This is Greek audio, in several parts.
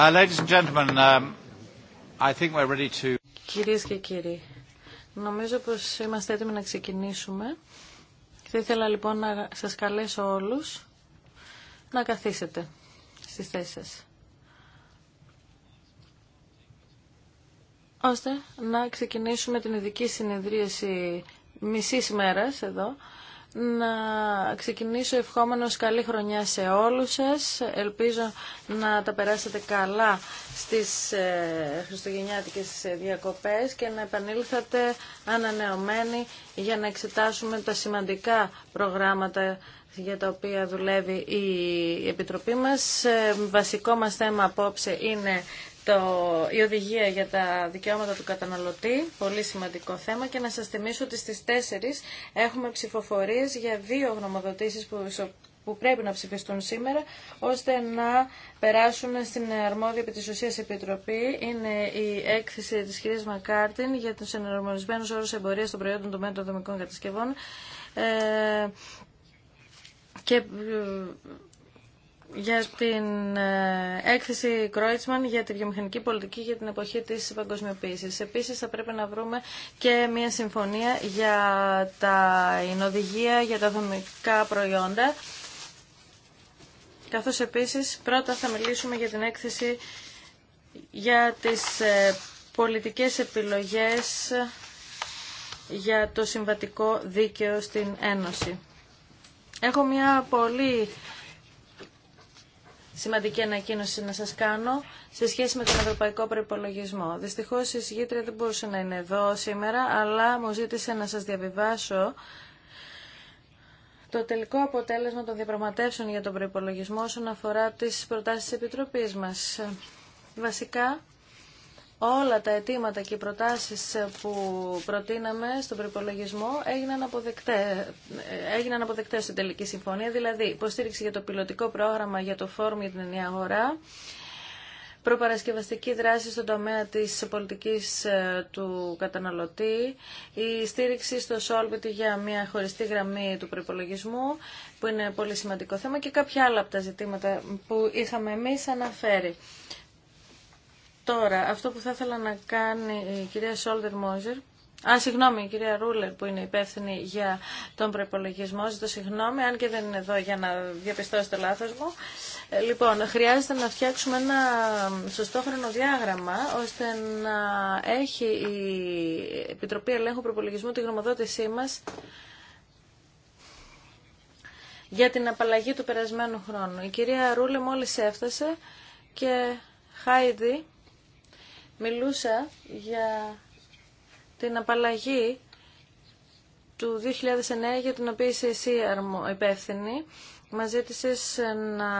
Uh, ladies um, Κυρίες και κύριοι, νομίζω πως είμαστε έτοιμοι να ξεκινήσουμε. Θα ήθελα λοιπόν να σας καλέσω όλους να καθίσετε στις θέσεις σας. Ώστε να ξεκινήσουμε την ειδική συνεδρίαση μισής μέρας εδώ να ξεκινήσω ευχόμενος καλή χρονιά σε όλους σας. Ελπίζω να τα περάσετε καλά στις ε, χριστουγεννιάτικες διακοπές και να επανήλθατε ανανεωμένοι για να εξετάσουμε τα σημαντικά προγράμματα για τα οποία δουλεύει η Επιτροπή μας. Ε, βασικό μας θέμα απόψε είναι το, η οδηγία για τα δικαιώματα του καταναλωτή, πολύ σημαντικό θέμα και να σας θυμίσω ότι στις 4 έχουμε ψηφοφορίες για δύο γνωμοδοτήσεις που, που πρέπει να ψηφιστούν σήμερα, ώστε να περάσουν στην αρμόδια επί της επιτροπή. Είναι η έκθεση της κυρίας Μακάρτιν για τους εναρμονισμένους όρους εμπορίας των προϊόντων του μέτρου δομικών κατασκευών. Ε, και ε, για την ε, έκθεση Κρόιτσμαν για τη βιομηχανική πολιτική για την εποχή της παγκοσμιοποίησης. Επίσης θα πρέπει να βρούμε και μια συμφωνία για τα εινοδηγία, για τα δομικά προϊόντα. Καθώς επίσης πρώτα θα μιλήσουμε για την έκθεση για τις ε, πολιτικές επιλογές για το συμβατικό δίκαιο στην Ένωση. Έχω μια πολύ σημαντική ανακοίνωση να σας κάνω σε σχέση με τον Ευρωπαϊκό Προπολογισμό. Δυστυχώς η συγγήτρια δεν μπορούσε να είναι εδώ σήμερα, αλλά μου ζήτησε να σας διαβιβάσω το τελικό αποτέλεσμα των διαπραγματεύσεων για τον προπολογισμό όσον αφορά τις προτάσεις της Επιτροπής μας. Βασικά, όλα τα αιτήματα και οι προτάσεις που προτείναμε στον προπολογισμό έγιναν, αποδεκτέ, έγιναν αποδεκτές στην τελική συμφωνία, δηλαδή υποστήριξη για το πιλωτικό πρόγραμμα για το φόρουμ για την ενιαία αγορά, προπαρασκευαστική δράση στον τομέα της πολιτικής ε, του καταναλωτή, η στήριξη στο Σόλβιτ για μια χωριστή γραμμή του προπολογισμού, που είναι πολύ σημαντικό θέμα, και κάποια άλλα από τα ζητήματα που είχαμε εμείς αναφέρει. Τώρα, αυτό που θα ήθελα να κάνει η κυρία Σόλτερ Μόζερ, Α, συγγνώμη, η κυρία Ρούλερ που είναι υπεύθυνη για τον προπολογισμό. Ζητώ συγγνώμη, αν και δεν είναι εδώ για να διαπιστώσετε λάθο μου. Ε, λοιπόν, χρειάζεται να φτιάξουμε ένα σωστό χρονοδιάγραμμα ώστε να έχει η Επιτροπή Ελέγχου Προπολογισμού τη γνωμοδότησή μα για την απαλλαγή του περασμένου χρόνου. Η κυρία Ρούλε μόλι έφτασε και Χάιντι μιλούσα για την απαλλαγή του 2009 για την οποία είσαι εσύ υπεύθυνη. Μα ζήτησε να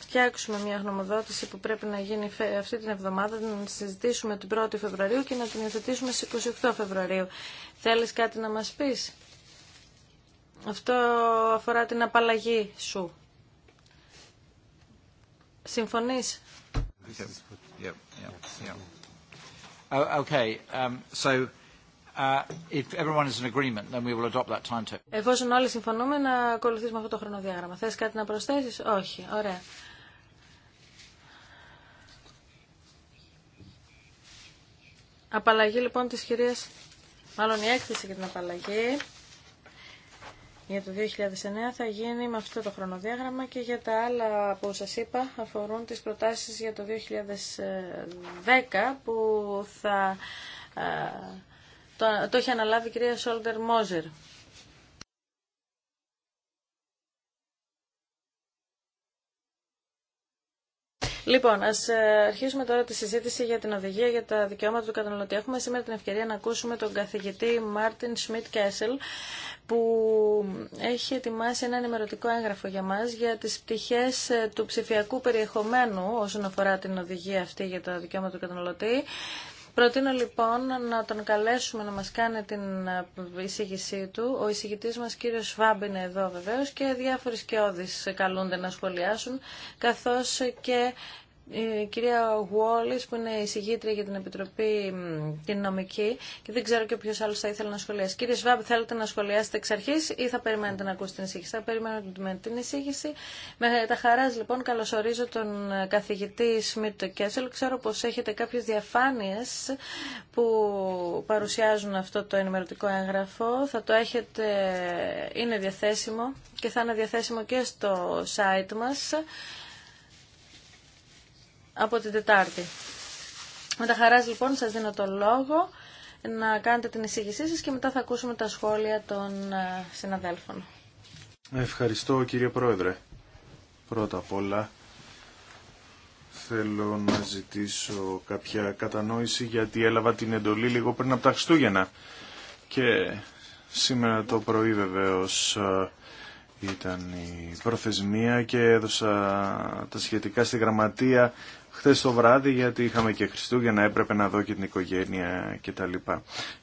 φτιάξουμε μια γνωμοδότηση που πρέπει να γίνει αυτή την εβδομάδα, να συζητήσουμε την 1η Φεβρουαρίου και να την υιοθετήσουμε στις 28 Φεβρουαρίου. Θέλεις κάτι να μας πεις? Αυτό αφορά την απαλλαγή σου. Συμφωνείς? Εφόσον όλοι συμφωνούμε να ακολουθήσουμε αυτό το χρονοδιάγραμμα. Θες κάτι να προσθέσεις? Όχι. Ωραία. Απαλλαγή λοιπόν της κυρίας, μάλλον η έκθεση για την απαλλαγή για το 2009 θα γίνει με αυτό το χρονοδιάγραμμα και για τα άλλα που σας είπα αφορούν τις προτάσεις για το 2010 που θα ε, το, το έχει αναλάβει η κυρία Σόλτερ Μόζερ. Λοιπόν, α ε, αρχίσουμε τώρα τη συζήτηση για την οδηγία για τα δικαιώματα του καταναλωτή. Έχουμε σήμερα την ευκαιρία να ακούσουμε τον καθηγητή Μάρτιν Σμιτ Κέσελ, που έχει ετοιμάσει ένα ενημερωτικό έγγραφο για μας για τις πτυχές ε, του ψηφιακού περιεχομένου όσον αφορά την οδηγία αυτή για τα δικαιώματα του καταναλωτή Προτείνω λοιπόν να τον καλέσουμε να μας κάνει την ε, εισήγησή του. Ο εισηγητής μας κύριος Σβάμπ είναι εδώ βεβαίως και διάφορες σκιώδεις καλούνται να σχολιάσουν καθώς και η κυρία Γουόλη, που είναι η συγγήτρια για την Επιτροπή την Νομική και δεν ξέρω και ποιο άλλο θα ήθελε να σχολιάσει. Κύριε Σβάμπ, θέλετε να σχολιάσετε εξ αρχή ή θα περιμένετε να ακούσετε την εισήγηση. Θα περιμένετε με την εισήγηση. Με τα χαρά λοιπόν καλωσορίζω τον ε, καθηγητή Σμιτ Κέσελ. Ξέρω πω έχετε κάποιε διαφάνειε που παρουσιάζουν αυτό το ενημερωτικό έγγραφο. Θα το έχετε, ε, είναι διαθέσιμο και θα είναι διαθέσιμο και στο site μας από την Τετάρτη. Με τα χαράς λοιπόν σας δίνω το λόγο να κάνετε την εισήγησή σας και μετά θα ακούσουμε τα σχόλια των ε, συναδέλφων. Ευχαριστώ κύριε Πρόεδρε. Πρώτα απ' όλα θέλω να ζητήσω κάποια κατανόηση γιατί έλαβα την εντολή λίγο πριν από τα Χριστούγεννα και σήμερα το πρωί βεβαίως ε, ήταν η προθεσμία και έδωσα τα σχετικά στη γραμματεία Χθε το βράδυ γιατί είχαμε και Χριστούγεννα, έπρεπε να δω και την οικογένεια κτλ.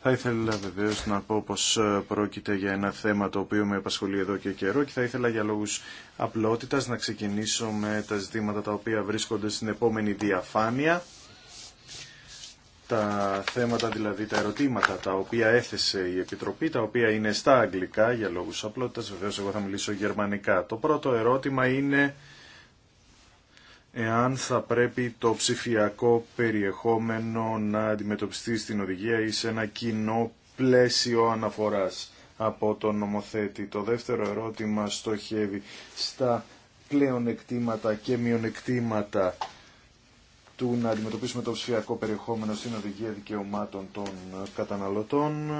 Θα ήθελα βεβαίω να πω πως ε, πρόκειται για ένα θέμα το οποίο με απασχολεί εδώ και καιρό και θα ήθελα για λόγους απλότητας να ξεκινήσω με τα ζητήματα τα οποία βρίσκονται στην επόμενη διαφάνεια. Τα θέματα δηλαδή, τα ερωτήματα τα οποία έθεσε η Επιτροπή, τα οποία είναι στα αγγλικά για λόγους απλότητας, βεβαίως εγώ θα μιλήσω γερμανικά. Το πρώτο ερώτημα είναι εάν θα πρέπει το ψηφιακό περιεχόμενο να αντιμετωπιστεί στην οδηγία ή σε ένα κοινό πλαίσιο αναφοράς από τον νομοθέτη. Το δεύτερο ερώτημα στοχεύει στα πλεονεκτήματα και μειονεκτήματα του να αντιμετωπίσουμε το ψηφιακό περιεχόμενο στην οδηγία δικαιωμάτων των καταναλωτών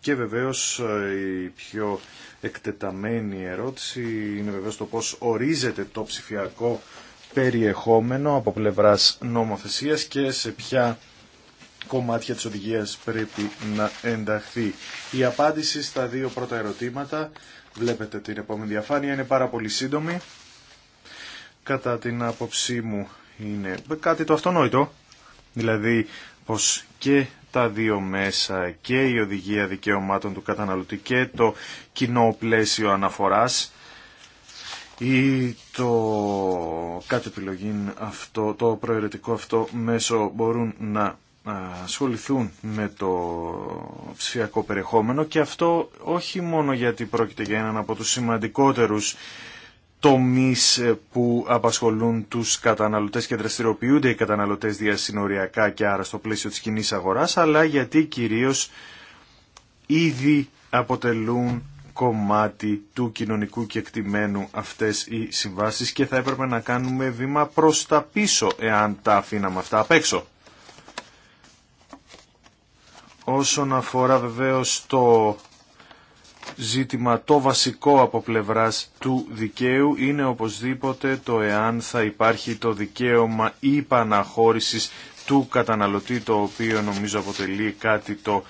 και βεβαίως ε, η πιο εκτεταμένη ερώτηση είναι βεβαίως το πώς ορίζεται το ψηφιακό περιεχόμενο από πλευράς νομοθεσίας και σε ποια κομμάτια της οδηγίας πρέπει να ενταχθεί. Η απάντηση στα δύο πρώτα ερωτήματα, βλέπετε την επόμενη διαφάνεια, είναι πάρα πολύ σύντομη. Κατά την άποψή μου είναι κάτι το αυτονόητο, δηλαδή πως και τα δύο μέσα και η οδηγία δικαιωμάτων του καταναλωτή και το κοινό πλαίσιο αναφοράς ή το κάτι επιλογή αυτό, το προαιρετικό αυτό μέσο μπορούν να ε, ασχοληθούν με το ψηφιακό περιεχόμενο και αυτό όχι μόνο γιατί πρόκειται για έναν από τους σημαντικότερους τομείς ε, που απασχολούν τους καταναλωτές και δραστηριοποιούνται οι καταναλωτές διασυνοριακά και άρα στο πλαίσιο της κοινής αγοράς, αλλά γιατί κυρίως ήδη αποτελούν κομμάτι του κοινωνικού κεκτημένου αυτές οι συμβάσεις και θα έπρεπε να κάνουμε βήμα προς τα πίσω εάν τα αφήναμε αυτά απ' έξω. Όσον αφορά βεβαίως το ζήτημα το βασικό από πλευράς του δικαίου είναι οπωσδήποτε το εάν θα υπάρχει το δικαίωμα υπαναχώρησης του καταναλωτή το οποίο νομίζω αποτελεί κάτι το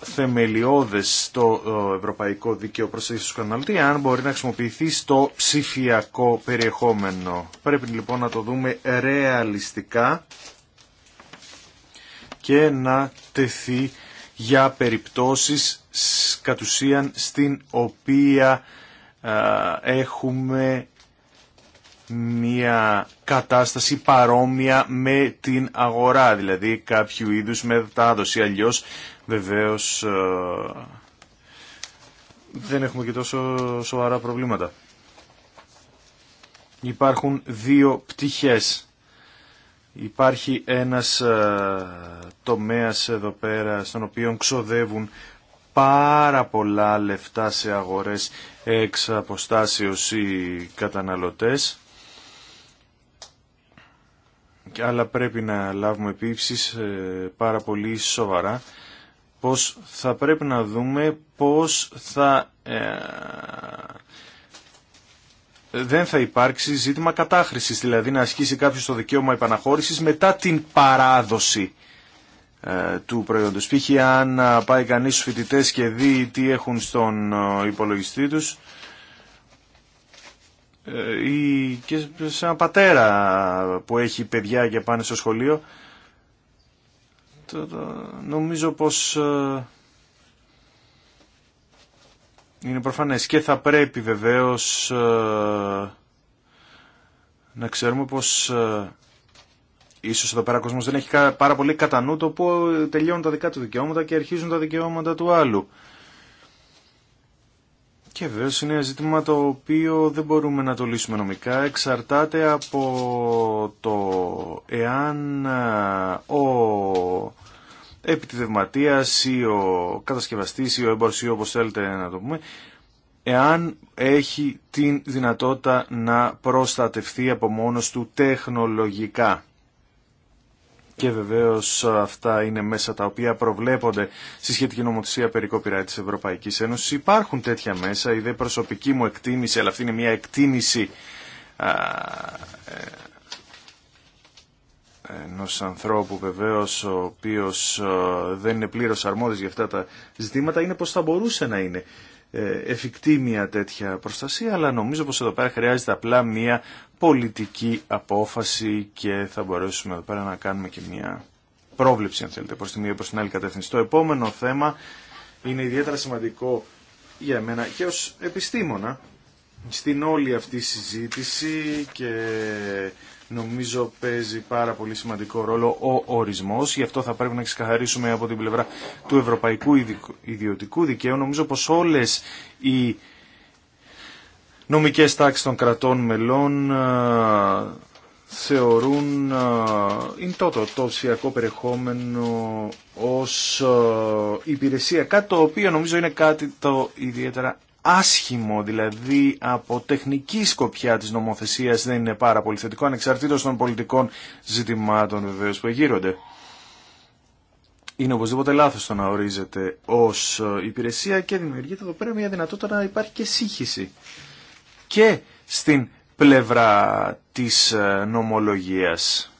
θεμελιώδες στο ε, ευρωπαϊκό δίκαιο προσέγγισης του καταναλωτή αν μπορεί να χρησιμοποιηθεί στο ψηφιακό περιεχόμενο. Πρέπει λοιπόν να το δούμε ρεαλιστικά και να τεθεί για περιπτώσεις κατ' ουσίαν στην οποία ε, έχουμε μια κατάσταση παρόμοια με την αγορά, δηλαδή κάποιου είδους μετάδοση. Αλλιώς βεβαίως ε, δεν έχουμε και τόσο σοβαρά προβλήματα. Υπάρχουν δύο πτυχές. Υπάρχει ένας ε, τομέας εδώ πέρα στον οποίο ξοδεύουν πάρα πολλά λεφτά σε αγορές εξ αποστάσεως οι καταναλωτές αλλά πρέπει να λάβουμε επίψεις ε, πάρα πολύ σοβαρά πως θα πρέπει να δούμε πως θα... Ε, δεν θα υπάρξει ζήτημα κατάχρησης, δηλαδή να ασκήσει κάποιος το δικαίωμα επαναχώρησης μετά την παράδοση ε, του προϊόντος. Π.χ. αν ε, πάει κανείς στους φοιτητές και δει τι έχουν στον υπολογιστή τους, ή και σε έναν πατέρα που έχει παιδιά και πάνε στο σχολείο νομίζω πως ε, είναι προφανές και θα πρέπει βεβαίως ε, να ξέρουμε πως ε, ίσως εδώ πέρα ο κόσμος δεν έχει πάρα πολύ κατά το που τελειώνουν τα δικά του δικαιώματα και αρχίζουν τα δικαιώματα του άλλου. Και βέβαια είναι ένα ζήτημα το οποίο δεν μπορούμε να το λύσουμε νομικά. Εξαρτάται από το εάν ο επιτιδευματίας ή ο κατασκευαστής ή ο έμπορος ή όπως θέλετε να το πούμε, εάν έχει την δυνατότητα να προστατευθεί από μόνος του τεχνολογικά. Και βεβαίω ε, αυτά είναι μέσα τα οποία προβλέπονται στη σχετική νομοθεσία περί κοπηρά τη Ευρωπαϊκής Ένωση. Υπάρχουν τέτοια μέσα, η δε προσωπική μου εκτίμηση, αλλά αυτή είναι μια εκτίμηση ε, ε, ενό ανθρώπου βεβαίω, ο οποίο δεν είναι πλήρως αρμόδιος για αυτά τα ζητήματα είναι πω θα μπορούσε να είναι ε, εφικτή μια τέτοια προστασία, αλλά νομίζω πως εδώ πέρα χρειάζεται απλά μια πολιτική απόφαση και θα μπορέσουμε εδώ πέρα να κάνουμε και μια πρόβλεψη, αν θέλετε, προς τη μία προς την άλλη κατεύθυνση. Το επόμενο θέμα είναι ιδιαίτερα σημαντικό για εμένα και ως επιστήμονα στην όλη αυτή συζήτηση και νομίζω παίζει πάρα πολύ σημαντικό ρόλο ο ορισμός. Γι' αυτό θα πρέπει να ξεκαθαρίσουμε από την πλευρά του Ευρωπαϊκού Ιδιωτικού Δικαίου. Νομίζω πως όλες οι νομικές τάξεις των κρατών μελών θεωρούν ή τότε το ψηφιακό περιεχόμενο ως υπηρεσία, κάτι το οποίο νομίζω είναι κάτι το ιδιαίτερα άσχημο, δηλαδή από τεχνική σκοπιά της νομοθεσίας δεν είναι πάρα πολύ θετικό, ανεξαρτήτως των πολιτικών ζητημάτων βεβαίω που εγείρονται. Είναι οπωσδήποτε λάθος το να ορίζεται ως ε, υπηρεσία και δημιουργείται εδώ πέρα μια δυνατότητα να υπάρχει και σύγχυση. Και στην πλευρά της ε, νομολογίας.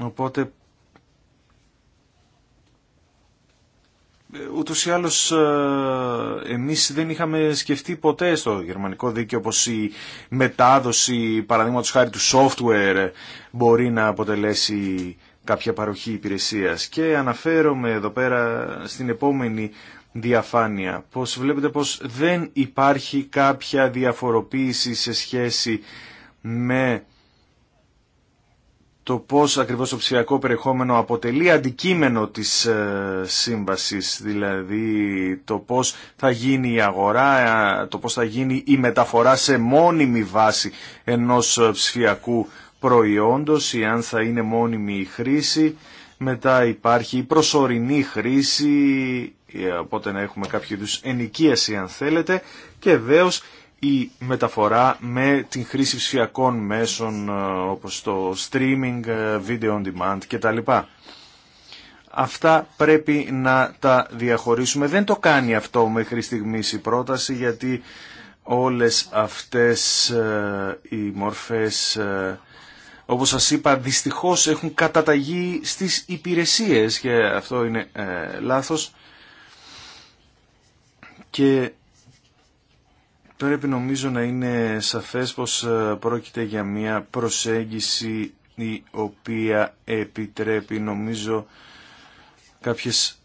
Οπότε Ούτως ή άλλως ε, εμείς δεν είχαμε σκεφτεί ποτέ στο γερμανικό δίκαιο πως η μετάδοση παραδείγματος χάρη του software μπορεί να αποτελέσει κάποια παροχή υπηρεσίας. Και αναφέρομαι εδώ πέρα στην επόμενη διαφάνεια πως βλέπετε πως δεν υπάρχει κάποια διαφοροποίηση σε σχέση με το πώς ακριβώς το ψηφιακό περιεχόμενο αποτελεί αντικείμενο της ε, σύμβασης, δηλαδή το πώς θα γίνει η αγορά, ε, το πώς θα γίνει η μεταφορά σε μόνιμη βάση ενός ε, ψηφιακού προϊόντος ή αν θα είναι μόνιμη η χρήση. Μετά υπάρχει η προσωρινή χρήση, οπότε να έχουμε κάποιο είδους ενοικίαση αν θέλετε και βέβαιως η μεταφορά με την χρήση ψηφιακών μέσων ε, όπως το streaming, ε, video on demand κτλ. Αυτά πρέπει να τα διαχωρίσουμε. Δεν το κάνει αυτό μέχρι στιγμής η πρόταση γιατί όλες αυτές ε, οι μορφές όπως σας είπα δυστυχώς έχουν καταταγεί στις υπηρεσίες και αυτό είναι λάθος και πρέπει νομίζω να είναι σαφές πως ε, πρόκειται για μια προσέγγιση η οποία επιτρέπει νομίζω κάποιες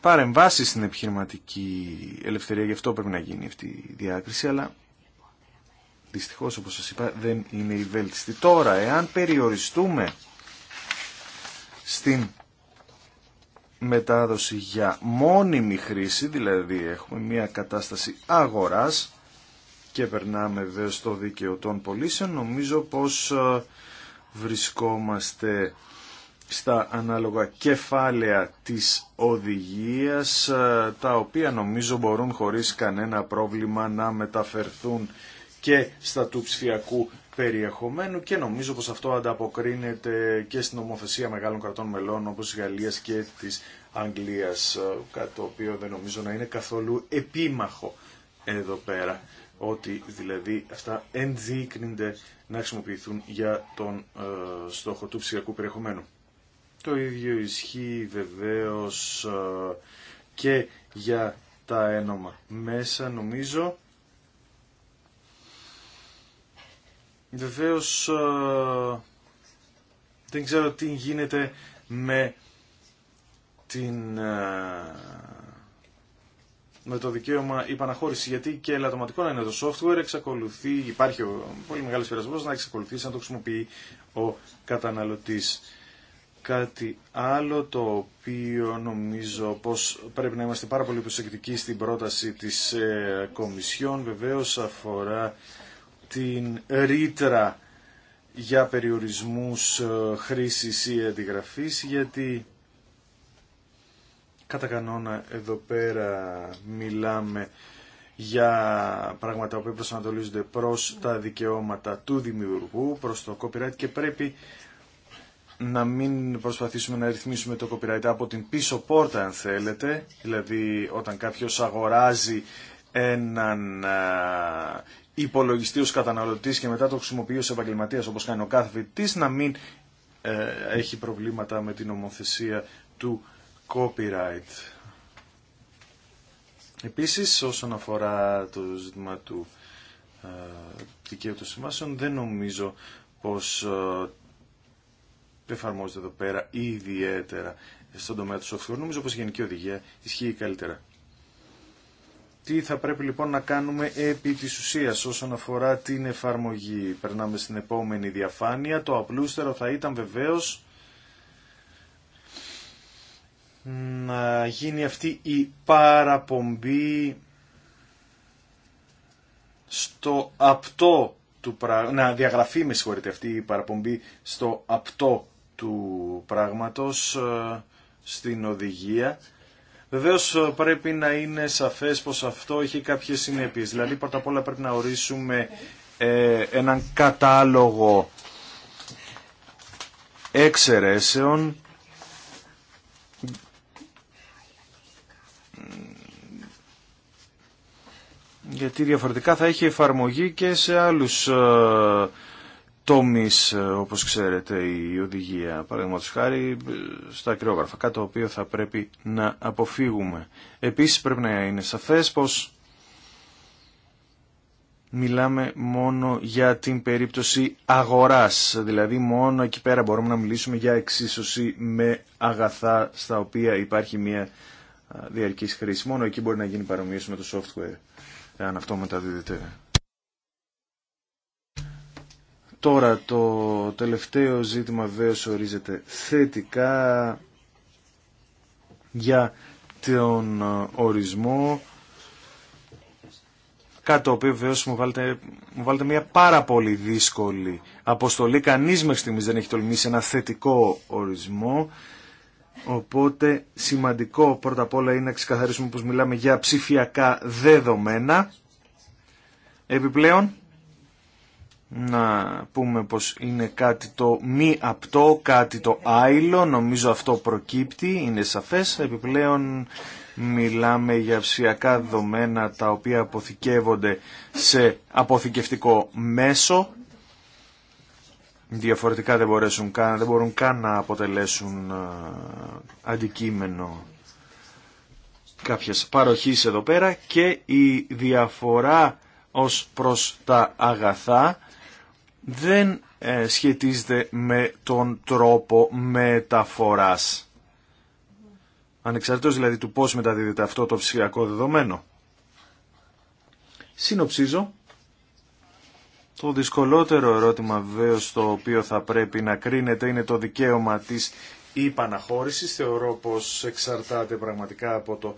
παρεμβάσει στην επιχειρηματική ελευθερία, γι' αυτό πρέπει να γίνει αυτή η διάκριση, αλλά δυστυχώς όπως σας είπα δεν είναι η βέλτιστη. Τώρα, εάν περιοριστούμε στην μετάδοση για μόνιμη χρήση, δηλαδή έχουμε μια κατάσταση αγοράς και περνάμε βέβαια στο δίκαιο των πωλήσεων. Νομίζω πως ε, βρισκόμαστε στα ανάλογα κεφάλαια της οδηγίας, ε, τα οποία νομίζω μπορούν χωρίς κανένα πρόβλημα να μεταφερθούν και στα του ψηφιακού περιεχομένου και νομίζω πως αυτό ανταποκρίνεται και στην ομοθεσία μεγάλων κρατών μελών όπως της Γαλλίας και της Αγγλίας, κάτι το οποίο δεν νομίζω να είναι καθόλου επίμαχο εδώ πέρα, ότι δηλαδή αυτά ενδείκνυνται να χρησιμοποιηθούν για τον ε, στόχο του ψηφιακού περιεχομένου. Το ίδιο ισχύει βεβαίως ε, και για τα ένομα μέσα νομίζω Βεβαίως ε, δεν ξέρω τι γίνεται με την ε, το δικαίωμα υπαναχώρηση, γιατί και ελαττωματικό να είναι το software, εξακολουθεί, υπάρχει ο πολύ μεγάλος πειρασμός να εξακολουθεί να το χρησιμοποιεί ο καταναλωτής. Κάτι άλλο το οποίο νομίζω πως πρέπει να είμαστε πάρα πολύ προσεκτικοί στην πρόταση της ε, Κομισιόν, βεβαίως αφορά την ρήτρα για περιορισμούς ε, χρήσης ή αντιγραφής γιατί κατά κανόνα εδώ πέρα μιλάμε για πράγματα που προσανατολίζονται προς τα δικαιώματα του δημιουργού, προς το copyright και πρέπει να μην προσπαθήσουμε να ρυθμίσουμε το copyright από την πίσω πόρτα αν θέλετε, δηλαδή όταν κάποιος αγοράζει έναν υπολογιστή ως καταναλωτής και μετά το χρησιμοποιεί ως επαγγελματίας όπως κάνει ο κάθε φοιτής, να μην ε, έχει προβλήματα με την ομοθεσία του copyright. Επίσης, όσον αφορά το ζήτημα του ε, δικαίου των συμβάσεων, δεν νομίζω πως ε, εφαρμόζεται εδώ πέρα ιδιαίτερα στον τομέα του software. Νομίζω πως η γενική οδηγία ισχύει καλύτερα. Τι θα πρέπει λοιπόν να κάνουμε επί της ουσίας όσον αφορά την εφαρμογή. Περνάμε στην επόμενη διαφάνεια. Το απλούστερο θα ήταν βεβαίως να γίνει αυτή η παραπομπή στο απτό του πράγματος, να διαγραφεί με αυτή η παραπομπή στο απτό του πράγματος ε, στην οδηγία Βεβαίω ε, πρέπει να είναι σαφές πως αυτό έχει κάποιες συνέπειε. Δηλαδή πρώτα απ' όλα πρέπει να ορίσουμε ε, έναν κατάλογο εξαιρέσεων γιατί διαφορετικά θα έχει εφαρμογή και σε άλλους ε, Τόμις, ε, όπως ξέρετε, η οδηγία, παραδείγματος χάρη, στα κρυόγραφα κάτι το οποίο θα πρέπει να αποφύγουμε. Επίσης πρέπει να είναι σαφές πως μιλάμε μόνο για την περίπτωση αγοράς, δηλαδή μόνο εκεί πέρα μπορούμε να μιλήσουμε για εξίσωση με αγαθά στα οποία υπάρχει μια διαρκής χρήση. Μόνο εκεί μπορεί να γίνει παρομοίωση με το software, αν αυτό μεταδίδεται Τώρα το τελευταίο ζήτημα βέβαια ορίζεται θετικά για τον ε, ορισμό κάτι το οποίο βεβαίως μου βάλετε, μου βάλετε μια πάρα πολύ δύσκολη αποστολή. Κανείς μέχρι στιγμής δεν έχει τολμήσει ένα θετικό ορισμό. Οπότε σημαντικό πρώτα απ' όλα είναι να ξεκαθαρίσουμε πως μιλάμε για ψηφιακά δεδομένα. Επιπλέον να πούμε πως είναι κάτι το μη απτό, κάτι το άειλο, νομίζω αυτό προκύπτει, είναι σαφές. Επιπλέον μιλάμε για ψηφιακά δεδομένα τα οποία αποθηκεύονται σε αποθηκευτικό μέσο. Διαφορετικά δεν, μπορέσουν, δεν μπορούν καν να αποτελέσουν αντικείμενο κάποιες παροχής εδώ πέρα και η διαφορά ως προς τα αγαθά δεν ε, σχετίζεται με τον τρόπο μεταφοράς. Ανεξαρτήτως δηλαδή του πώς μεταδίδεται αυτό το ψηφιακό δεδομένο. Συνοψίζω. Το δυσκολότερο ερώτημα βεβαίω το οποίο θα πρέπει να κρίνεται είναι το δικαίωμα της υπαναχώρησης. Θεωρώ πως εξαρτάται πραγματικά από το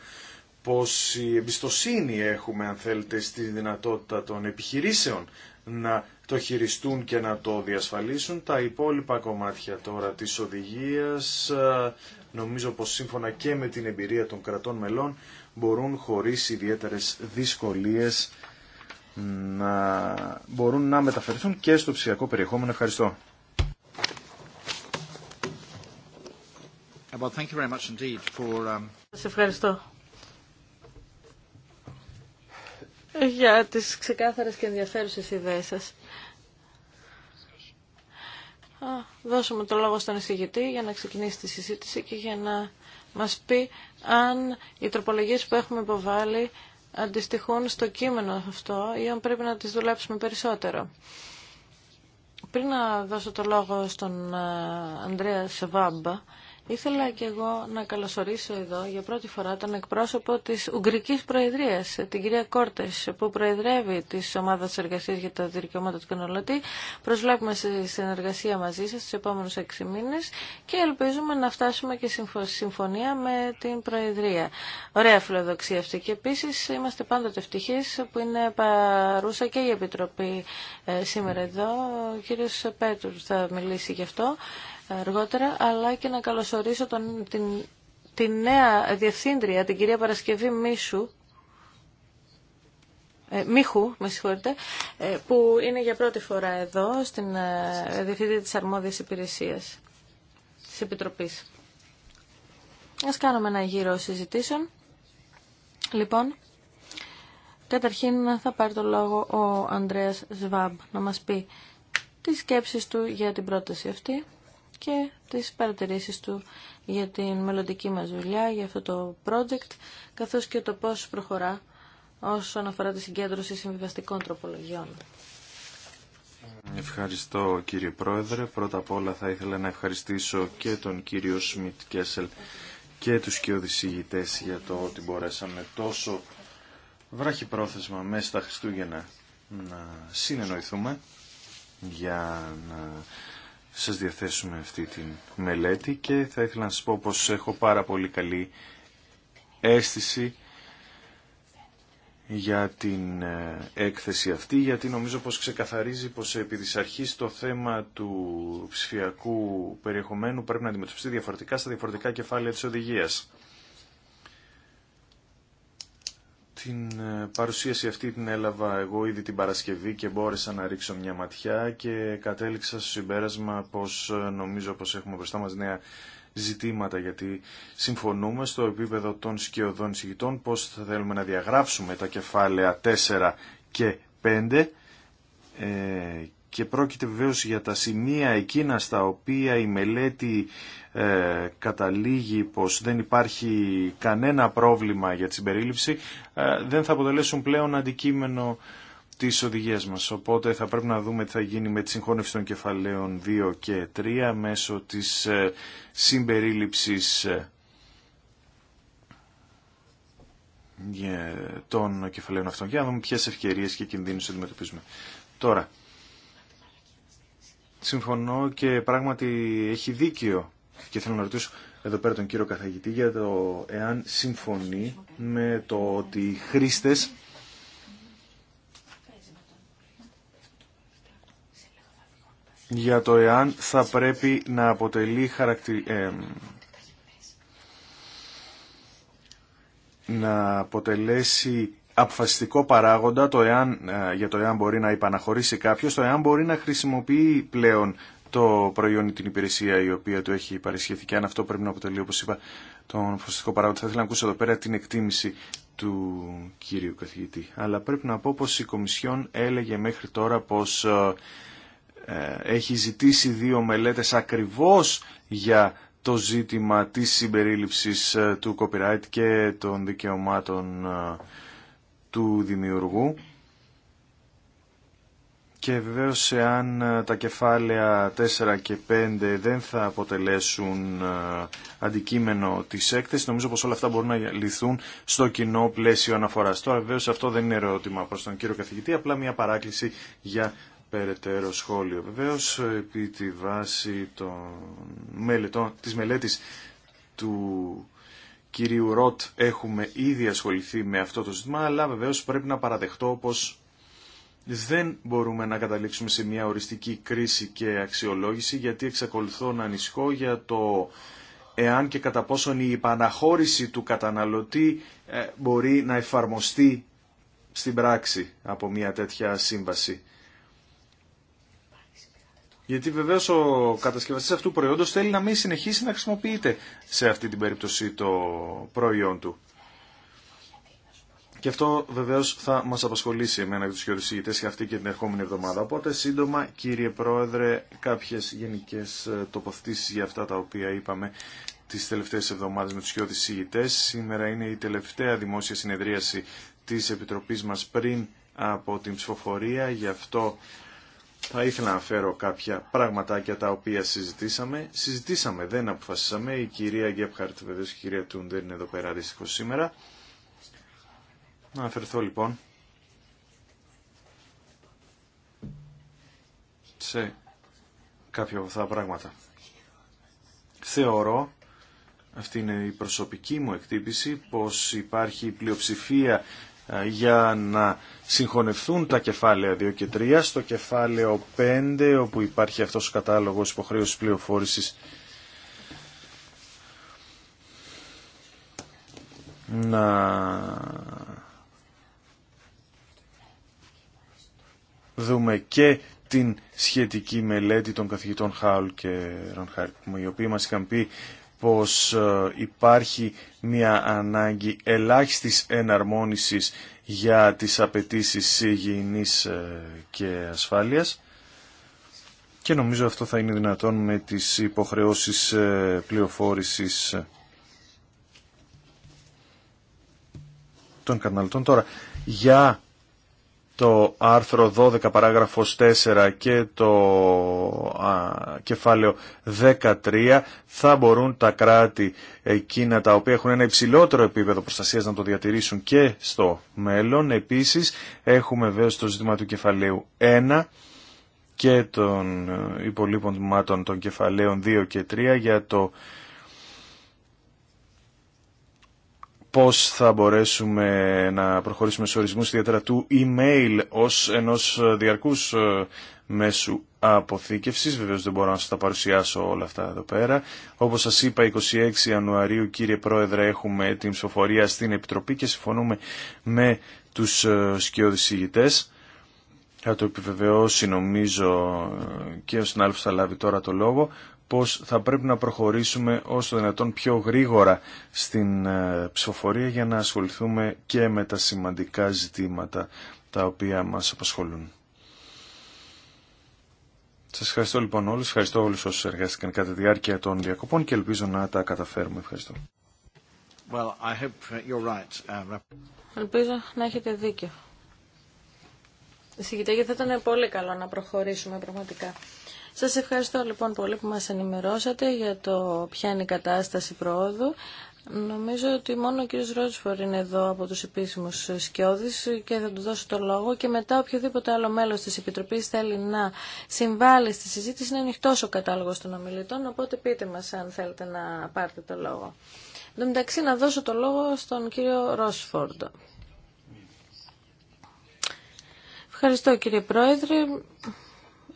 πως η εμπιστοσύνη έχουμε αν θέλετε στη δυνατότητα των επιχειρήσεων να το χειριστούν και να το διασφαλίσουν. Τα υπόλοιπα κομμάτια τώρα της οδηγίας, ε, νομίζω πως σύμφωνα και με την εμπειρία των κρατών μελών, μπορούν χωρίς ιδιαίτερες δυσκολίες να μπορούν να μεταφερθούν και στο ψηφιακό περιεχόμενο. Ευχαριστώ. Well, thank you very much indeed um, ευχαριστώ για τις ξεκάθαρες και ενδιαφέρουσες ιδέες σας δώσουμε το λόγο στον εισηγητή για να ξεκινήσει τη συζήτηση και για να μας πει αν οι τροπολογίες που έχουμε υποβάλει αντιστοιχούν στο κείμενο αυτό ή αν πρέπει να τις δουλέψουμε περισσότερο. Πριν να δώσω το λόγο στον ε, Ανδρέα Σεβάμπα, Ήθελα και εγώ να καλωσορίσω εδώ για πρώτη φορά τον εκπρόσωπο της Ουγγρικής Προεδρίας, την κυρία Κόρτες, που προεδρεύει τη ομάδα Εργασίας για τα Δικαιώματα του Καναλωτή. Προσβλέπουμε στη συνεργασία μαζί σας τους επόμενου έξι μήνες και ελπίζουμε να φτάσουμε και συμφωνία με την Προεδρία. Ωραία φιλοδοξία αυτή και επίσης είμαστε πάντοτε ευτυχείς που είναι παρούσα και η Επιτροπή ε, σήμερα εδώ. Ο κύριος Πέτρου θα μιλήσει γι' αυτό αργότερα, αλλά και να καλωσορίσω τον, την, τη νέα διευθύντρια, την κυρία Παρασκευή Μίσου, ε, Μίχου, με συγχωρείτε, ε, που είναι για πρώτη φορά εδώ στην ε, Διευθύντρια της Αρμόδιας Υπηρεσίας της Επιτροπής. Ας κάνουμε ένα γύρο συζητήσεων. Λοιπόν, καταρχήν θα πάρει το λόγο ο Ανδρέας Σβάμπ να μας πει τις σκέψεις του για την πρόταση αυτή και τις παρατηρήσεις του για την μελλοντική μας δουλειά, για αυτό το project, καθώς και το πώς προχωρά όσον αφορά τη συγκέντρωση συμβιβαστικών τροπολογιών. Ευχαριστώ κύριε Πρόεδρε. Πρώτα απ' όλα θα ήθελα να ευχαριστήσω και τον κύριο Σμιτ Κέσελ και τους και για το ότι μπορέσαμε τόσο πρόθεσμα μέσα στα Χριστούγεννα να συνεννοηθούμε για να σας διαθέσουμε αυτή τη μελέτη και θα ήθελα να σας πω πως έχω πάρα πολύ καλή αίσθηση για την ε, έκθεση αυτή, γιατί νομίζω πως ξεκαθαρίζει πως επί της αρχής το θέμα του ψηφιακού περιεχομένου πρέπει να αντιμετωπιστεί διαφορετικά στα διαφορετικά κεφάλαια της οδηγίας. Την ε, παρουσίαση αυτή την έλαβα εγώ ήδη την Παρασκευή και μπόρεσα να ρίξω μια ματιά και κατέληξα στο συμπέρασμα πως ε, νομίζω πως έχουμε μπροστά μας νέα ζητήματα γιατί συμφωνούμε στο επίπεδο των σκιωδών εισηγητών πως θα θέλουμε να διαγράψουμε τα κεφάλαια 4 και 5 ε, και πρόκειται βεβαίως για τα σημεία εκείνα στα οποία η μελέτη ε, καταλήγει πως δεν υπάρχει κανένα πρόβλημα για τη συμπερίληψη, ε, δεν θα αποτελέσουν πλέον αντικείμενο τις οδηγίες μας. Οπότε θα πρέπει να δούμε τι θα γίνει με τη συγχώνευση των κεφαλαίων 2 και 3 μέσω της ε, συμπερίληψης ε, των κεφαλαίων αυτών. Για να δούμε ποιες ευκαιρίες και κινδύνους αντιμετωπίζουμε. Τώρα, συμφωνώ και πράγματι έχει δίκιο και θέλω να ρωτήσω εδώ πέρα τον κύριο καθηγητή για το εάν συμφωνεί με το ότι οι για το εάν θα πρέπει να αποτελεί χαρακτηρι... Ε, να αποτελέσει αποφασιστικό παράγοντα το εάν, ε, για το εάν μπορεί να υπαναχωρήσει κάποιος, το εάν μπορεί να χρησιμοποιεί πλέον το προϊόν ή την υπηρεσία η οποία του έχει παρισχεθεί και αν αυτό πρέπει να αποτελεί, όπως είπα, τον αποφασιστικό παράγοντα. Θα ήθελα να ακούσω εδώ πέρα την εκτίμηση του κύριου καθηγητή. Αλλά πρέπει να πω πως η Κομισιόν έλεγε μέχρι τώρα πως ε, ε, έχει ζητήσει δύο μελέτες ακριβώς για το ζήτημα της συμπερίληψης του copyright και των δικαιωμάτων του δημιουργού και βεβαίως εάν ε, τα κεφάλαια 4 και 5 δεν θα αποτελέσουν ε, αντικείμενο της έκθεσης, νομίζω πως όλα αυτά μπορούν να λυθούν στο κοινό πλαίσιο αναφοράς. Τώρα βεβαίως αυτό δεν είναι ερώτημα προς τον κύριο καθηγητή, απλά μια παράκληση για περαιτέρω σχόλιο. Βεβαίως επί τη βάση των μελετών, της μελέτης του κυρίου Ροτ έχουμε ήδη ασχοληθεί με αυτό το ζήτημα, αλλά βεβαίως πρέπει να παραδεχτώ πως δεν μπορούμε να καταλήξουμε σε μια οριστική κρίση και αξιολόγηση, γιατί εξακολουθώ να ανησυχώ για το εάν και κατά πόσον η επαναχώρηση του καταναλωτή ε, μπορεί να εφαρμοστεί στην πράξη από μια τέτοια σύμβαση. Γιατί βεβαίω ο κατασκευαστή αυτού του προϊόντο θέλει να μην συνεχίσει να χρησιμοποιείται σε αυτή την περίπτωση το προϊόν του. Και αυτό βεβαίω θα μα απασχολήσει εμένα και του χειριστικητέ και αυτή και την ερχόμενη εβδομάδα. Οπότε, σύντομα, κύριε Πρόεδρε, κάποιε γενικέ ε, τοποθετήσει για αυτά τα οποία είπαμε τι τελευταίε εβδομάδε με του χειριστικητέ. Σήμερα είναι η τελευταία δημόσια συνεδρίαση τη Επιτροπή μα πριν από την ψηφοφορία. Γι' αυτό θα ήθελα να φέρω κάποια πραγματάκια τα οποία συζητήσαμε. Συζητήσαμε, δεν αποφασίσαμε. Η κυρία Γκέπχαρτ, βεβαίω η κυρία Τούν δεν είναι εδώ πέρα δυστυχώ σήμερα. Να αναφερθώ λοιπόν σε κάποια από αυτά τα πράγματα. Θεωρώ, αυτή είναι η προσωπική μου εκτύπηση, πως υπάρχει πλειοψηφία για να συγχωνευτούν τα κεφάλαια 2 και 3 στο κεφάλαιο 5 όπου υπάρχει αυτός ο κατάλογος υποχρέωσης πληροφόρησης να δούμε και την σχετική μελέτη των καθηγητών Χάουλ και Ρονχάρτ, οι οποίοι μας είχαν πει πως ε, υπάρχει μια ανάγκη ελάχιστης εναρμόνισης για τις απαιτήσεις υγιεινής ε, και ασφάλειας και νομίζω αυτό θα είναι δυνατόν με τις υποχρεώσεις ε, πληροφόρησης των καταναλωτών. Τώρα, για το άρθρο 12 παράγραφος 4 και το κεφάλαιο 13 θα μπορούν τα κράτη εκείνα τα οποία έχουν ένα υψηλότερο επίπεδο προστασίας να το διατηρήσουν και στο μέλλον. Επίσης έχουμε βέβαια στο ζήτημα του κεφαλαίου 1 και των υπολείπων των κεφαλαίων 2 και 3 για το πώς θα μπορέσουμε να προχωρήσουμε στους ορισμούς ιδιαίτερα του email ως ενός διαρκούς ε, μέσου αποθήκευσης. Βεβαίως δεν μπορώ να σας τα παρουσιάσω όλα αυτά εδώ πέρα. Όπως σας είπα, 26 Ιανουαρίου, κύριε Πρόεδρε, έχουμε την ψηφοφορία στην Επιτροπή και συμφωνούμε με τους ε, σκιώδης Θα το επιβεβαιώσει νομίζω ε, και ο συνάδελφος θα λάβει τώρα το λόγο πως θα πρέπει να προχωρήσουμε όσο δυνατόν πιο γρήγορα στην ε, ψηφοφορία για να ασχοληθούμε και με τα σημαντικά ζητήματα τα οποία μας απασχολούν. Σας ευχαριστώ λοιπόν όλους, ευχαριστώ όλους όσους εργάστηκαν κατά τη διάρκεια των διακοπών και ελπίζω να τα καταφέρουμε. Ευχαριστώ. Well, I hope you're right. Uh, ελπίζω να έχετε δίκιο. Συγκητέ, γιατί θα ήταν πολύ καλό να προχωρήσουμε πραγματικά. Σας ευχαριστώ λοιπόν πολύ που μας ενημερώσατε για το ποια είναι η κατάσταση προόδου. Νομίζω ότι μόνο ο κύριος Ρότσφορ είναι εδώ από τους επίσημους σκιώδεις και θα του δώσω το λόγο και μετά οποιοδήποτε άλλο μέλος της Επιτροπής θέλει να συμβάλλει στη συζήτηση είναι ανοιχτό ο κατάλογος των ομιλητών οπότε πείτε μας αν θέλετε να πάρετε το λόγο. Εν τω μεταξύ να δώσω το λόγο στον κύριο Ρόσφορντ. Ευχαριστώ κύριε Πρόεδρε.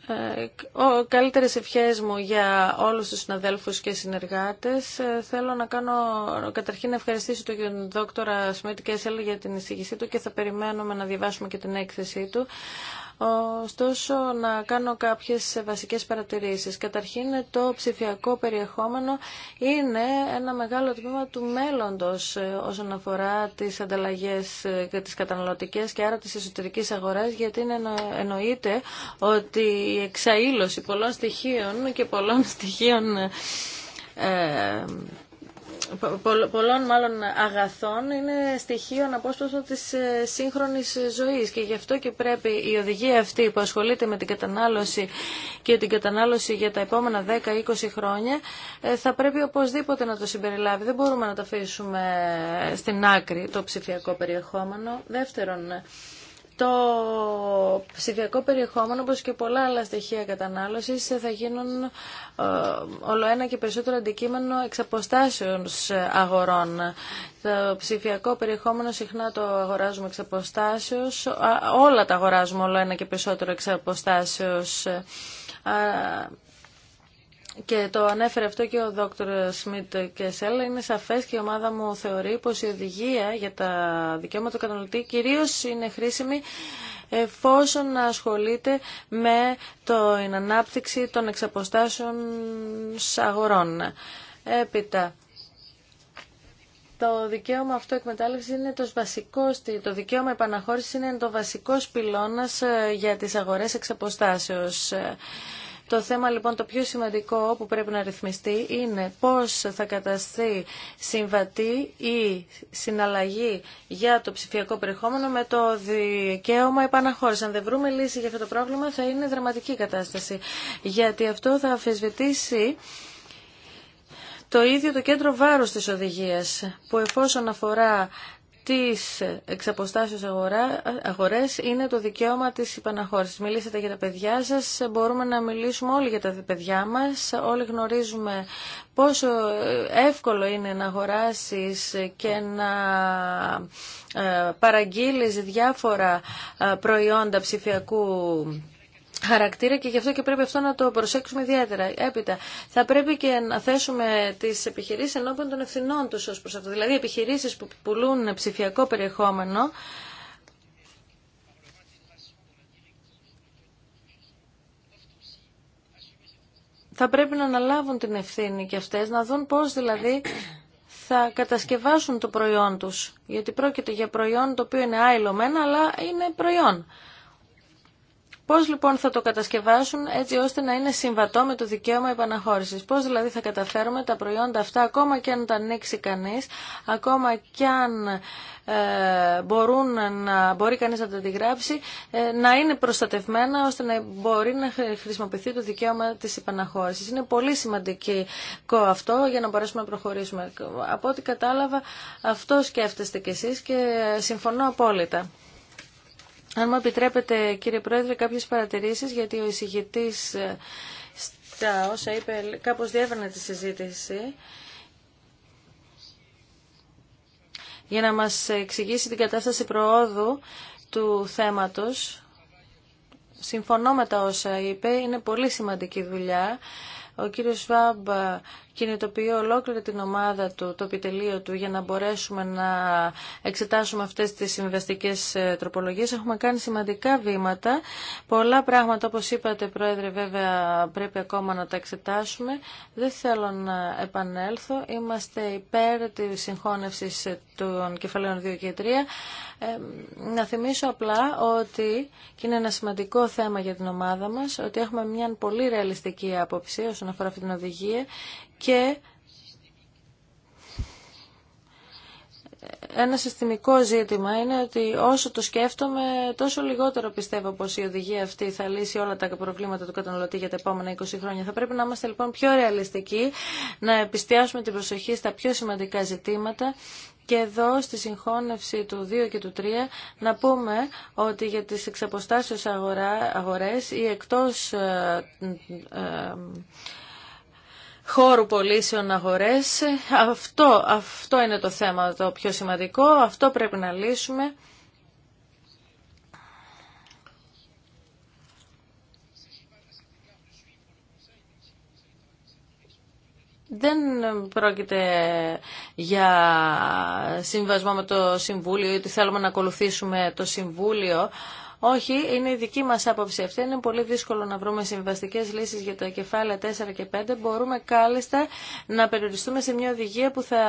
Ε, ο καλύτερες ευχές μου για όλους τους συναδέλφου και συνεργάτες. Ε, θέλω να κάνω, καταρχήν να ευχαριστήσω τον δόκτορα Σμίτ Κέσσελ για την εισηγησή του και θα περιμένουμε να διαβάσουμε και την έκθεσή του. Ωστόσο, να κάνω κάποιες βασικές παρατηρήσεις. Καταρχήν, το ψηφιακό περιεχόμενο είναι ένα μεγάλο τμήμα του μέλλοντος ε, όσον αφορά τις ανταλλαγές και ε, τις καταναλωτικές και άρα τις εσωτερικές αγοράς, γιατί είναι εννοείται ότι η εξαήλωση πολλών στοιχείων και πολλών στοιχείων ε, πολλών μάλλον αγαθών είναι στοιχείο αναπόσπαστο της ε, σύγχρονης ζωής και γι' αυτό και πρέπει η οδηγία αυτή που ασχολείται με την κατανάλωση και την κατανάλωση για τα επόμενα 10-20 χρόνια ε, θα πρέπει οπωσδήποτε να το συμπεριλάβει. Δεν μπορούμε να το αφήσουμε στην άκρη το ψηφιακό περιεχόμενο. Δεύτερον, το ψηφιακό περιεχόμενο, όπως και πολλά άλλα στοιχεία κατανάλωσης, θα γίνουν ε, όλο ένα και περισσότερο αντικείμενο εξ αγορών. Το ψηφιακό περιεχόμενο συχνά το αγοράζουμε εξ Όλα τα αγοράζουμε όλο ένα και περισσότερο εξ και το ανέφερε αυτό και ο Δόκτωρ Σμιτ και είναι σαφές και η ομάδα μου θεωρεί πως η οδηγία για τα δικαιώματα του καταναλωτή κυρίως είναι χρήσιμη εφόσον ασχολείται με την ανάπτυξη των εξαποστάσεων αγορών. Έπειτα, το δικαίωμα αυτό εκμετάλλευση είναι το βασικό, το δικαίωμα επαναχώρηση είναι το βασικό πυλώνα ε, για τι αγορές εξαποστάσεως. Το θέμα λοιπόν το πιο σημαντικό που πρέπει να ρυθμιστεί είναι πώς θα καταστεί συμβατή η συναλλαγή για το ψηφιακό περιεχόμενο με το δικαίωμα επαναχώρηση. Αν δεν βρούμε λύση για αυτό το πρόβλημα θα είναι δραματική κατάσταση, γιατί αυτό θα αφισβητήσει το ίδιο το κέντρο βάρους της οδηγίας που εφόσον αφορά τις εξαποστάσεις αγορά, αγορές είναι το δικαίωμα της υπαναχώρησης. Μιλήσατε για τα παιδιά σας, μπορούμε να μιλήσουμε όλοι για τα παιδιά μας. Όλοι γνωρίζουμε πόσο εύκολο είναι να αγοράσεις και να ε, παραγγείλεις διάφορα ε, προϊόντα ψηφιακού χαρακτήρα και γι' αυτό και πρέπει αυτό να το προσέξουμε ιδιαίτερα. Έπειτα, θα πρέπει και να θέσουμε τι επιχειρήσει ενώπιον των ευθυνών του ω προ αυτό. Δηλαδή, επιχειρήσει που πουλούν ψηφιακό περιεχόμενο. Θα πρέπει να αναλάβουν την ευθύνη και αυτές, να δουν πώς δηλαδή θα κατασκευάσουν το προϊόν τους. Γιατί πρόκειται για προϊόν το οποίο είναι άειλο αλλά είναι προϊόν. Πώς λοιπόν θα το κατασκευάσουν έτσι ώστε να είναι συμβατό με το δικαίωμα επαναχώρησης. Πώς δηλαδή θα καταφέρουμε τα προϊόντα αυτά ακόμα και αν τα ανοίξει κανείς, ακόμα και αν ε, μπορούν να, μπορεί κανείς να τα αντιγράψει, ε, να είναι προστατευμένα ώστε να μπορεί να χρησιμοποιηθεί το δικαίωμα της επαναχώρησης. Είναι πολύ σημαντικό αυτό για να μπορέσουμε να προχωρήσουμε. Από ό,τι κατάλαβα αυτό σκέφτεστε κι εσείς και συμφωνώ απόλυτα. Αν μου επιτρέπετε κύριε Πρόεδρε κάποιες παρατηρήσεις γιατί ο εισηγητής ε, στα όσα είπε κάπως διέβαινε τη συζήτηση για να μας εξηγήσει την κατάσταση προόδου του θέματος. Συμφωνώ με τα όσα είπε, είναι πολύ σημαντική δουλειά. Ο κύριος Σβάμπ κινητοποιεί ολόκληρη την ομάδα του, το επιτελείο του, για να μπορέσουμε να εξετάσουμε αυτές τις συμβαστικές ε, τροπολογίες. Έχουμε κάνει σημαντικά βήματα. Πολλά πράγματα, όπως είπατε, Πρόεδρε, βέβαια πρέπει ακόμα να τα εξετάσουμε. Δεν θέλω να επανέλθω. Είμαστε υπέρ της συγχώνευσης των κεφαλαίων 2 και 3. Ε, να θυμίσω απλά ότι, και είναι ένα σημαντικό θέμα για την ομάδα μας, ότι έχουμε μια πολύ ρεαλιστική άποψη όσον αφορά αυτή την οδηγία και ένα συστημικό ζήτημα είναι ότι όσο το σκέφτομαι, τόσο λιγότερο πιστεύω πω η οδηγία αυτή θα λύσει όλα τα προβλήματα του καταναλωτή για τα επόμενα 20 χρόνια. Θα πρέπει να είμαστε λοιπόν πιο ρεαλιστικοί, να επιστιάσουμε την προσοχή στα πιο σημαντικά ζητήματα και εδώ στη συγχώνευση του 2 και του 3 να πούμε ότι για τις εξαποστάσεις αγορά, αγορές ή εκτός ε, ε, χώρου πωλήσεων αγορές. Αυτό, αυτό είναι το θέμα το πιο σημαντικό, αυτό πρέπει να λύσουμε. δεν πρόκειται για συμβασμό με το Συμβούλιο ή ότι θέλουμε να ακολουθήσουμε το Συμβούλιο. Όχι, είναι η δική μα άποψη αυτή. Είναι πολύ δύσκολο να βρούμε συμβαστικέ λύσει για τα κεφάλαια 4 και 5. Μπορούμε κάλλιστα να περιοριστούμε σε μια οδηγία που θα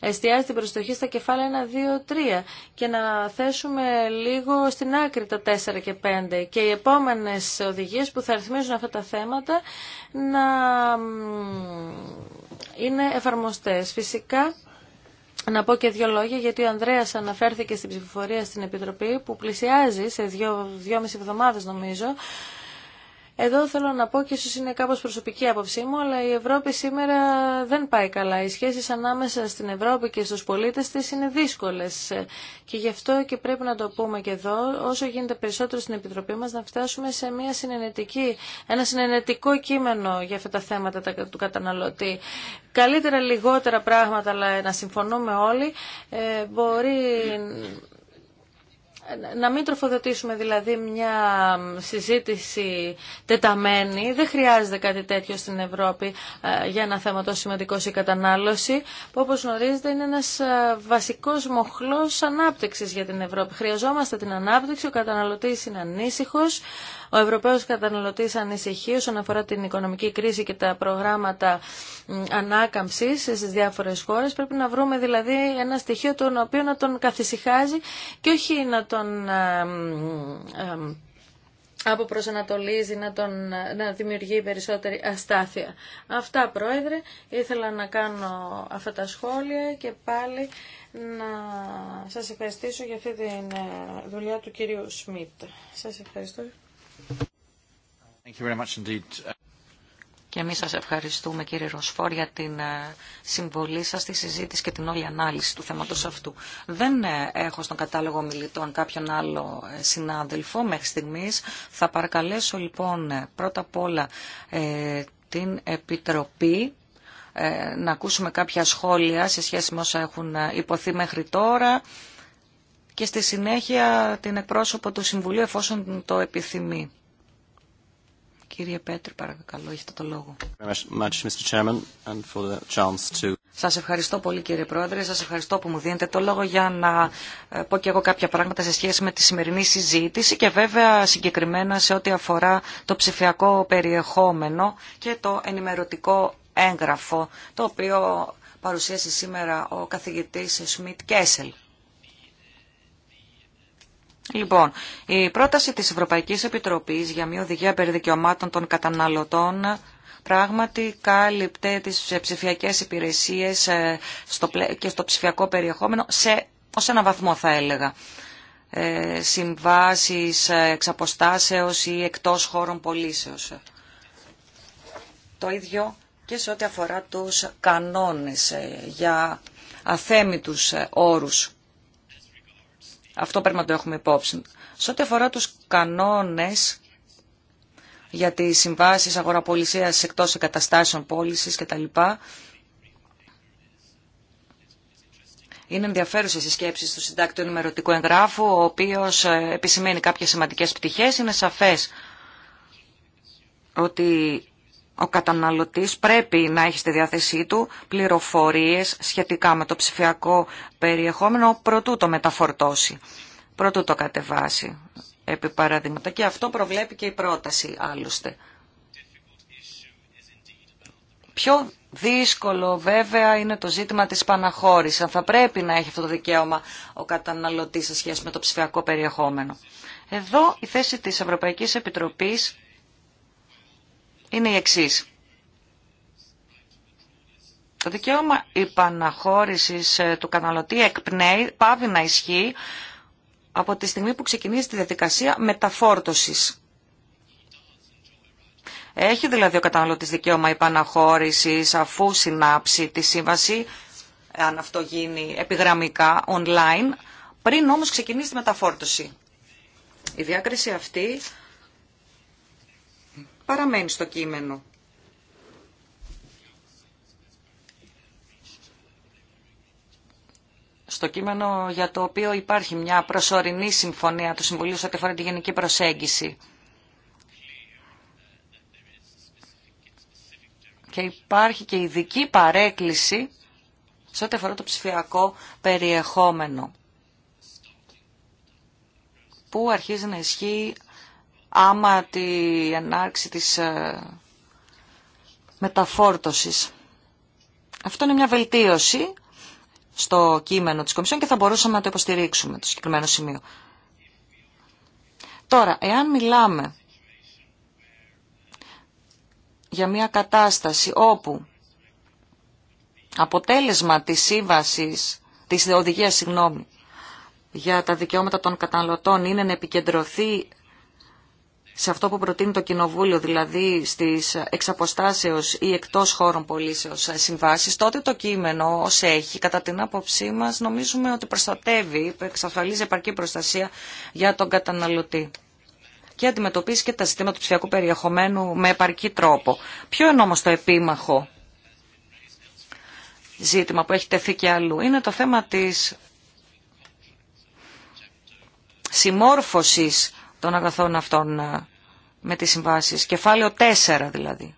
εστιάζει την προστοχή στα κεφάλαια 1, 2, 3 και να θέσουμε λίγο στην άκρη τα 4 και 5 και οι επόμενε οδηγίε που θα ρυθμίζουν αυτά τα θέματα να είναι εφαρμοστές. Φυσικά να πω και δύο λόγια γιατί ο Ανδρέας αναφέρθηκε στην ψηφοφορία στην Επιτροπή που πλησιάζει σε δύο, δυόμιση εβδομάδες νομίζω εδώ θέλω να πω και ίσω είναι κάπω προσωπική άποψή μου, αλλά η Ευρώπη σήμερα δεν πάει καλά. Οι σχέσεις ανάμεσα στην Ευρώπη και στους πολίτες της είναι δύσκολε. και γι' αυτό και πρέπει να το πούμε και εδώ, όσο γίνεται περισσότερο στην Επιτροπή μας, να φτάσουμε σε μια συνενετική, ένα συνενετικό κείμενο για αυτά τα θέματα του καταναλωτή. Καλύτερα λιγότερα πράγματα, αλλά να συμφωνούμε όλοι, ε, μπορεί να μην τροφοδοτήσουμε δηλαδή μια συζήτηση τεταμένη. Δεν χρειάζεται κάτι τέτοιο στην Ευρώπη ε, για ένα θέμα τόσο σημαντικό η κατανάλωση, που όπως γνωρίζετε είναι ένας ε, βασικός μοχλός ανάπτυξης για την Ευρώπη. Χρειαζόμαστε την ανάπτυξη, ο καταναλωτής είναι ανήσυχος, ο Ευρωπαίος καταναλωτής ανησυχεί όσον αφορά την οικονομική κρίση και τα προγράμματα ανάκαμψης στις διάφορες χώρες. Πρέπει να βρούμε δηλαδή ένα στοιχείο το οποίο να τον καθησυχάζει και όχι να τον ε, ε, από προσανατολίζει να, τον, να δημιουργεί περισσότερη αστάθεια. Αυτά, Πρόεδρε, ήθελα να κάνω αυτά τα σχόλια και πάλι να σας ευχαριστήσω για αυτή τη ε, δουλειά του κυρίου Σμιτ. Σας ευχαριστώ. Και εμείς σας ευχαριστούμε κύριε Ροσφόρ για την ε, συμβολή σας στη συζήτηση και την όλη ανάλυση του θέματος αυτού. Δεν ε, έχω στον κατάλογο μιλητών κάποιον άλλο ε, συνάδελφο μέχρι στιγμής. Θα παρακαλέσω λοιπόν πρώτα απ' όλα την Επιτροπή να ακούσουμε κάποια σχόλια σε σχέση με όσα έχουν υποθεί μέχρι τώρα και στη συνέχεια την εκπρόσωπο του Συμβουλίου εφόσον το επιθυμεί. Κύριε Πέτρη, παρακαλώ, έχετε το λόγο. Σας ευχαριστώ πολύ κύριε Πρόεδρε, σας ευχαριστώ που μου δίνετε το λόγο για να ε, πω και εγώ κάποια πράγματα σε σχέση με τη σημερινή συζήτηση και βέβαια συγκεκριμένα σε ό,τι αφορά το ψηφιακό περιεχόμενο και το ενημερωτικό έγγραφο, το οποίο παρουσίασε σήμερα ο καθηγητής Σμιτ Κέσελ. Λοιπόν, η πρόταση της Ευρωπαϊκής Επιτροπής για μια οδηγία περί δικαιωμάτων των καταναλωτών πράγματι κάλυπτε τις ψηφιακές υπηρεσίες ε, και στο ψηφιακό περιεχόμενο σε, ως ένα βαθμό θα έλεγα ε, συμβάσεις ε, εξ αποστάσεως ή εκτός χώρων πωλήσεως. Το ίδιο και σε ό,τι αφορά τους κανόνες για αθέμητους όρους αυτό πρέπει να το έχουμε υπόψη. Σε ό,τι αφορά τους κανόνες για τις συμβάσεις αγοραπολισίας εκτός εγκαταστάσεων πώλησης κτλ. Είναι ενδιαφέρουσε οι σκέψει του συντάκτου ενημερωτικού εγγράφου, ο οποίο ε, επισημαίνει κάποιε σημαντικέ πτυχέ. Είναι σαφέ ότι ο καταναλωτής πρέπει να έχει στη διάθεσή του πληροφορίες σχετικά με το ψηφιακό περιεχόμενο προτού το μεταφορτώσει, προτού το κατεβάσει, επί παραδείγματα. Και αυτό προβλέπει και η πρόταση άλλωστε. Πιο δύσκολο βέβαια είναι το ζήτημα της παναχώρησης. Αν θα πρέπει να έχει αυτό το δικαίωμα ο καταναλωτής σε σχέση με το ψηφιακό περιεχόμενο. Εδώ η θέση της Ευρωπαϊκής Επιτροπής είναι η εξή. Το δικαίωμα υπαναχώρησης ε, του καταναλωτή εκπνέει, πάβει να ισχύει από τη στιγμή που ξεκινήσει τη διαδικασία μεταφόρτωσης. Έχει δηλαδή ο καταναλωτής δικαίωμα υπαναχώρησης αφού συνάψει τη σύμβαση, αν αυτό γίνει επιγραμμικά, online, πριν όμως ξεκινήσει τη μεταφόρτωση. Η διάκριση αυτή παραμένει στο κείμενο. στο κείμενο για το οποίο υπάρχει μια προσωρινή συμφωνία του Συμβουλίου σε ό,τι αφορά τη γενική προσέγγιση. Και υπάρχει και ειδική παρέκκληση σε ό,τι αφορά το ψηφιακό περιεχόμενο που αρχίζει να ισχύει άμα την ανάρξη της ε, μεταφόρτωσης. Αυτό είναι μια βελτίωση στο κείμενο της Κομισιόν και θα μπορούσαμε να το υποστηρίξουμε το συγκεκριμένο σημείο. Τώρα, εάν μιλάμε για μια κατάσταση όπου αποτέλεσμα της σύμβασης, της οδηγίας, συγγνώμη, για τα δικαιώματα των καταναλωτών είναι να επικεντρωθεί σε αυτό που προτείνει το Κοινοβούλιο, δηλαδή στις εξαποστάσεως ή εκτός χώρων πολίσεως συμβάσεις, τότε το κείμενο ως έχει, κατά την άποψή μας, νομίζουμε ότι προστατεύει, εξασφαλίζει επαρκή προστασία για τον καταναλωτή και αντιμετωπίσει και τα ζητήματα του ψηφιακού περιεχομένου με επαρκή τρόπο. Ποιο είναι όμως το επίμαχο ζήτημα που έχει τεθεί και αλλού. Είναι το θέμα της συμμόρφωσης των αγαθών αυτών ε, με τις συμβάσεις. Κεφάλαιο 4 δηλαδή.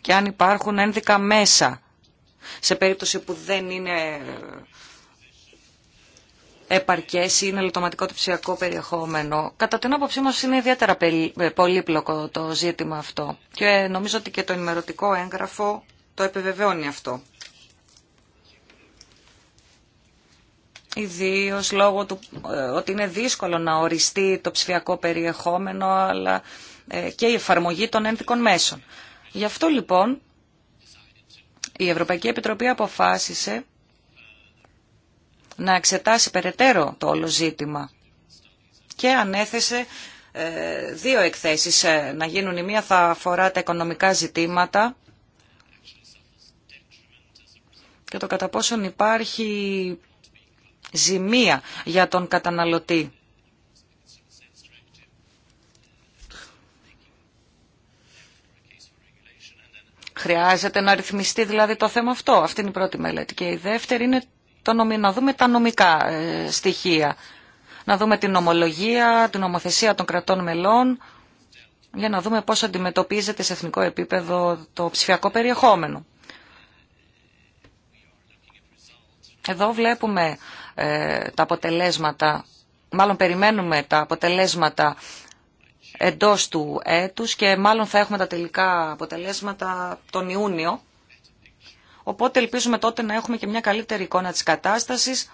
Και αν υπάρχουν ένδικα μέσα σε περίπτωση που δεν είναι ε, επαρκές ή είναι λεπτοματικό το περιεχόμενο. Κατά την άποψή μας είναι ιδιαίτερα ε, πολύπλοκο το ζήτημα αυτό και νομίζω ότι και το ενημερωτικό έγγραφο το επιβεβαιώνει αυτό. Ιδίω λόγω του ε, ότι είναι δύσκολο να οριστεί το ψηφιακό περιεχόμενο αλλά ε, και η εφαρμογή των ένδικων μέσων. Γι' αυτό λοιπόν η Ευρωπαϊκή Επιτροπή αποφάσισε να εξετάσει περαιτέρω το όλο ζήτημα και ανέθεσε ε, δύο εκθέσεις να γίνουν. Η μία θα αφορά τα οικονομικά ζητήματα και το κατά πόσον υπάρχει ζημία για τον καταναλωτή. Χρειάζεται να ρυθμιστεί δηλαδή το θέμα αυτό. Αυτή είναι η πρώτη μελέτη. Και η δεύτερη είναι το να δούμε τα νομικά ε, στοιχεία. Να δούμε την ομολογία, την ομοθεσία των κρατών μελών, για να δούμε πώς αντιμετωπίζεται σε εθνικό επίπεδο το ψηφιακό περιεχόμενο. Εδώ βλέπουμε ε, τα αποτελέσματα, μάλλον περιμένουμε τα αποτελέσματα εντός του έτους και μάλλον θα έχουμε τα τελικά αποτελέσματα τον Ιούνιο. Οπότε ελπίζουμε τότε να έχουμε και μια καλύτερη εικόνα της κατάστασης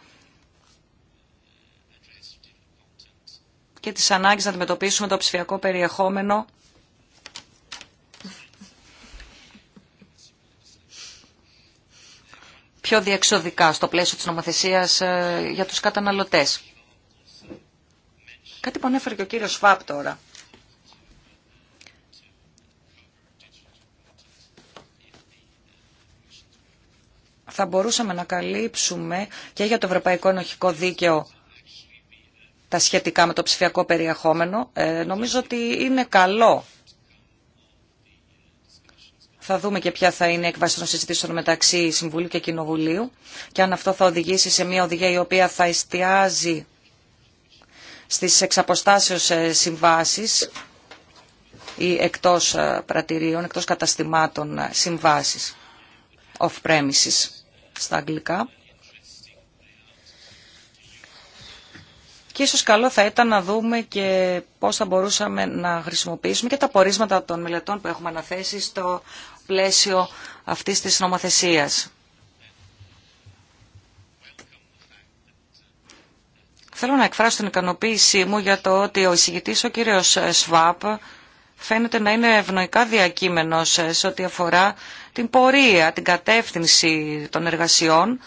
και τις ανάγκες να αντιμετωπίσουμε το ψηφιακό περιεχόμενο πιο διεξοδικά στο πλαίσιο της νομοθεσίας ε, για τους καταναλωτές. Κάτι που ανέφερε και ο κύριος Φάπ τώρα. Θα μπορούσαμε να καλύψουμε και για το Ευρωπαϊκό Ενοχικό Δίκαιο τα σχετικά με το ψηφιακό περιεχόμενο. Ε, νομίζω ότι είναι καλό θα δούμε και ποια θα είναι εκβάση των συζητήσεων μεταξύ Συμβουλίου και Κοινοβουλίου και αν αυτό θα οδηγήσει σε μια οδηγία η οποία θα εστιάζει στις εξαποστάσεως ε, συμβάσεις ή εκτός ε, πρατηρίων, εκτός καταστημάτων ε, συμβάσεις off-premises στα αγγλικά. Και ίσως καλό θα ήταν να δούμε και πώς θα μπορούσαμε να χρησιμοποιήσουμε και τα πορίσματα των μελετών που έχουμε αναθέσει στο πλαίσιο αυτής της νομοθεσίας. Θέλω να εκφράσω την ικανοποίησή μου για το ότι ο εισηγητής, ο κύριος Σβάπ, φαίνεται να είναι ευνοϊκά διακείμενος σε ό,τι αφορά την πορεία, την κατεύθυνση των εργασιών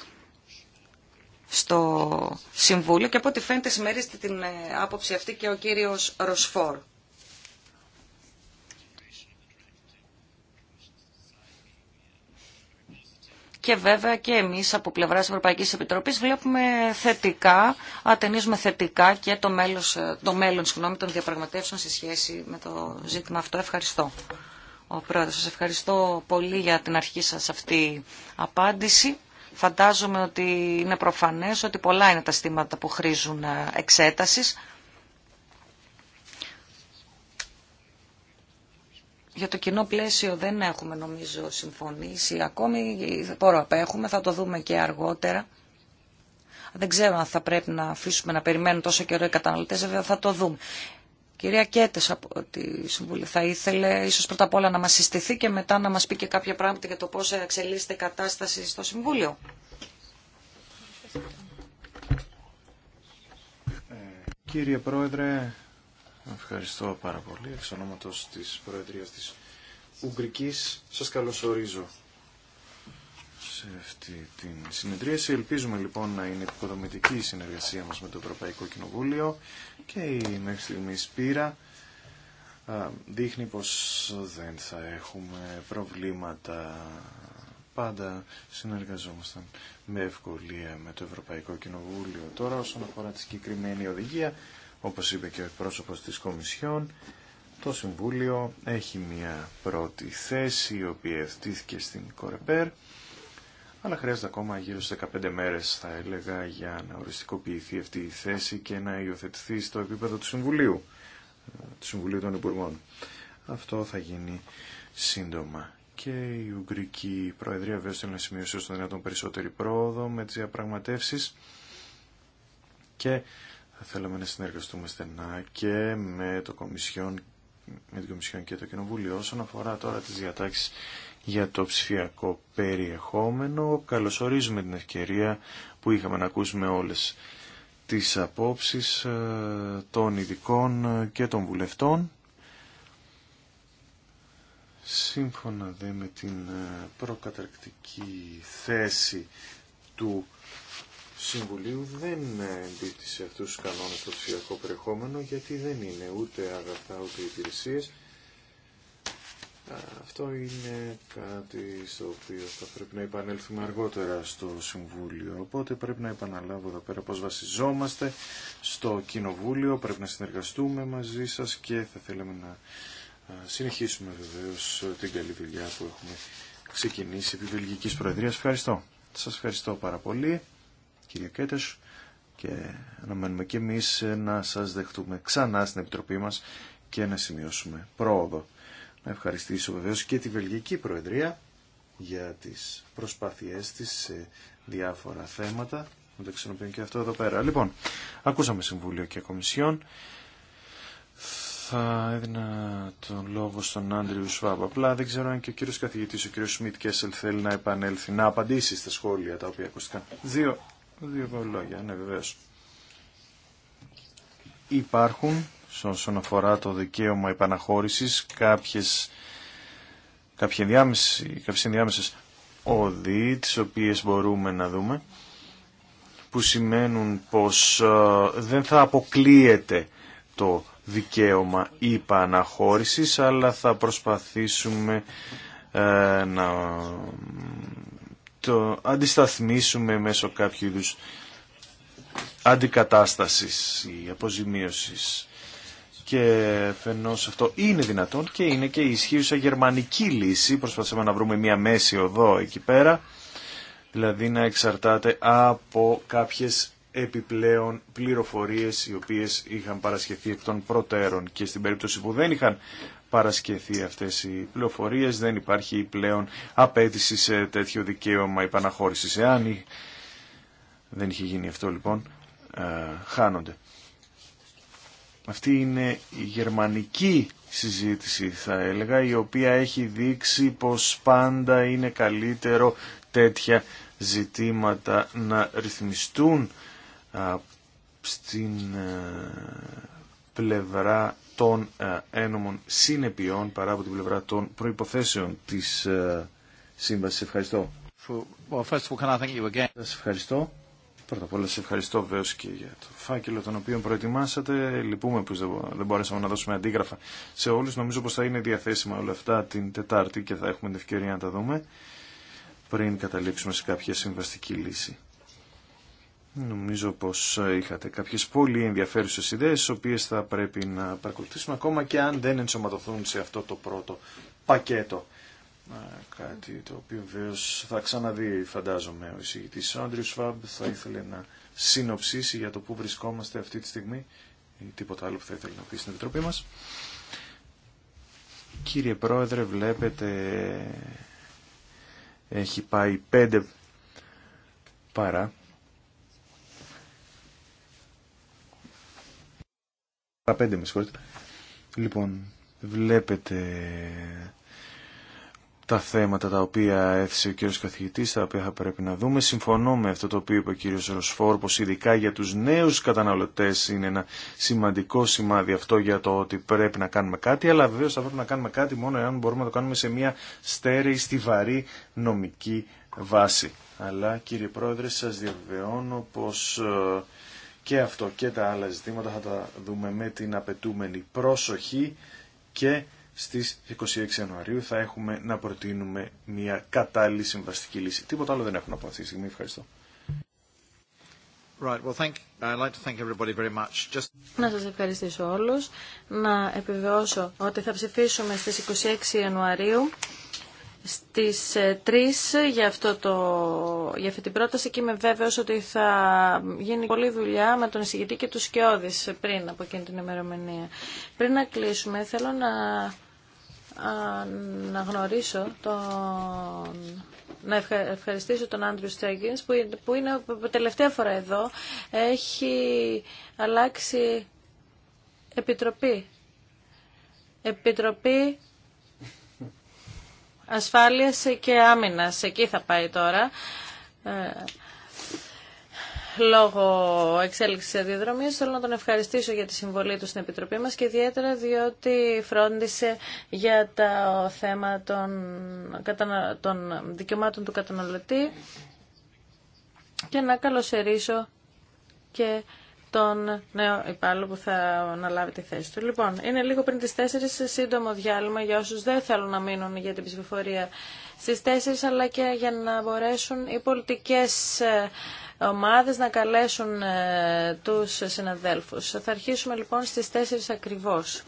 στο Συμβούλιο και από ό,τι φαίνεται συμμερίζεται την ε, άποψη αυτή και ο κύριος Ροσφόρ. Και βέβαια και εμείς από πλευρά της Ευρωπαϊκής Επιτροπής βλέπουμε θετικά, ατενίζουμε θετικά και το, μέλος, το μέλλον συγγνώμη, των διαπραγματεύσεων σε σχέση με το ζήτημα αυτό. Ευχαριστώ. Ο Πρόεδρος, σας ευχαριστώ πολύ για την αρχή σας αυτή απάντηση. Φαντάζομαι ότι είναι προφανές ότι πολλά είναι τα στήματα που χρήζουν εξέτασης. για το κοινό πλαίσιο δεν έχουμε νομίζω συμφωνήσει. Ακόμη πόρο απέχουμε, θα το δούμε και αργότερα. Δεν ξέρω αν θα πρέπει να αφήσουμε να περιμένουν τόσο καιρό οι καταναλωτές, βέβαια θα το δούμε. Κυρία Κέτες από τη Συμβουλή θα ήθελε ίσως πρώτα απ' όλα να μας συστηθεί και μετά να μας πει και κάποια πράγματα για το πώς εξελίσσεται η κατάσταση στο Συμβούλιο. Ε, κύριε Πρόεδρε, Ευχαριστώ πάρα πολύ. Εξ ονόματος της Προεδρίας της Ουγγρικής σας καλωσορίζω σε αυτή την συνεδρίαση. Ελπίζουμε λοιπόν να είναι υποδομητική η συνεργασία μας με το Ευρωπαϊκό Κοινοβούλιο και η μέχρι στιγμή πείρα δείχνει πως δεν θα έχουμε προβλήματα. Πάντα συνεργαζόμασταν με ευκολία με το Ευρωπαϊκό Κοινοβούλιο. Τώρα όσον αφορά τη συγκεκριμένη οδηγία όπως είπε και ο εκπρόσωπος της Κομισιόν, το Συμβούλιο έχει μια πρώτη θέση η οποία ευθύθηκε στην Κορεπέρ αλλά χρειάζεται ακόμα γύρω στις 15 μέρες θα έλεγα για να οριστικοποιηθεί αυτή η θέση και να υιοθετηθεί στο επίπεδο του Συμβουλίου του Συμβουλίου των Υπουργών. Αυτό θα γίνει σύντομα. Και η Ουγγρική Προεδρία βέβαια θέλει να σημειώσει όσο δυνατόν περισσότερη πρόοδο με τις διαπραγματεύσεις και θα θέλαμε να συνεργαστούμε στενά και με, το Κομισιόν, με την Κομισιόν και το Κοινοβούλιο. Όσον αφορά τώρα τις διατάξεις για το ψηφιακό περιεχόμενο, καλωσορίζουμε την ευκαιρία που είχαμε να ακούσουμε όλες τις απόψεις ε, των ειδικών και των βουλευτών. Σύμφωνα δε με την ε, προκαταρκτική θέση του Συμβουλίου δεν εμπίπτει σε αυτούς τους κανόνες το ψηφιακό περιεχόμενο γιατί δεν είναι ούτε αγαθά ούτε υπηρεσίε, Αυτό είναι κάτι στο οποίο θα πρέπει να επανέλθουμε αργότερα στο Συμβούλιο. Οπότε πρέπει να επαναλάβω εδώ πέρα πώς βασιζόμαστε στο Κοινοβούλιο. Πρέπει να συνεργαστούμε μαζί σας και θα θέλαμε να συνεχίσουμε βεβαίω την καλή δουλειά που έχουμε ξεκινήσει επί Βελγικής Προεδρίας. Ευχαριστώ. Σας ευχαριστώ πάρα πολύ κύριε και αναμένουμε και εμείς να σας δεχτούμε ξανά στην Επιτροπή μας και να σημειώσουμε πρόοδο. Να ευχαριστήσω βεβαίως και τη Βελγική Προεδρία για τις προσπάθειές της σε διάφορα θέματα, μεταξύ των οποίων και αυτό εδώ πέρα. Λοιπόν, ακούσαμε Συμβούλιο και Κομισιόν. Θα έδινα τον λόγο στον Άντριου Σβάμπ. Απλά δεν ξέρω αν και ο κύριος καθηγητής, ο κύριος Σμιτ Κέσελ θέλει να επανέλθει, να απαντήσει στα σχόλια τα οποία ακούστηκαν. Δύο λόγια, ναι βεβαίως. Υπάρχουν, όσον αφορά το δικαίωμα επαναχώρησης, κάποιες, κάποιες, ενδιάμεσες, κάποιες ενδιάμεσες οδοί, τις οποίες μπορούμε να δούμε, που σημαίνουν πως ε, δεν θα αποκλείεται το δικαίωμα υπαναχώρησης, αλλά θα προσπαθήσουμε ε, να το αντισταθμίσουμε μέσω κάποιου είδου αντικατάστασης ή αποζημίωσης. Και φαινώς αυτό είναι δυνατόν και είναι και η ισχύουσα γερμανική λύση. Προσπαθήσαμε να βρούμε μια μέση οδό εκεί πέρα, δηλαδή να εξαρτάται από κάποιες επιπλέον πληροφορίες οι οποίες είχαν παρασχεθεί εκ των προτέρων και στην περίπτωση που δεν είχαν παρασκευθεί αυτές οι πληροφορίες. Δεν υπάρχει πλέον απέτηση σε τέτοιο δικαίωμα υπαναχώρησης. Εάν δεν είχε γίνει αυτό λοιπόν, ε, χάνονται. Αυτή είναι η γερμανική συζήτηση θα έλεγα, η οποία έχει δείξει πως πάντα είναι καλύτερο τέτοια ζητήματα να ρυθμιστούν στην ε, πλευρά των ε, ένομων συνεπειών παρά από την πλευρά των προϋποθέσεων της ε, σύμβασης. Ευχαριστώ. Σας ευχαριστώ. Πρώτα απ' όλα, σε ευχαριστώ βεβαίω και για το φάκελο τον οποίο προετοιμάσατε. Λυπούμε που δεν μπορέσαμε να δώσουμε αντίγραφα σε όλου. Νομίζω πω θα είναι διαθέσιμα όλα αυτά την Τετάρτη και θα έχουμε την ευκαιρία να τα δούμε πριν καταλήξουμε σε κάποια συμβαστική λύση. Νομίζω πως ε, είχατε κάποιες πολύ ενδιαφέρουσες ιδέες, τις οποίες θα πρέπει να παρακολουθήσουμε ακόμα και αν δεν ενσωματωθούν σε αυτό το πρώτο πακέτο. Ε, κάτι το οποίο βεβαίω θα ξαναδεί, φαντάζομαι, ο εισηγητής Άντριου Σφαμπ θα ήθελε να συνοψίσει για το που βρισκόμαστε αυτή τη στιγμή ή τίποτα άλλο που θα ήθελε να πει στην Επιτροπή μας. Κύριε Πρόεδρε, βλέπετε έχει πάει πέντε παρά με Λοιπόν, βλέπετε τα θέματα τα οποία έθεσε ο κύριος καθηγητής, τα οποία θα πρέπει να δούμε. Συμφωνώ με αυτό το οποίο είπε ο κύριος Ροσφόρ, πως ειδικά για τους νέους καταναλωτές είναι ένα σημαντικό σημάδι αυτό για το ότι πρέπει να κάνουμε κάτι, αλλά βεβαίως θα πρέπει να κάνουμε κάτι μόνο εάν μπορούμε να το κάνουμε σε μια στέρεη, στιβαρή νομική βάση. Αλλά κύριε Πρόεδρε, σας διαβεβαιώνω πως... Ε, και αυτό και τα άλλα ζητήματα θα τα δούμε με την απαιτούμενη πρόσοχη και στις 26 Ιανουαρίου θα έχουμε να προτείνουμε μια κατάλληλη συμβαστική λύση. Τίποτα άλλο δεν έχουμε πω αυτή τη στιγμή. Ευχαριστώ. Right. Well, thank, I'd like to thank everybody very much. Just... Να σας ευχαριστήσω όλους. Να επιβεβαιώσω ότι θα ψηφίσουμε στις 26 Ιανουαρίου στις 3 ε, για, αυτό το, για αυτή την πρόταση και είμαι βέβαιος ότι θα γίνει πολλή δουλειά με τον εισηγητή και τους σκιώδης πριν από εκείνη την ημερομηνία. Πριν να κλείσουμε θέλω να, να γνωρίσω τον να ευχαριστήσω τον Άντριου Στέγγινς που είναι τελευταία φορά εδώ. Έχει αλλάξει επιτροπή. Επιτροπή ασφάλειας και άμυνας. Εκεί θα πάει τώρα ε, λόγω εξέλιξης της διαδρομής. Θέλω να τον ευχαριστήσω για τη συμβολή του στην Επιτροπή μας και ιδιαίτερα διότι φρόντισε για το θέμα των, δικαιωμάτων του καταναλωτή και να καλωσερίσω και τον νέο υπάλληλο που θα αναλάβει τη θέση του. Λοιπόν, είναι λίγο πριν τις 4, σύντομο διάλειμμα για όσους δεν θέλουν να μείνουν για την ψηφοφορία στις 4, αλλά και για να μπορέσουν οι πολιτικές ε, ομάδες να καλέσουν ε, τους συναδέλφους. Θα αρχίσουμε λοιπόν στις 4 ακριβώς.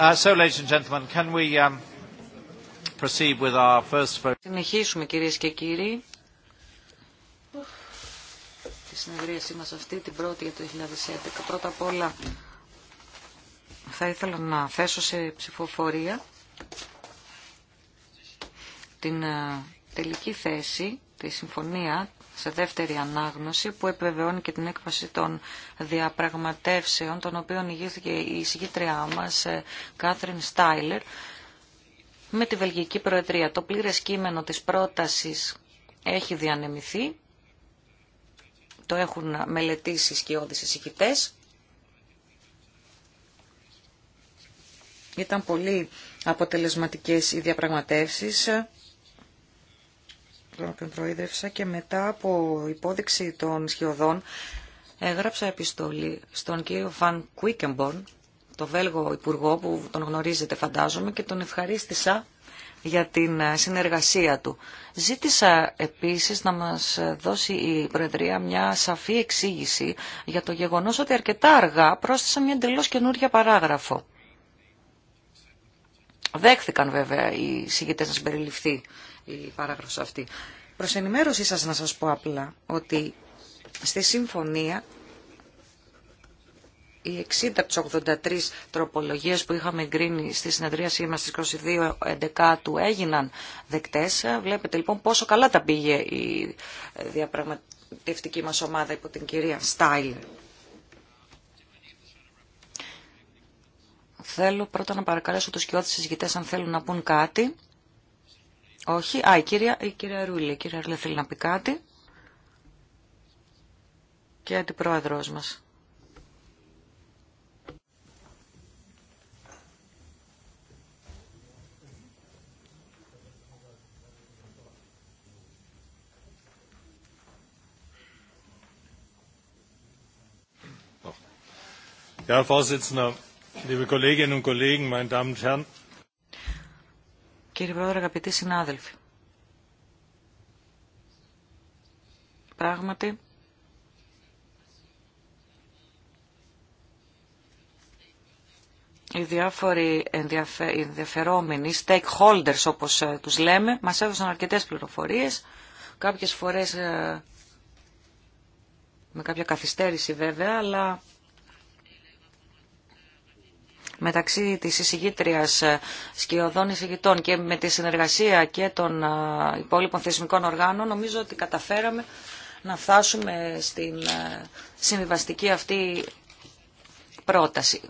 Uh, so, ladies Συνεχίσουμε, κυρίες και κύριοι. Τη συνεδρίασή μας αυτή, την πρώτη για το 2011. Πρώτα απ' όλα, θα ήθελα να θέσω σε ψηφοφορία την ε, τελική θέση, τη συμφωνία σε δεύτερη ανάγνωση που επιβεβαιώνει και την έκβαση των διαπραγματεύσεων των οποίων ηγήθηκε η συγκήτριά μας ε, Κάθριν Στάιλερ με τη Βελγική Προεδρία. Το πλήρες κείμενο της πρότασης έχει διανεμηθεί, το έχουν μελετήσει οι σκιώδεις εισηγητές. Ήταν πολύ αποτελεσματικές οι διαπραγματεύσεις τον οποίο προείδευσα και μετά από υπόδειξη των σχεδόν έγραψα επιστολή στον κύριο Φαν Κουίκεμπορν, το Βέλγο Υπουργό που τον γνωρίζετε φαντάζομαι και τον ευχαρίστησα για την ε, συνεργασία του. Ζήτησα επίσης να μας δώσει η Προεδρία μια σαφή εξήγηση για το γεγονός ότι αρκετά αργά πρόσθεσα μια εντελώ καινούργια παράγραφο. Δέχθηκαν βέβαια οι συγγητές να συμπεριληφθεί η παράγραφος αυτή. Προς ενημέρωσή σας να σας πω απλά ότι στη συμφωνία οι 60 από 83 τροπολογίες που είχαμε εγκρίνει στη συνεδρίασή μας στις 22 του έγιναν δεκτές. Βλέπετε λοιπόν πόσο καλά τα πήγε η διαπραγματευτική μας ομάδα υπό την κυρία Στάιλερ. Θέλω πρώτα να παρακαλέσω τους κοιότητες συζητητές αν θέλουν να πούν κάτι. Όχι. Α, η κυρία, η Ρούλη. Η κυρία Ρούλη θέλει να πει κάτι. Και αντιπρόεδρος μας. herr liebe kolleginnen und kollegen meine damen und herren! Κύριε Πρόεδρε, αγαπητοί συνάδελφοι. Πράγματι, οι διάφοροι ενδιαφερόμενοι, stakeholders όπως ε, τους λέμε, μας έδωσαν αρκετές πληροφορίες. Κάποιες φορές ε, με κάποια καθυστέρηση βέβαια, αλλά μεταξύ της εισηγήτριας ε, σκιωδών εισηγητών και με τη συνεργασία και των ε, υπόλοιπων θεσμικών οργάνων νομίζω ότι καταφέραμε να φτάσουμε στην ε, συμβιβαστική αυτή πρόταση.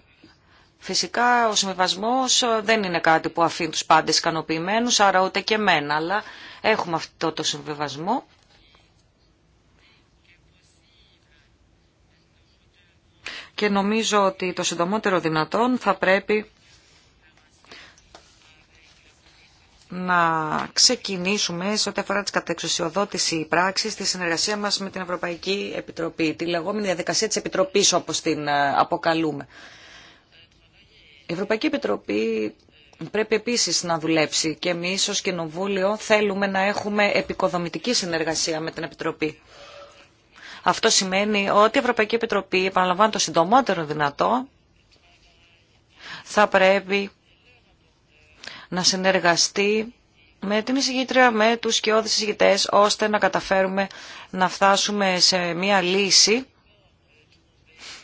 Φυσικά ο συμβιβασμός δεν είναι κάτι που αφήνει τους πάντες ικανοποιημένους, άρα ούτε και εμένα, αλλά έχουμε αυτό το συμβιβασμό και νομίζω ότι το συντομότερο δυνατόν θα πρέπει να ξεκινήσουμε σε ό,τι αφορά τις κατεξουσιοδότηση πράξης τη συνεργασία μας με την Ευρωπαϊκή Επιτροπή, τη λεγόμενη διαδικασία της Επιτροπής όπως την ε, αποκαλούμε. Η Ευρωπαϊκή Επιτροπή πρέπει επίσης να δουλέψει και εμείς ως Κοινοβούλιο θέλουμε να έχουμε επικοδομητική συνεργασία με την Επιτροπή. Αυτό σημαίνει ότι η Ευρωπαϊκή Επιτροπή, επαναλαμβάνω το συντομότερο δυνατό, θα πρέπει να συνεργαστεί με την εισηγήτρια, με τους σκιώδεις εισηγητές, ώστε να καταφέρουμε να φτάσουμε σε μία λύση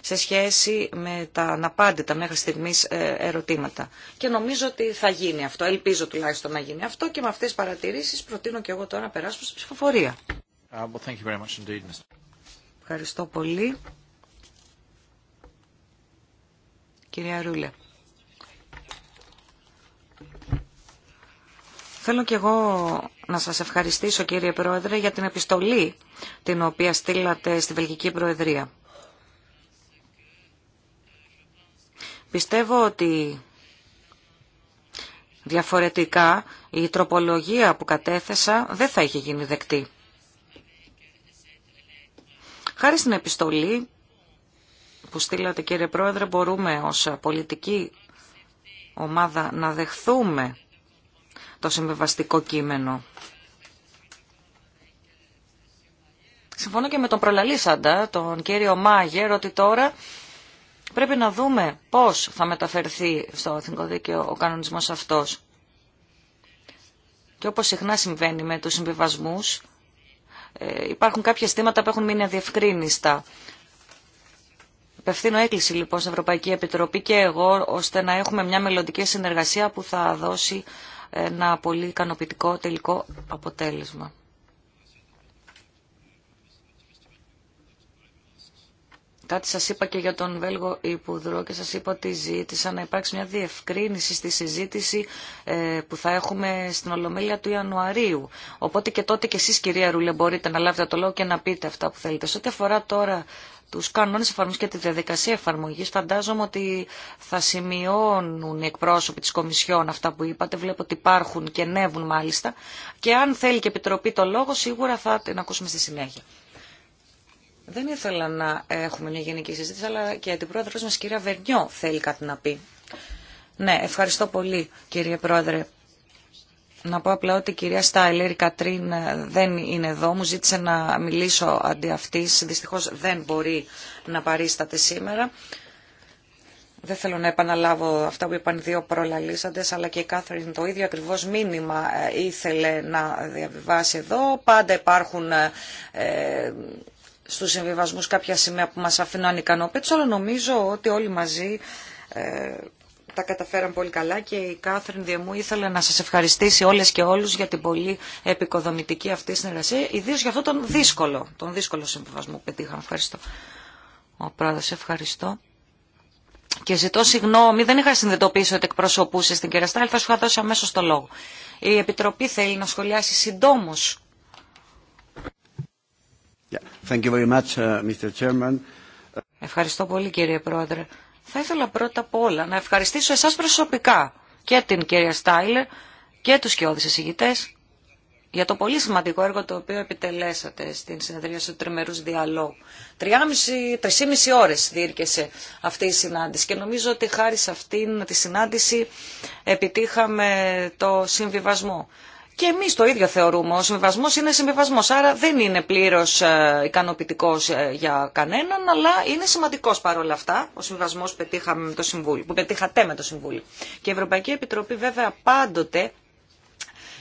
σε σχέση με τα αναπάντητα μέχρι στιγμής ε, ερωτήματα. Και νομίζω ότι θα γίνει αυτό, ελπίζω τουλάχιστον να γίνει αυτό και με αυτές τις παρατηρήσεις προτείνω και εγώ τώρα να περάσουμε σε ψηφοφορία. Uh, Ευχαριστώ πολύ. Κυρία Ρούλε. Θέλω κι εγώ να σας ευχαριστήσω κύριε Πρόεδρε για την επιστολή την οποία στείλατε στη Βελγική Προεδρία. Πιστεύω ότι διαφορετικά η τροπολογία που κατέθεσα δεν θα είχε γίνει δεκτή. Χάρη στην επιστολή που στείλατε κύριε Πρόεδρε μπορούμε ως πολιτική ομάδα να δεχθούμε το συμβεβαστικό κείμενο. Συμφωνώ και με τον προλαλήσαντα, τον κύριο Μάγερ, ότι τώρα πρέπει να δούμε πώς θα μεταφερθεί στο Εθνικό Δίκαιο ο κανονισμός αυτός. Και όπως συχνά συμβαίνει με τους συμβιβασμούς, ε, υπάρχουν κάποια στήματα που έχουν μείνει αδιευκρίνιστα. Επευθύνω έκκληση λοιπόν στην Ευρωπαϊκή Επιτροπή και εγώ ώστε να έχουμε μια μελλοντική συνεργασία που θα δώσει ένα πολύ ικανοποιητικό τελικό αποτέλεσμα. Κάτι σας είπα και για τον Βέλγο Υπουδρό και σας είπα ότι ζήτησα να υπάρξει μια διευκρίνηση στη συζήτηση ε, που θα έχουμε στην Ολομέλεια του Ιανουαρίου. Οπότε και τότε και εσείς κυρία Ρούλε μπορείτε να λάβετε το λόγο και να πείτε αυτά που θέλετε. Σε ό,τι αφορά τώρα τους κανόνες εφαρμογής και τη διαδικασία εφαρμογής φαντάζομαι ότι θα σημειώνουν οι εκπρόσωποι της Κομισιόν αυτά που είπατε. Βλέπω ότι υπάρχουν και νεύουν μάλιστα. Και αν θέλει και Επιτροπή το λόγο σίγουρα θα την ακούσουμε στη συνέχεια. Δεν ήθελα να έχουμε μια γενική συζήτηση, αλλά και η αντιπρόεδρος μας, κυρία Βερνιό, θέλει κάτι να πει. Ναι, ευχαριστώ πολύ, κύριε Πρόεδρε. Να πω απλά ότι η κυρία Στάιλερ, η Κατρίν ε, δεν είναι εδώ. Μου ζήτησε να μιλήσω αντί αυτής. Δυστυχώς δεν μπορεί να παρίσταται σήμερα. Δεν θέλω να επαναλάβω αυτά που είπαν δύο προλαλήσαντες, αλλά και η Κάθριν το ίδιο ακριβώς μήνυμα ε, ήθελε να διαβιβάσει εδώ. Πάντα υπάρχουν ε, στους συμβιβασμούς κάποια σημεία που μας αφήνουν ανικανόπιτους, αλλά νομίζω ότι όλοι μαζί ε, τα καταφέραν πολύ καλά και η Κάθριν Διεμού ήθελε να σας ευχαριστήσει όλες και όλους για την πολύ επικοδομητική αυτή συνεργασία, ιδίως για αυτόν τον δύσκολο, τον δύσκολο συμβιβασμό που πετύχαμε. Ευχαριστώ. Ο πρόεδρος, ευχαριστώ. Και ζητώ συγγνώμη, δεν είχα συνειδητοποιήσει ότι εκπροσωπούσε την κυρία αλλά θα σου είχα δώσει αμέσω το λόγο. Η Επιτροπή θέλει να σχολιάσει συντόμω Uh, Ευχαριστώ πολύ κύριε Πρόεδρε. Θα ήθελα πρώτα απ' όλα να ευχαριστήσω εσάς προσωπικά και την κυρία Στάιλερ και τους κοιόδης εισηγητές για το πολύ σημαντικό έργο το οποίο επιτελέσατε στην συνεδρία του τριμερούς διαλόγου. μιση ώρες διήρκεσε αυτή η συνάντηση και νομίζω ότι χάρη σε αυτήν τη συνάντηση επιτύχαμε το συμβιβασμό. Και εμεί το ίδιο θεωρούμε. Ο συμβιβασμό είναι συμβιβασμό. Άρα δεν είναι πλήρω ε, ικανοποιητικό ε, για κανέναν, αλλά είναι σημαντικό παρόλα αυτά ο συμβιβασμό που πετύχατε με το Συμβούλιο. Και η Ευρωπαϊκή Επιτροπή βέβαια πάντοτε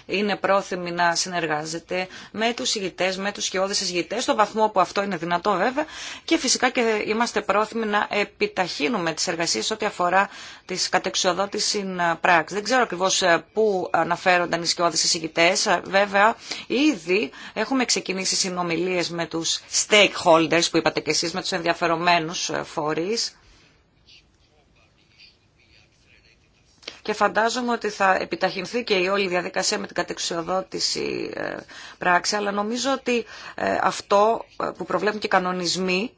είναι πρόθυμη να συνεργάζεται με τους ηγητές, με τους σκιώδες ηγητές, στο βαθμό που αυτό είναι δυνατό βέβαια και φυσικά και είμαστε πρόθυμοι να επιταχύνουμε τις εργασίες ό,τι αφορά τις κατεξοδότηση πράξη. Δεν ξέρω ακριβώς ε, πού αναφέρονταν οι σκιώδες ηγητές. Ε, βέβαια, ήδη έχουμε ξεκινήσει συνομιλίες με τους stakeholders που είπατε και εσείς, με τους ενδιαφερομένους ε, φορείς και φαντάζομαι ότι θα επιταχυνθεί και η όλη διαδικασία με την κατεξιοδότηση ε, πράξη, αλλά νομίζω ότι ε, αυτό ε, που προβλέπουν και οι κανονισμοί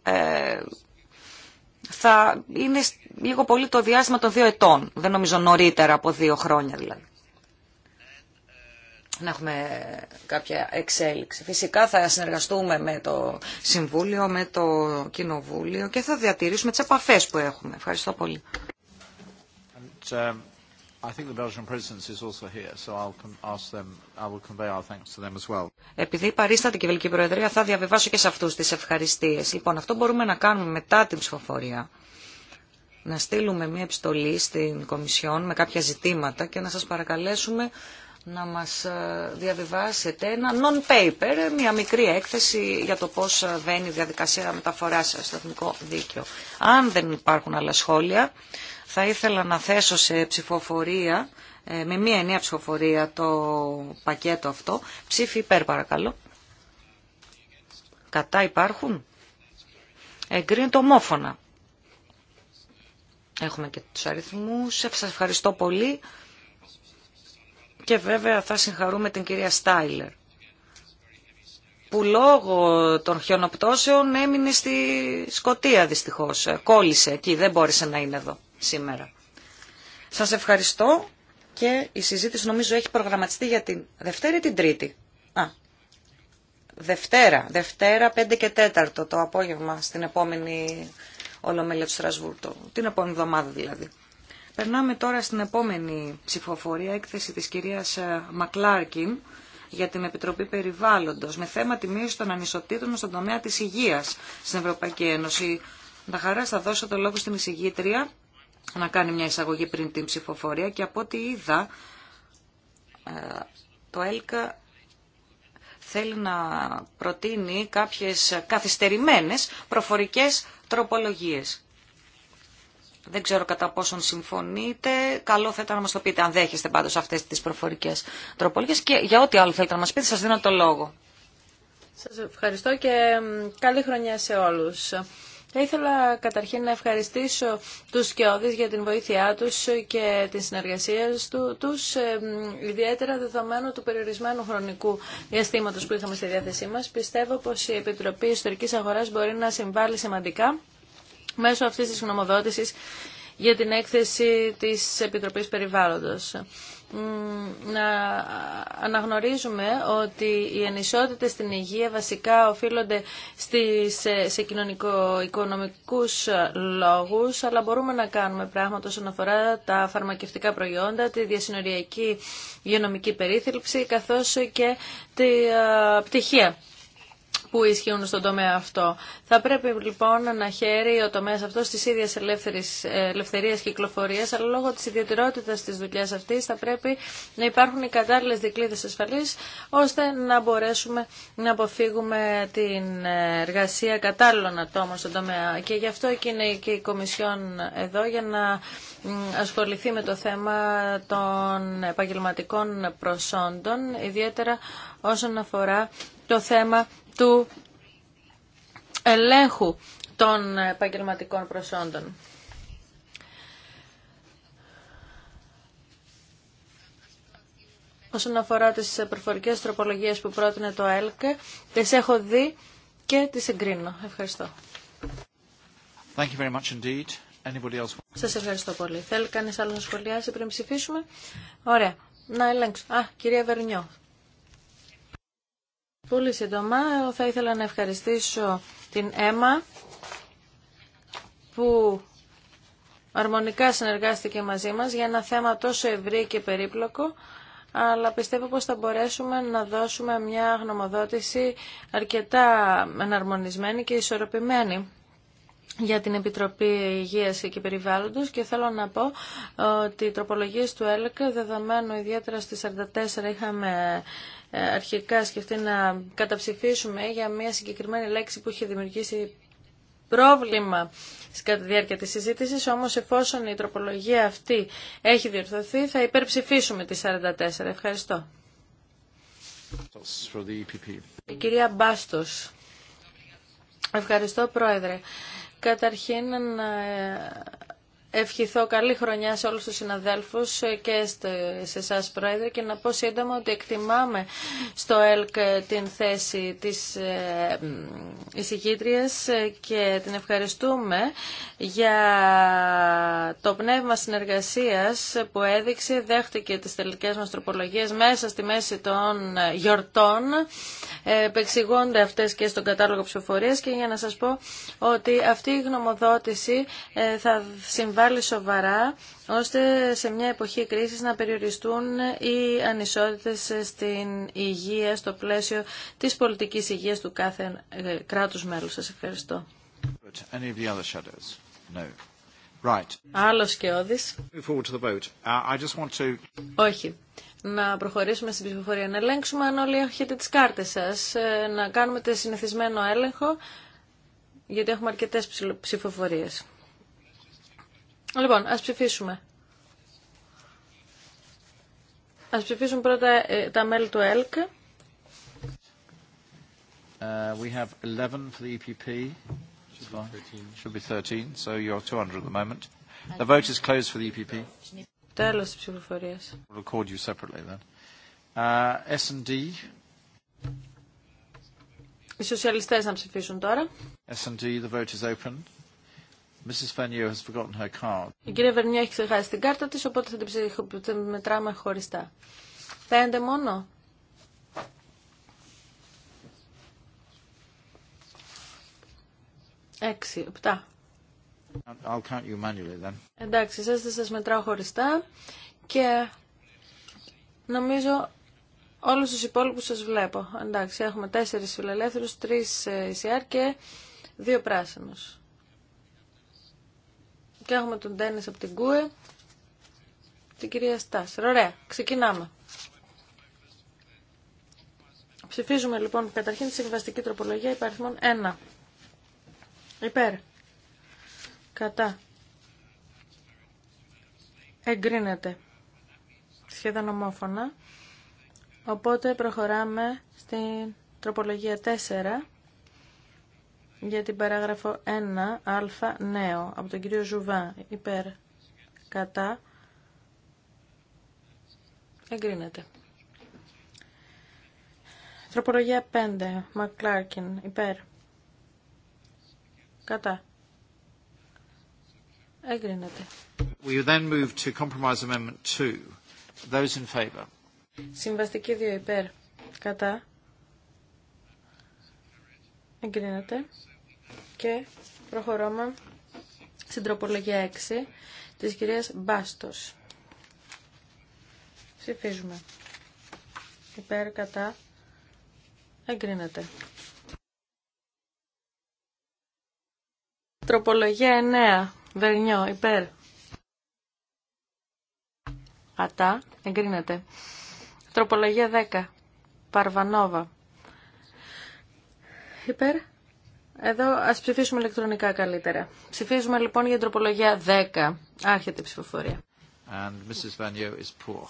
θα είναι λίγο πολύ το διάστημα των δύο ετών. Δεν νομίζω νωρίτερα από δύο χρόνια δηλαδή. Να έχουμε κάποια εξέλιξη. Φυσικά θα συνεργαστούμε με το Συμβούλιο, με το Κοινοβούλιο και θα διατηρήσουμε τις επαφές που έχουμε. Ευχαριστώ πολύ. Um, επειδή παρίσταται και η Βελική Προεδρία, θα διαβιβάσω και σε αυτούς τις ευχαριστίες. Λοιπόν, αυτό μπορούμε να κάνουμε μετά την ψηφοφορία. Να στείλουμε μία επιστολή στην Κομισιόν με κάποια ζητήματα και να σας παρακαλέσουμε να μας ε, διαβιβάσετε ένα non-paper, μια μικρή έκθεση για το πώς ε, βαίνει η διαδικασία μεταφοράς στο εθνικό δίκαιο. Αν δεν υπάρχουν άλλα σχόλια, θα ήθελα να θέσω σε ψηφοφορία, ε, με μία ενιαία ψηφοφορία το πακέτο αυτό. Ψήφι υπέρ παρακαλώ. Κατά υπάρχουν. Εγκρίνεται ομόφωνα. Έχουμε και τους αριθμούς. Σας ευχαριστώ πολύ. Και βέβαια θα συγχαρούμε την κυρία Στάιλερ που λόγω των χιονοπτώσεων έμεινε στη Σκοτία δυστυχώς. Κόλλησε εκεί, δεν μπόρεσε να είναι εδώ σήμερα. Σας ευχαριστώ και η συζήτηση νομίζω έχει προγραμματιστεί για την Δευτέρα ή την Τρίτη. Α, Δευτέρα, Δευτέρα 5 και 4 το απόγευμα στην επόμενη Ολομέλεια του Στρασβούρτου, την επόμενη εβδομάδα δηλαδή. Περνάμε τώρα στην επόμενη ψηφοφορία, έκθεση της κυρίας ε, Μακλάρκιν για την Επιτροπή Περιβάλλοντος με θέμα τη μείωση των ανισοτήτων στον τομέα της υγείας στην Ευρωπαϊκή Ένωση. Να χαρά θα δώσω το λόγο στην εισηγήτρια να κάνει μια εισαγωγή πριν την ψηφοφορία και από ό,τι είδα ε, το ΕΛΚΑ θέλει να προτείνει κάποιες καθυστερημένες προφορικές τροπολογίες. Δεν ξέρω κατά πόσον συμφωνείτε. Καλό θα ήταν να μας το πείτε, αν δέχεστε πάντως αυτές τις προφορικές τροπολογίες. Και για ό,τι άλλο θέλετε να μας πείτε, σας δίνω το λόγο. Σας ευχαριστώ και καλή χρονιά σε όλους. Θα ήθελα καταρχήν να ευχαριστήσω τους Σκιώδης για την βοήθειά τους και την συνεργασία τους, ιδιαίτερα δεδομένου του περιορισμένου χρονικού διαστήματος που είχαμε στη διάθεσή μας. Πιστεύω πως η Επιτροπή Ιστορικής Αγοράς μπορεί να συμβάλλει σημαντικά μέσω αυτής της γνωμοδότησης για την έκθεση της Επιτροπής Περιβάλλοντος να αναγνωρίζουμε ότι οι ανισότητες στην υγεία βασικά οφείλονται στις, ε, σε κοινωνικο-οικονομικούς ε, λόγους, αλλά μπορούμε να κάνουμε πράγματα όσον αφορά τα φαρμακευτικά προϊόντα, τη διασυνοριακή υγειονομική περίθαλψη, καθώς και τη ε, πτυχία που ισχύουν στον τομέα αυτό. Θα πρέπει λοιπόν να χαίρει ο τομέα αυτό τη ίδια ε, ελευθερία κυκλοφορία, κυκλοφορία, αλλά λόγω τη ιδιαιτερότητα τη δουλειά αυτή θα πρέπει να υπάρχουν οι κατάλληλε δικλείδε ασφαλή, ώστε να μπορέσουμε να αποφύγουμε την ε, εργασία κατάλληλων ατόμων στον τομέα. Και γι' αυτό και είναι και η Κομισιόν εδώ για να ασχοληθεί με το θέμα των επαγγελματικών προσόντων, ιδιαίτερα όσον αφορά το θέμα του ελέγχου των επαγγελματικών προσόντων. Όσον αφορά τις προφορικές τροπολογίες που πρότεινε το ΕΛΚ, τις έχω δει και τις εγκρίνω. Ευχαριστώ. Thank you very much else? Σας ευχαριστώ πολύ. Θέλει κανείς άλλο να σχολιάσει πριν ψηφίσουμε. Ωραία. Να ελέγξω. Α, κυρία Βερνιό. Πολύ σύντομα θα ήθελα να ευχαριστήσω την ΕΜΑ που αρμονικά συνεργάστηκε μαζί μας για ένα θέμα τόσο ευρύ και περίπλοκο αλλά πιστεύω πως θα μπορέσουμε να δώσουμε μια γνωμοδότηση αρκετά εναρμονισμένη και ισορροπημένη για την Επιτροπή Υγείας και Περιβάλλοντος και θέλω να πω ότι οι τροπολογίες του ΕΛΚ δεδομένου ιδιαίτερα στις 44 είχαμε ε, αρχικά σκεφτεί να καταψηφίσουμε για μια συγκεκριμένη λέξη που είχε δημιουργήσει πρόβλημα κατά τη διάρκεια της συζήτησης, όμως εφόσον η τροπολογία αυτή έχει διορθωθεί, θα υπερψηφίσουμε τις 44. Ευχαριστώ. κυρία Μπάστος. Ευχαριστώ, Πρόεδρε. Καταρχήν, να ε, ευχηθώ καλή χρονιά σε όλους τους συναδέλφους και σε εσά Πρόεδρε και να πω σύντομα ότι εκτιμάμε στο ΕΛΚ την θέση της ε, εισηγήτριας και την ευχαριστούμε για το πνεύμα συνεργασίας που έδειξε, δέχτηκε τις τελικές μας τροπολογίες μέσα στη μέση των γιορτών, ε, επεξηγώνται αυτές και στον κατάλογο ψηφοφορίας και για να σας πω ότι αυτή η γνωμοδότηση ε, θα συμβάλλει πάλι σοβαρά ώστε σε μια εποχή κρίσης να περιοριστούν οι ανισότητες στην υγεία στο πλαίσιο της πολιτικής υγείας του κάθε ε, κράτους μέλους. Σας ευχαριστώ. Right. Άλλος και όδης. Uh, Όχι. Να προχωρήσουμε στην ψηφοφορία. Να ελέγξουμε αν όλοι έχετε τις κάρτες σας. Ε, να κάνουμε το συνηθισμένο έλεγχο, γιατί έχουμε αρκετές ψηφοφορίες. Λοιπόν, ας ψηφίσουμε. Ας ψηφίσουμε πρώτα ε, τα μέλη του ΕΛΚ. Uh, we have 11 for the EPP. Should be 13, so you're 200 at the moment. The vote is closed for the EPP. Τέλος της ψηφοφορίας. We'll record you separately then. Uh, S&D. Οι σοσιαλιστές να ψηφίσουν τώρα. S&D, the vote is open. Η κυρία Βερνιά έχει ξεχάσει την κάρτα της, οπότε θα την, μετράμε χωριστά. Πέντε μόνο. Έξι, οπτά. I'll count you manually Εντάξει, σας θα σας μετράω χωριστά και νομίζω όλους τους υπόλοιπους σας βλέπω. Εντάξει, έχουμε τέσσερις φιλελεύθερους, τρεις ECR ε, και δύο πράσινους. Και έχουμε τον Τένις από την ΚΟΥΕ, την κυρία Στάσερ. Ωραία, ξεκινάμε. Ψηφίζουμε λοιπόν καταρχήν τη συμβαστική τροπολογία υπαριθμών 1. Υπέρ. Κατά. Εγκρίνεται. Σχεδόν ομόφωνα. Οπότε προχωράμε στην τροπολογία 4 για την παράγραφο 1α νέο από τον κύριο Ζουβά υπέρ κατά εγκρίνεται. Τροπολογία 5 Μακλάρκιν υπέρ κατά εγκρίνεται. We then move to compromise amendment 2. Those in favor. Συμβαστική 2 υπέρ κατά εγκρίνεται. Και προχωρώμε στην τροπολογία 6 της κυρίας Μπάστος. Ψηφίζουμε. Υπέρ, κατά, εγκρίνεται. Τροπολογία 9. Βερνιό, υπέρ. Κατά, εγκρίνεται. Τροπολογία 10. Παρβανόβα. Υπέρ εδώ α ψηφίσουμε ηλεκτρονικά καλύτερα. Ψηφίζουμε λοιπόν για τροπολογία 10. Άρχεται η ψηφοφορία. And Mrs. Vanier is poor.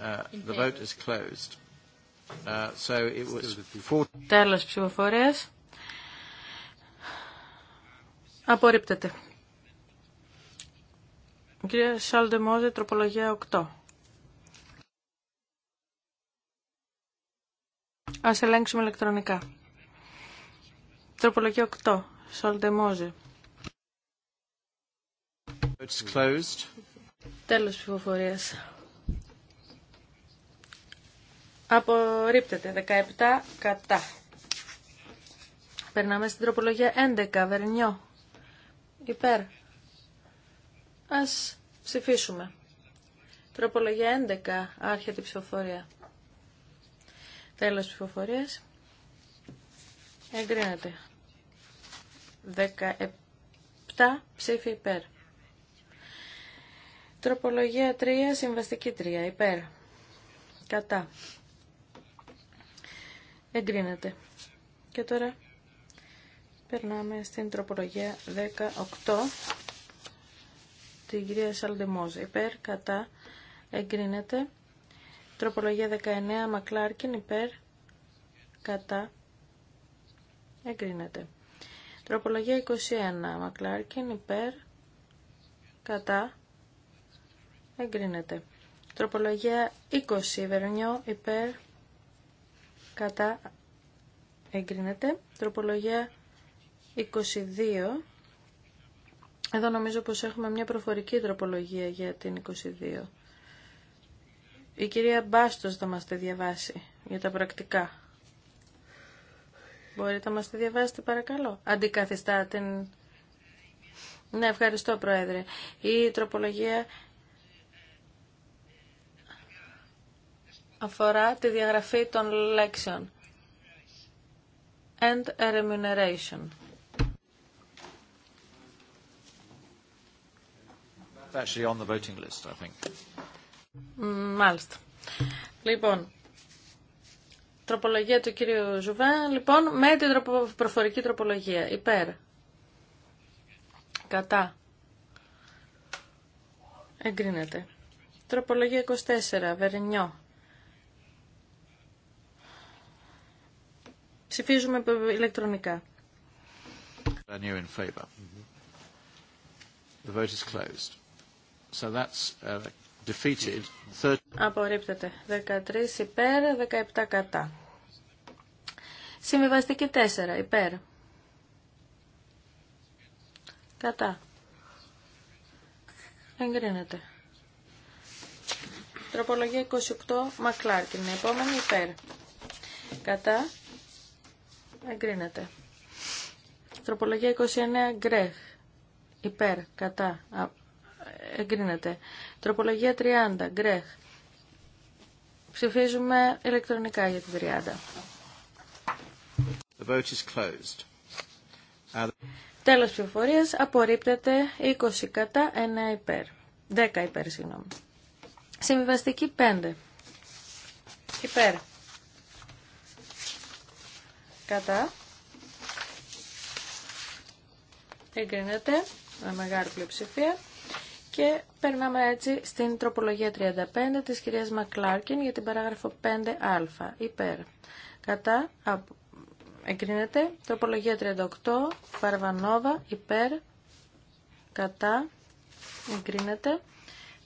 Uh, the vote is closed. Uh, so it was four... Τέλος ψηφοφορίας. Απορρίπτεται. Κυρία Σάλντε Μόζε, τροπολογία 8. Ας ελέγξουμε ηλεκτρονικά. Τροπολογία 8. Σολτεμόζε. Τέλος ψηφοφορίας. Απορρίπτεται. 17 κατά. Περνάμε στην τροπολογία 11. Βερνιό. Υπέρ. Ας ψηφίσουμε. Τροπολογία 11. Άρχεται η ψηφοφορία. Τέλος ψηφοφορίας. Εγκρίνεται. 17 ψήφοι υπέρ. Τροπολογία 3, συμβαστική 3, υπέρ. Κατά. Εγκρίνεται. Και τώρα περνάμε στην τροπολογία 18, την κυρία Σαλντεμόζ. Υπέρ, κατά, εγκρίνεται. Τροπολογία 19, Μακλάρκιν, υπέρ, κατά, εγκρίνεται. Τροπολογία 21. Μακλάρκιν υπέρ. Κατά. Εγκρίνεται. Τροπολογία 20. Βερνιό υπέρ. Κατά. Εγκρίνεται. Τροπολογία 22. Εδώ νομίζω πως έχουμε μια προφορική τροπολογία για την 22. Η κυρία Μπάστος θα μας τη διαβάσει για τα πρακτικά. Μπορείτε να μας τη διαβάσετε παρακαλώ. Αντικαθιστά την... Ναι, ευχαριστώ Πρόεδρε. Η τροπολογία αφορά τη διαγραφή των λέξεων and remuneration. Actually on the voting list, I think. Μάλιστα. Λοιπόν, τροπολογία του κύριου Ζουβέν, λοιπόν, με την προφορική τροπολογία. Υπέρ. Κατά. Εγκρίνεται. Τροπολογία 24, Βερνιό. Ψηφίζουμε ηλεκτρονικά. In favor. The So that's uh, Defeated. Απορρίπτεται. 13 υπέρ, 17 κατά. Συμβιβαστική 4 υπέρ. Κατά. Εγκρίνεται. Τροπολογία 28 Μακλάρκιν. Επόμενη υπέρ. Κατά. Εγκρίνεται. Τροπολογία 29 Γκρέχ. Υπέρ. Κατά. Εγκρίνεται. Τροπολογία 30. Γκρέχ. Ψηφίζουμε ηλεκτρονικά για την 30. The vote is Τέλος ψηφοφορίας απορρίπτεται 20 κατά 1 υπέρ. 10 υπέρ, συγγνώμη. Συμβιβαστική 5. Υπέρ. Κατά. Εγκρίνεται με μεγάλη πλειοψηφία. Και περνάμε έτσι στην τροπολογία 35 της κυρίας Μακλάρκιν για την παράγραφο 5α. Υπέρ. Κατά. Εγκρίνεται. Τροπολογία 38. Παρβανόβα. Υπέρ. Κατά. Εγκρίνεται.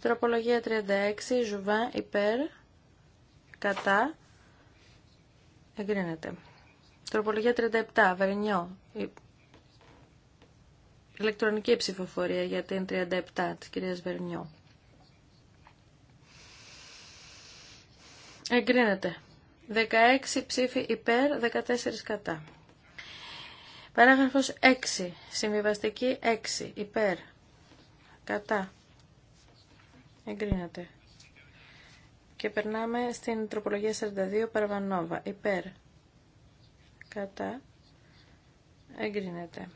Τροπολογία 36. Ζουβά. Υπέρ. Κατά. Εγκρίνεται. Τροπολογία 37. Βερνιό. Ηλεκτρονική ψηφοφορία για την 37 της κυρίας Βερνιό. Εγκρίνεται. 16 ψήφοι υπέρ, 14 κατά. Παράγραφος 6. Συμβιβαστική 6. Υπέρ. Κατά. Εγκρίνεται. Και περνάμε στην τροπολογία 42 Παραβανόβα. Υπέρ. Κατά. Εγκρίνεται.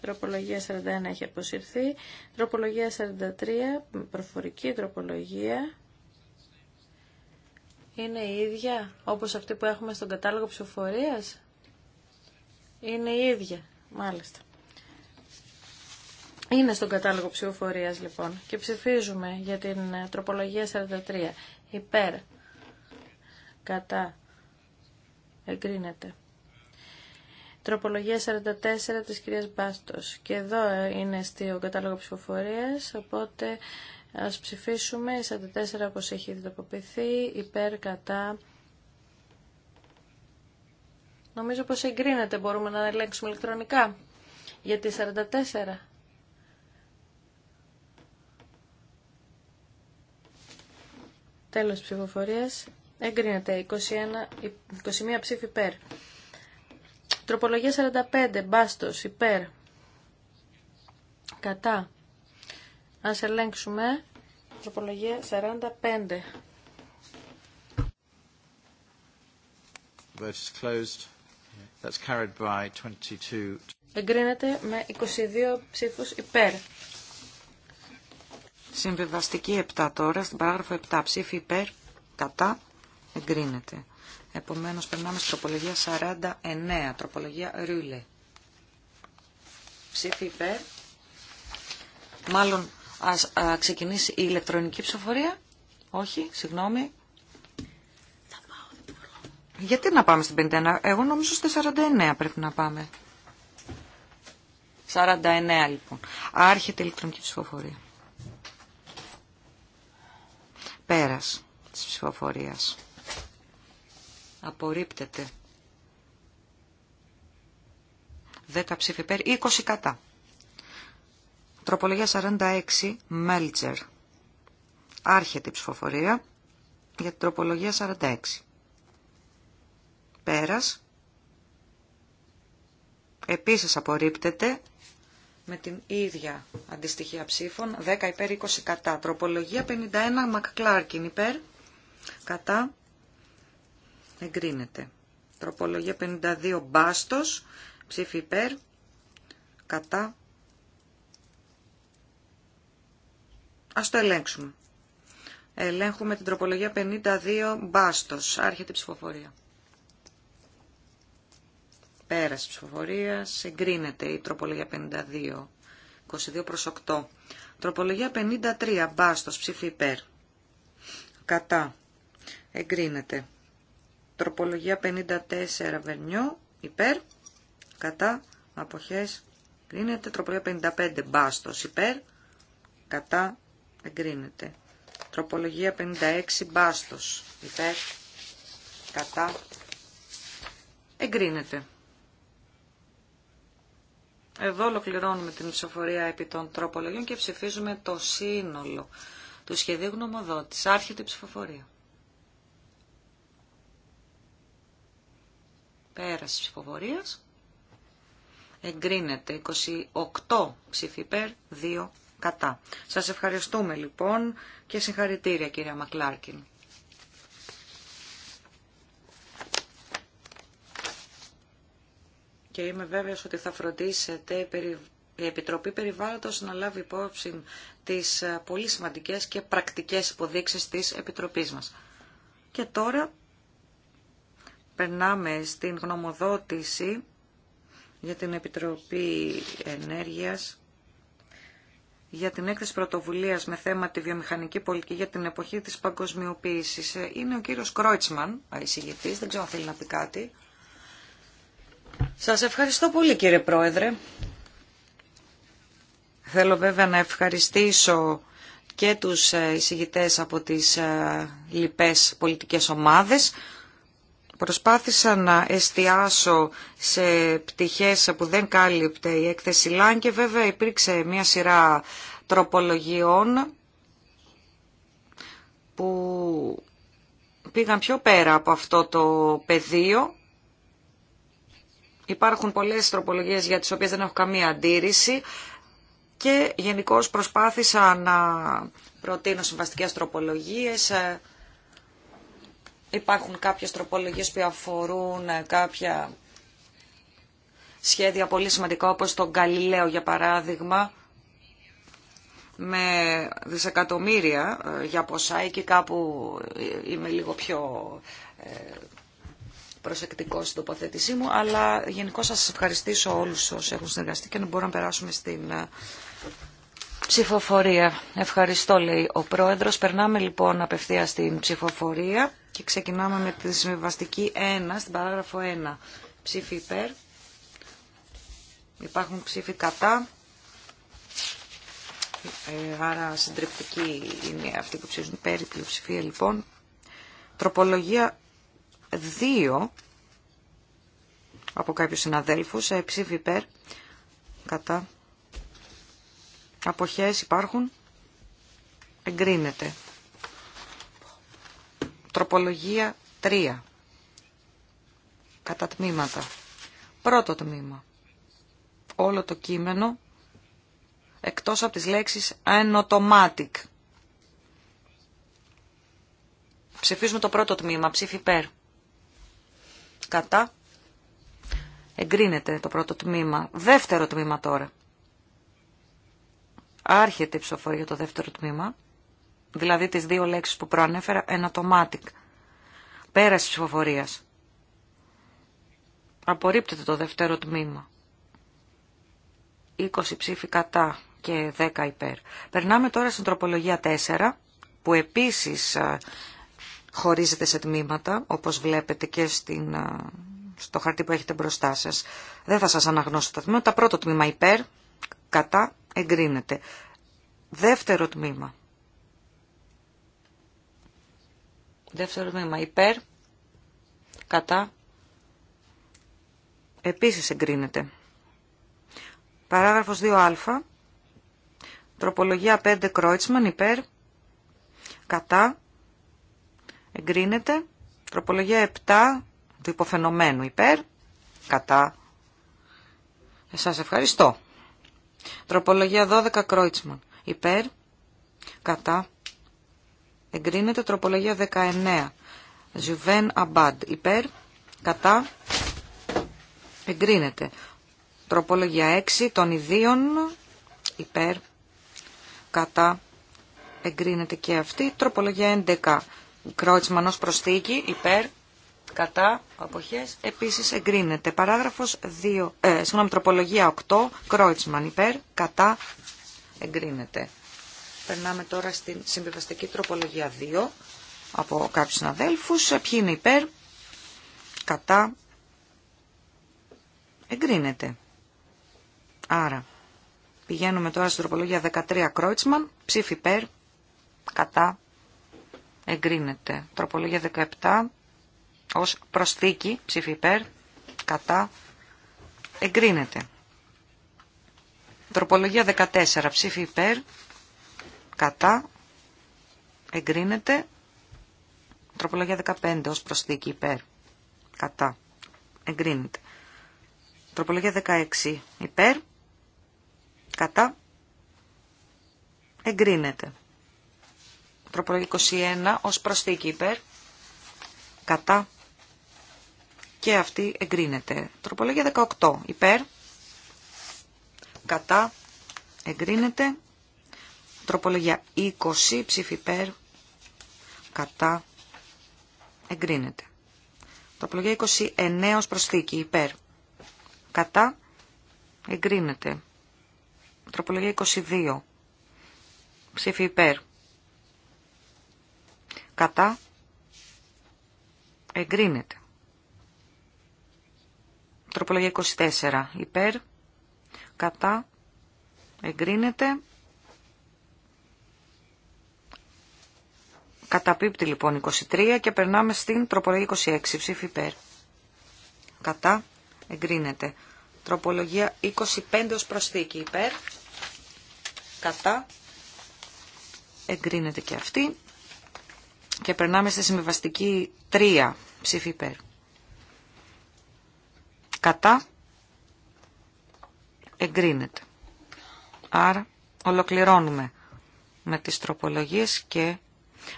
Τροπολογία 41 έχει αποσυρθεί. Τροπολογία 43, προφορική τροπολογία. Είναι η ίδια όπως αυτή που έχουμε στον κατάλογο ψηφοφορίας. Είναι η ίδια, μάλιστα. Είναι στον κατάλογο ψηφοφορίας λοιπόν και ψηφίζουμε για την ε, τροπολογία 43. Υπέρ, κατά, εγκρίνεται. Τροπολογία 44 της κυρίας Μπάστος. Και εδώ είναι ο κατάλογο ψηφοφορίας, οπότε ας ψηφίσουμε 44 όπως έχει διδοποποιηθεί, υπέρ, κατά. Νομίζω πως εγκρίνεται, μπορούμε να ελέγξουμε ηλεκτρονικά. Γιατί 44. Τέλος ψηφοφορίας. Εγκρίνεται 21, 21 ψήφι υπέρ. Τροπολογία 45. Μπάστος. Υπέρ. Κατά. Ας ελέγξουμε. Τροπολογία 45. Vote 22. Εγκρίνεται με 22 ψήφου υπέρ. Συμβιβαστική 7 τώρα, στην παράγραφο 7 ψήφι υπέρ, κατά, εγκρίνεται. Επομένως, περνάμε στην τροπολογία 49, τροπολογία Ρούλε. Ψήφι υπέρ. Μάλλον, ας α, ξεκινήσει η ηλεκτρονική ψηφοφορία. Όχι, συγγνώμη. Θα πάω, Γιατί να πάμε στην 51, εγώ νομίζω στη 49 πρέπει να πάμε. 49 λοιπόν. Άρχεται η ηλεκτρονική ψηφοφορία. Πέρας της ψηφοφορίας. Απορρίπτεται. 10 ψήφι υπέρ, 20 κατά. Τροπολογία 46, Μέλτσερ. Άρχεται η ψηφοφορία για την τροπολογία 46. Πέρας. Επίσης απορρίπτεται με την ίδια αντιστοιχεία ψήφων, 10 υπέρ, 20 κατά. Τροπολογία 51, Μακκλάρκιν υπέρ, κατά εγκρίνεται. Τροπολογία 52 μπάστος, ψήφι υπέρ, κατά. Ας το ελέγξουμε. Ελέγχουμε την τροπολογία 52 μπάστος, άρχεται η ψηφοφορία. Πέρας ψηφοφορία. εγκρίνεται η τροπολογία 52, 22 προς 8. Τροπολογία 53 μπάστος, ψήφι υπέρ, κατά. Εγκρίνεται. Τροπολογία 54 Βερνιό υπέρ. Κατά αποχές εγκρίνεται. Τροπολογία 55 Μπάστος υπέρ. Κατά εγκρίνεται. Τροπολογία 56 Μπάστος υπέρ. Κατά εγκρίνεται. Εδώ ολοκληρώνουμε την ψηφοφορία επί των τροπολογιών και ψηφίζουμε το σύνολο του σχεδίου γνωμοδότης. Άρχεται η ψηφοφορία. Πέραση της ψηφοφορίας. Εγκρίνεται 28 ψήφι υπέρ, 2 κατά. Σας ευχαριστούμε λοιπόν και συγχαρητήρια κυρία Μακλάρκιν. Και είμαι βέβαιος ότι θα φροντίσετε η Επιτροπή Περιβάλλοντος να λάβει υπόψη τις ε, πολύ σημαντικές και πρακτικές υποδείξεις της Επιτροπής μας. Και τώρα Περνάμε στην γνωμοδότηση για την Επιτροπή Ενέργειας για την έκθεση πρωτοβουλίας με θέμα τη βιομηχανική πολιτική για την εποχή της παγκοσμιοποίησης. Ε, είναι ο κύριος Κρόιτσμαν, εισηγητής, δεν ξέρω αν θέλει να πει κάτι. Σας ευχαριστώ πολύ κύριε Πρόεδρε. Θέλω βέβαια να ευχαριστήσω και τους ε, εισηγητές από τις ε, λοιπές πολιτικές ομάδες Προσπάθησα να εστιάσω σε πτυχές που δεν κάλυπτε η έκθεση ΛΑΝ και βέβαια υπήρξε μια σειρά τροπολογιών που πήγαν πιο πέρα από αυτό το πεδίο. Υπάρχουν πολλές τροπολογίες για τις οποίες δεν έχω καμία αντίρρηση και γενικώ προσπάθησα να προτείνω συμβαστικές τροπολογίες ε, Υπάρχουν κάποιες τροπολογίες που αφορούν ε, κάποια σχέδια πολύ σημαντικά όπως τον Γαλιλαίο για παράδειγμα με δισεκατομμύρια ε, για ποσά εκεί κάπου ε, είμαι λίγο πιο προσεκτικό στην τοποθέτησή μου αλλά γενικώ σας ευχαριστήσω όλους όσοι έχουν συνεργαστεί και να μπορούμε να περάσουμε στην ψηφοφορία. Ευχαριστώ, λέει ο Πρόεδρος. Περνάμε λοιπόν απευθεία στην ψηφοφορία και ξεκινάμε με τη συμβιβαστική 1, στην παράγραφο 1. Ψήφι υπέρ. Υπάρχουν ψήφι κατά. Ε, άρα συντριπτική είναι αυτή που ψήφουν υπέρ, η πλειοψηφία λοιπόν. Τροπολογία 2 από κάποιους συναδέλφους, ε, ψήφι υπέρ, κατά Αποχές υπάρχουν. Εγκρίνεται. Τροπολογία 3. Κατά τμήματα. Πρώτο τμήμα. Όλο το κείμενο εκτός από τις λέξεις «anotomatic». Ψηφίζουμε το πρώτο τμήμα, ψήφι περ. Κατά. Εγκρίνεται το πρώτο τμήμα. Δεύτερο τμήμα τώρα. Άρχεται η ψηφοφορία για το δεύτερο τμήμα, δηλαδή τις δύο λέξεις που προανέφερα, ενατομάτικ. Πέραση ψηφοφορίας. Απορρίπτεται το δεύτερο τμήμα. 20 ψήφοι κατά και 10 υπέρ. Περνάμε τώρα στην τροπολογία 4, που επίσης χωρίζεται σε τμήματα, όπως βλέπετε και στην, στο χαρτί που έχετε μπροστά σας. Δεν θα σας αναγνώσω τα τμήματα. Πρώτο τμήμα υπέρ, κατά, εγκρίνεται. Δεύτερο τμήμα. Δεύτερο τμήμα υπέρ, κατά, επίσης εγκρίνεται. Παράγραφος 2α, τροπολογία 5 Κρόιτσμαν υπέρ, κατά, εγκρίνεται. Τροπολογία 7 του υποφαινομένου υπέρ, κατά. Σας ευχαριστώ. Τροπολογία 12 Κρόιτσμαν. Υπέρ. Κατά. Εγκρίνεται τροπολογία 19. Ζουβέν Αμπάντ. Υπέρ. Κατά. Εγκρίνεται. Τροπολογία 6 των ιδίων. Υπέρ. Κατά. Εγκρίνεται και αυτή. Τροπολογία 11. Κρόιτσμαν ως προσθήκη. Υπέρ κατά, αποχές, επίσης εγκρίνεται. Παράγραφος 2, ε, συγγνώμη, τροπολογία 8, Κρόιτσμαν υπέρ, κατά, εγκρίνεται. Περνάμε τώρα στην συμβιβαστική τροπολογία 2, από κάποιους συναδέλφους, ε, ποιοι είναι υπέρ, κατά, εγκρίνεται. Άρα, πηγαίνουμε τώρα στην τροπολογία 13, Κρόιτσμαν, ψήφι υπέρ, κατά, εγκρίνεται. Τροπολογία 17, ως προσθήκη ψήφι υπέρ, κατά, εγκρίνεται. Τροπολογία 14 ψήφι υπέρ, κατά, εγκρίνεται. Τροπολογία 15 ως προσθήκη υπέρ, κατά, εγκρίνεται. Τροπολογία 16 υπέρ, κατά, εγκρίνεται. Τροπολογία 21 ως προσθήκη υπέρ, κατά, και αυτή εγκρίνεται. Τροπολογία 18 υπέρ, κατά, εγκρίνεται. Τροπολογία 20 ψήφι υπέρ, κατά, εγκρίνεται. Τροπολογία 29 προσθήκη υπέρ, κατά, εγκρίνεται. Τροπολογία 22 ψήφι υπέρ, κατά, εγκρίνεται. Τροπολογία 24. Υπέρ. Κατά. Εγκρίνεται. Καταπίπτει λοιπόν 23 και περνάμε στην τροπολογία 26. Ψήφι υπέρ. Κατά. Εγκρίνεται. Τροπολογία 25 ως προσθήκη υπέρ. Κατά. Εγκρίνεται και αυτή. Και περνάμε στη συμβιβαστική 3. Ψήφι υπέρ Κατά. Εγκρίνεται. Άρα ολοκληρώνουμε με τις τροπολογίες και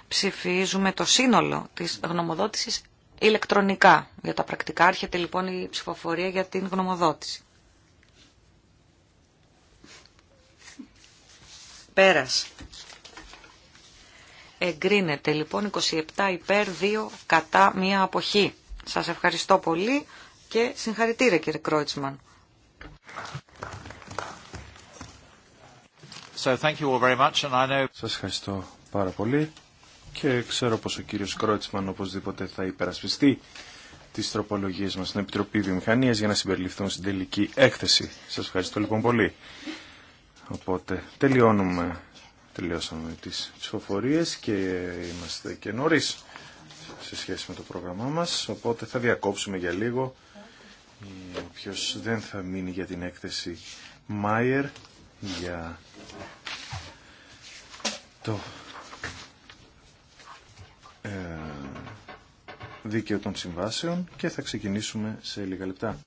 ψηφίζουμε το σύνολο της γνωμοδότησης ηλεκτρονικά. Για τα πρακτικά έρχεται λοιπόν η ψηφοφορία για την γνωμοδότηση. Πέρας. Εγκρίνεται λοιπόν 27 υπέρ 2 κατά μία αποχή. Σας ευχαριστώ πολύ και συγχαρητήρια κύριε Κρότσμαν. So thank you all very much and I know... Σας ευχαριστώ πάρα πολύ και ξέρω πως ο κύριος Κρότσμαν οπωσδήποτε θα υπερασπιστεί τις τροπολογίες μας στην Επιτροπή Βιομηχανίας για να συμπεριληφθούν στην τελική έκθεση. Σας ευχαριστώ λοιπόν πολύ. Οπότε τελειώνουμε, τελειώσαμε τις ψηφοφορίες και είμαστε και νωρίς σε σχέση με το πρόγραμμά μας, οπότε θα διακόψουμε για λίγο οποίος ε, δεν θα μείνει για την έκθεση Μάιερ για το ε, δίκαιο των συμβάσεων και θα ξεκινήσουμε σε λίγα λεπτά.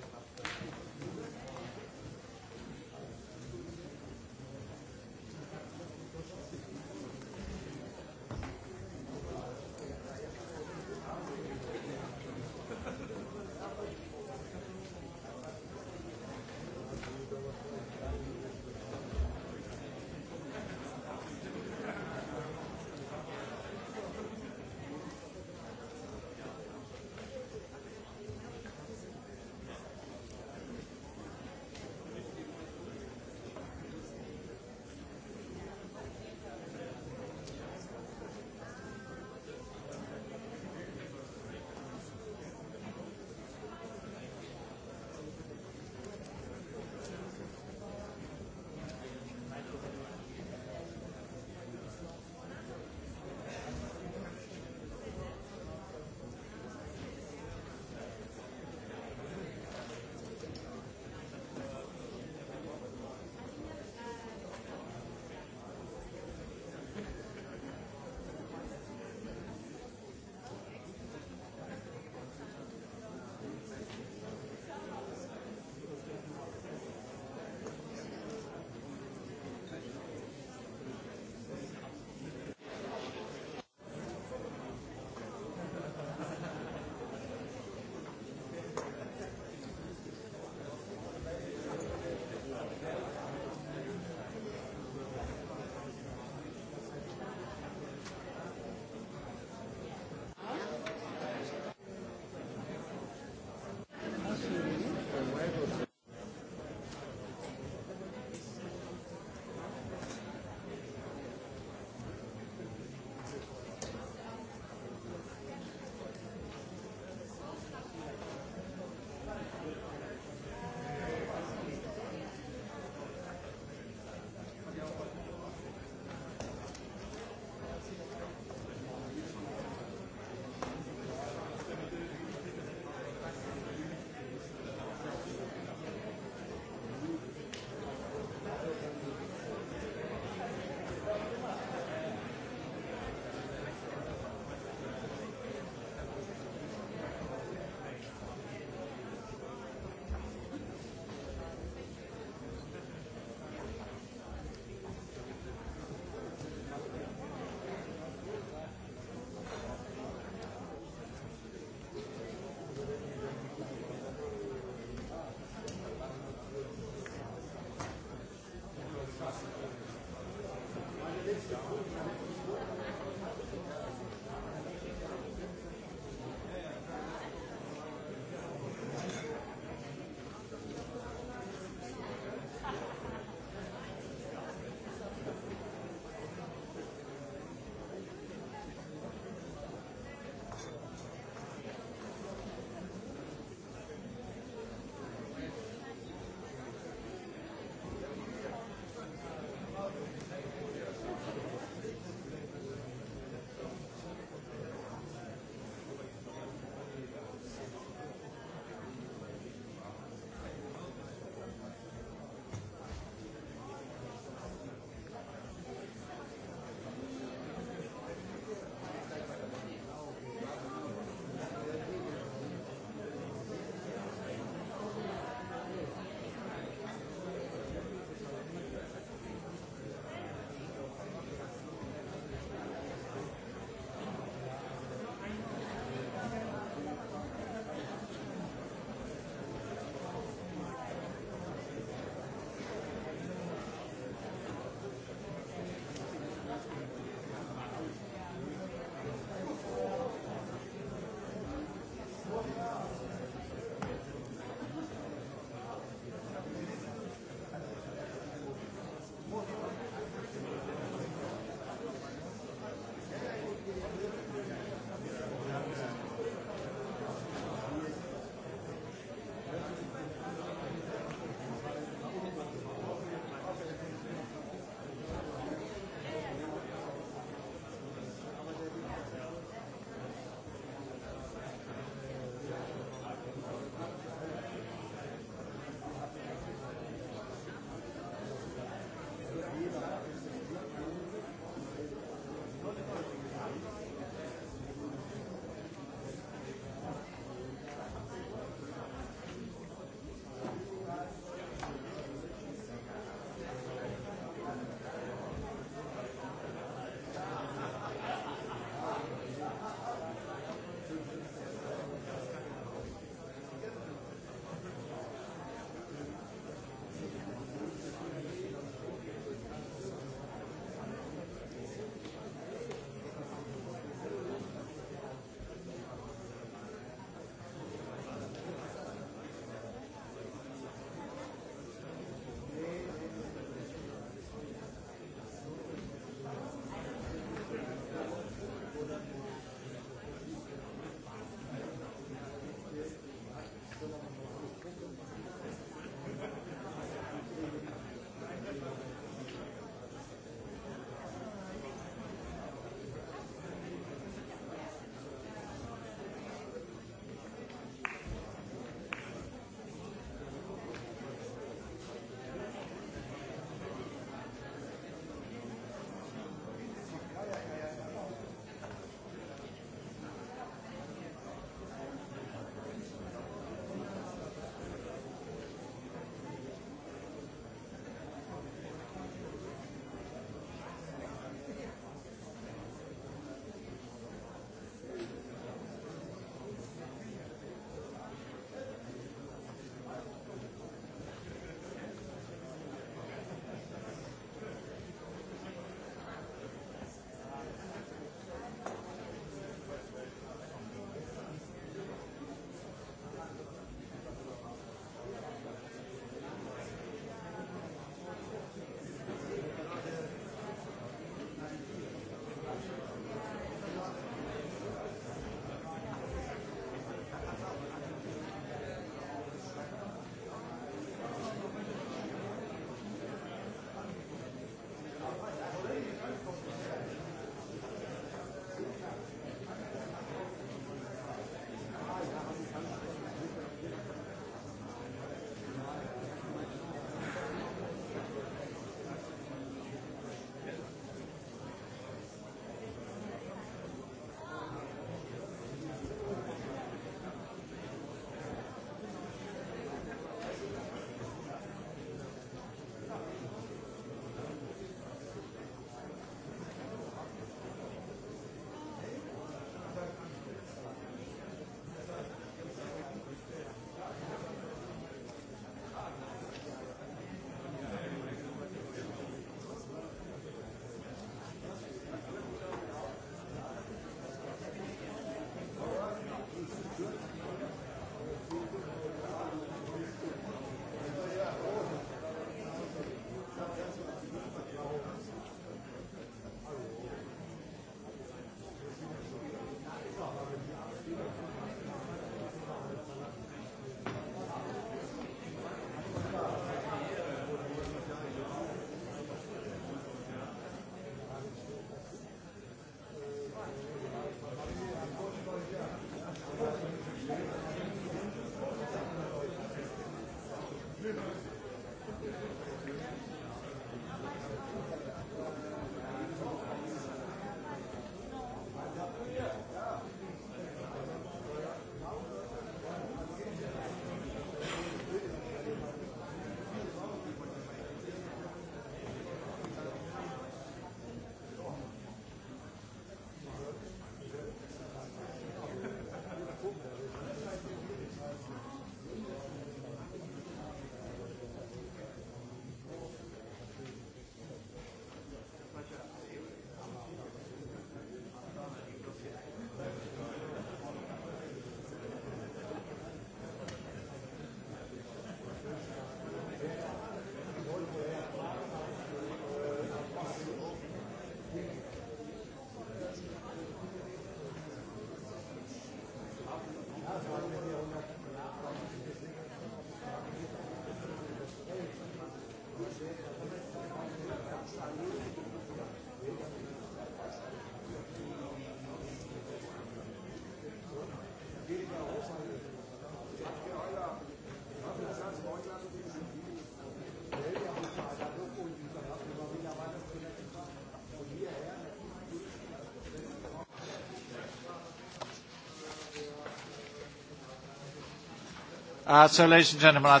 Uh, uh,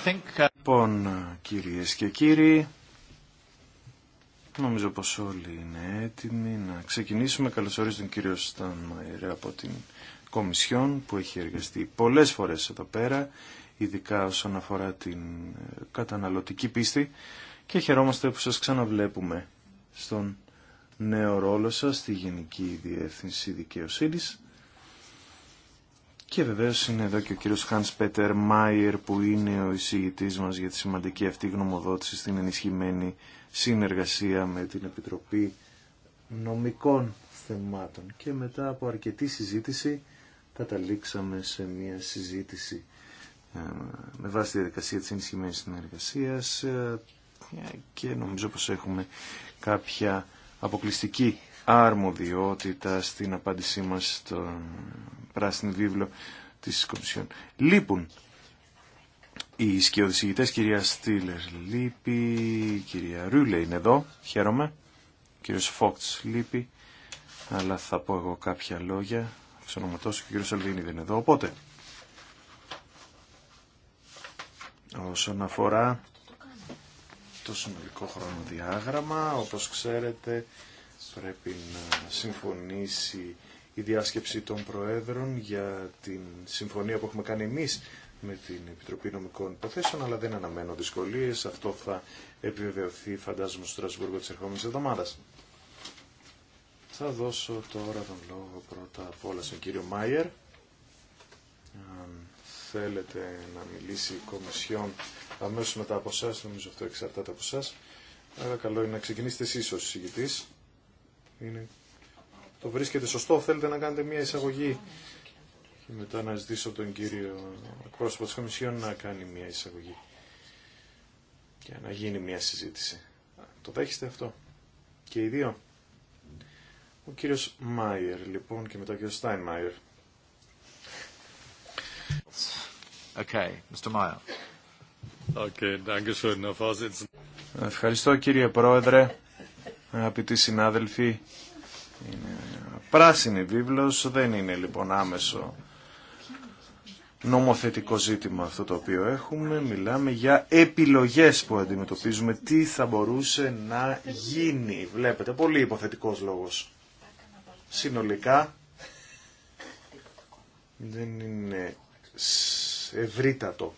λοιπόν, κυρίες και κύριοι, νομίζω πως όλοι είναι έτοιμοι να ξεκινήσουμε. Καλωσορίζω τον κύριο Σταν από την Κομισιόν που έχει εργαστεί πολλές φορές εδώ πέρα, ειδικά όσον αφορά την ε, καταναλωτική πίστη και χαιρόμαστε που σας ξαναβλέπουμε στον νέο ρόλο σας στη Γενική Διεύθυνση Δικαιοσύνης και βεβαίω είναι εδώ και ο κύριος Χάνς Πέτερ Μάιερ που είναι ο εισηγητή μας για τη σημαντική αυτή γνωμοδότηση στην ενισχυμένη συνεργασία με την Επιτροπή Νομικών Θεμάτων. Και μετά από αρκετή συζήτηση καταλήξαμε σε μια συζήτηση ε, με βάση τη διαδικασία της ενισχυμένης συνεργασίας ε, και νομίζω πως έχουμε κάποια αποκλειστική αρμοδιότητα στην απάντησή μας στο πράσινο βίβλο της Κομισιόν. Λείπουν οι σκιοδησηγητές, κυρία Στήλερ λείπει, κυρία Ρούλε είναι εδώ, χαίρομαι, κύριος Φόξ λείπει, αλλά θα πω εγώ κάποια λόγια, ξενοματώσω και ο κύριος Αλβίνη δεν είναι εδώ, οπότε... Όσον αφορά το συνολικό χρονοδιάγραμμα, όπως ξέρετε πρέπει να συμφωνήσει η διάσκεψη των Προέδρων για την συμφωνία που έχουμε κάνει εμείς με την Επιτροπή Νομικών Υποθέσεων, αλλά δεν αναμένω δυσκολίες. Αυτό θα επιβεβαιωθεί, φαντάζομαι, στο Τρασβούργο της ερχόμενης εβδομάδας. Θα δώσω τώρα τον λόγο πρώτα απ' όλα στον κύριο Μάιερ. Αν θέλετε να μιλήσει η Κομισιόν αμέσως μετά από εσά, νομίζω αυτό εξαρτάται από εσά. Άρα καλό είναι να ξεκινήσετε εσείς ως συζητητής είναι, το βρίσκεται σωστό, θέλετε να κάνετε μια εισαγωγή και μετά να ζητήσω τον κύριο εκπρόσωπο της Κομισιόν να κάνει μια εισαγωγή και να γίνει μια συζήτηση. Το δέχεστε αυτό και οι δύο. Ο κύριος Μάιερ λοιπόν και μετά ο κύριος Στάιν Okay, Mr. Meyer. Okay, Herr Ευχαριστώ κύριε Πρόεδρε αγαπητοί συνάδελφοι. Είναι πράσινη βίβλος, δεν είναι λοιπόν άμεσο νομοθετικό ζήτημα αυτό το οποίο έχουμε. Μιλάμε για επιλογές που αντιμετωπίζουμε, τι θα μπορούσε να γίνει. Βλέπετε, πολύ υποθετικός λόγος. Συνολικά δεν είναι ευρύτατο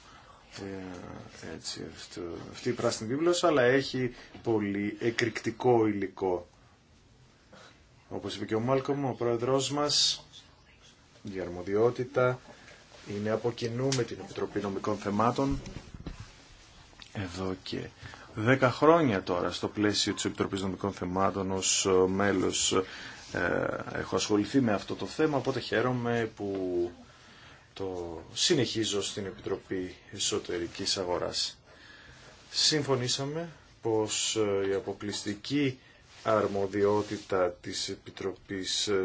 έτσι, αυτή η πράσινη βίβλος, αλλά έχει πολύ εκρηκτικό υλικό. Όπως είπε και ο Μάλκομ, ο πρόεδρός μας, η αρμοδιότητα είναι από κοινού με την Επιτροπή Νομικών Θεμάτων εδώ και δέκα χρόνια τώρα στο πλαίσιο της Επιτροπής Νομικών Θεμάτων ως μέλος ε, έχω ασχοληθεί με αυτό το θέμα, οπότε χαίρομαι που το συνεχίζω στην Επιτροπή Εσωτερικής Αγοράς. Συμφωνήσαμε πως ε, η αποκλειστική αρμοδιότητα της Επιτροπής ε,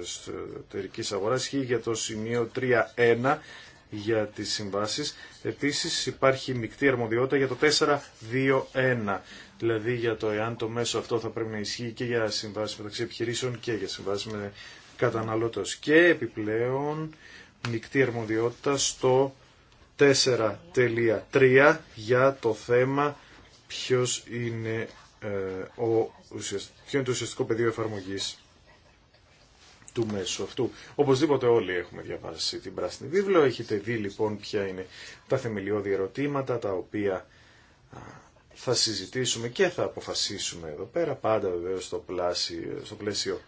Εσωτερικής Αγοράς ισχύει για το σημείο 3.1 για τις συμβάσεις. Επίσης υπάρχει μεικτή αρμοδιότητα για το 4.2.1, δηλαδή για το εάν το μέσο αυτό θα πρέπει να ισχύει και για συμβάσεις μεταξύ επιχειρήσεων και για συμβάσεις με καταναλώτες. Και επιπλέον μεικτή αρμοδιότητα στο 4.3 για το θέμα ποιος είναι, ε, ο, ποιο είναι το ουσιαστικό πεδίο εφαρμογής του μέσου αυτού. Οπωσδήποτε όλοι έχουμε διαβάσει την Πράσινη Βίβλο. Έχετε δει λοιπόν ποια είναι τα θεμελιώδη ερωτήματα τα οποία θα συζητήσουμε και θα αποφασίσουμε εδώ πέρα πάντα βεβαίω στο, πλάσιο, στο πλαίσιο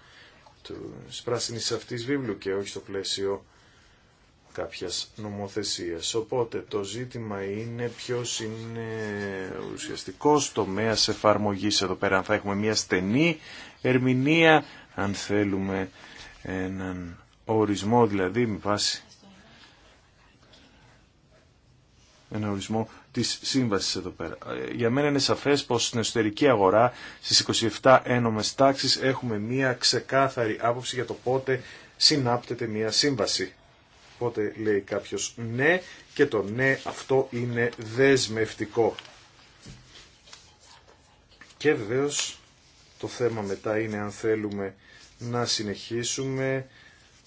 της πράσινης αυτής βίβλου και όχι στο πλαίσιο κάποιας νομοθεσίας. Οπότε το ζήτημα είναι ποιος είναι ουσιαστικός τομέας εφαρμογής εδώ πέρα. Αν θα έχουμε μια στενή ερμηνεία, αν θέλουμε έναν ορισμό δηλαδή με βάση ένα ορισμό της σύμβασης εδώ πέρα. Για μένα είναι σαφές πως στην εσωτερική αγορά στις 27 ένομες τάξεις έχουμε μια ξεκάθαρη άποψη για το πότε συνάπτεται μια σύμβαση. Οπότε λέει κάποιος ναι και το ναι αυτό είναι δεσμευτικό. Και βεβαίω το θέμα μετά είναι αν θέλουμε να συνεχίσουμε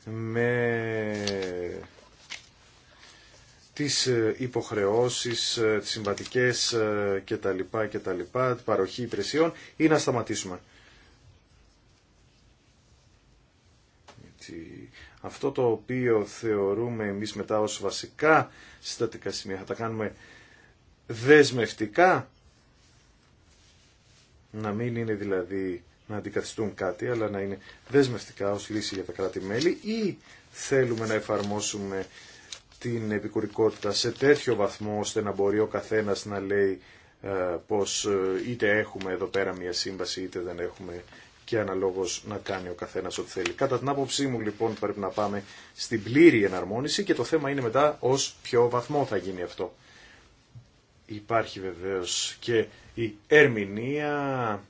με τις ε, υποχρεώσεις, ε, τις συμβατικές ε, τα λοιπά την παροχή υπηρεσιών ή να σταματήσουμε αυτό το οποίο θεωρούμε εμείς μετά ως βασικά συστατικά σημεία θα τα κάνουμε δεσμευτικά να μην είναι δηλαδή να αντικαθιστούν κάτι αλλά να είναι δεσμευτικά ως λύση για τα κράτη-μέλη ή θέλουμε να εφαρμόσουμε την επικουρικότητα σε τέτοιο βαθμό ώστε να μπορεί ο καθένας να λέει ε, πως ε, είτε έχουμε εδώ πέρα μια σύμβαση είτε δεν έχουμε και αναλόγως να κάνει ο καθένα ό,τι θέλει. Κατά την άποψή μου λοιπόν πρέπει να πάμε στην πλήρη εναρμόνιση και το θέμα είναι μετά ως ποιο βαθμό θα γίνει αυτό. Υπάρχει βεβαίω και η ερμηνεία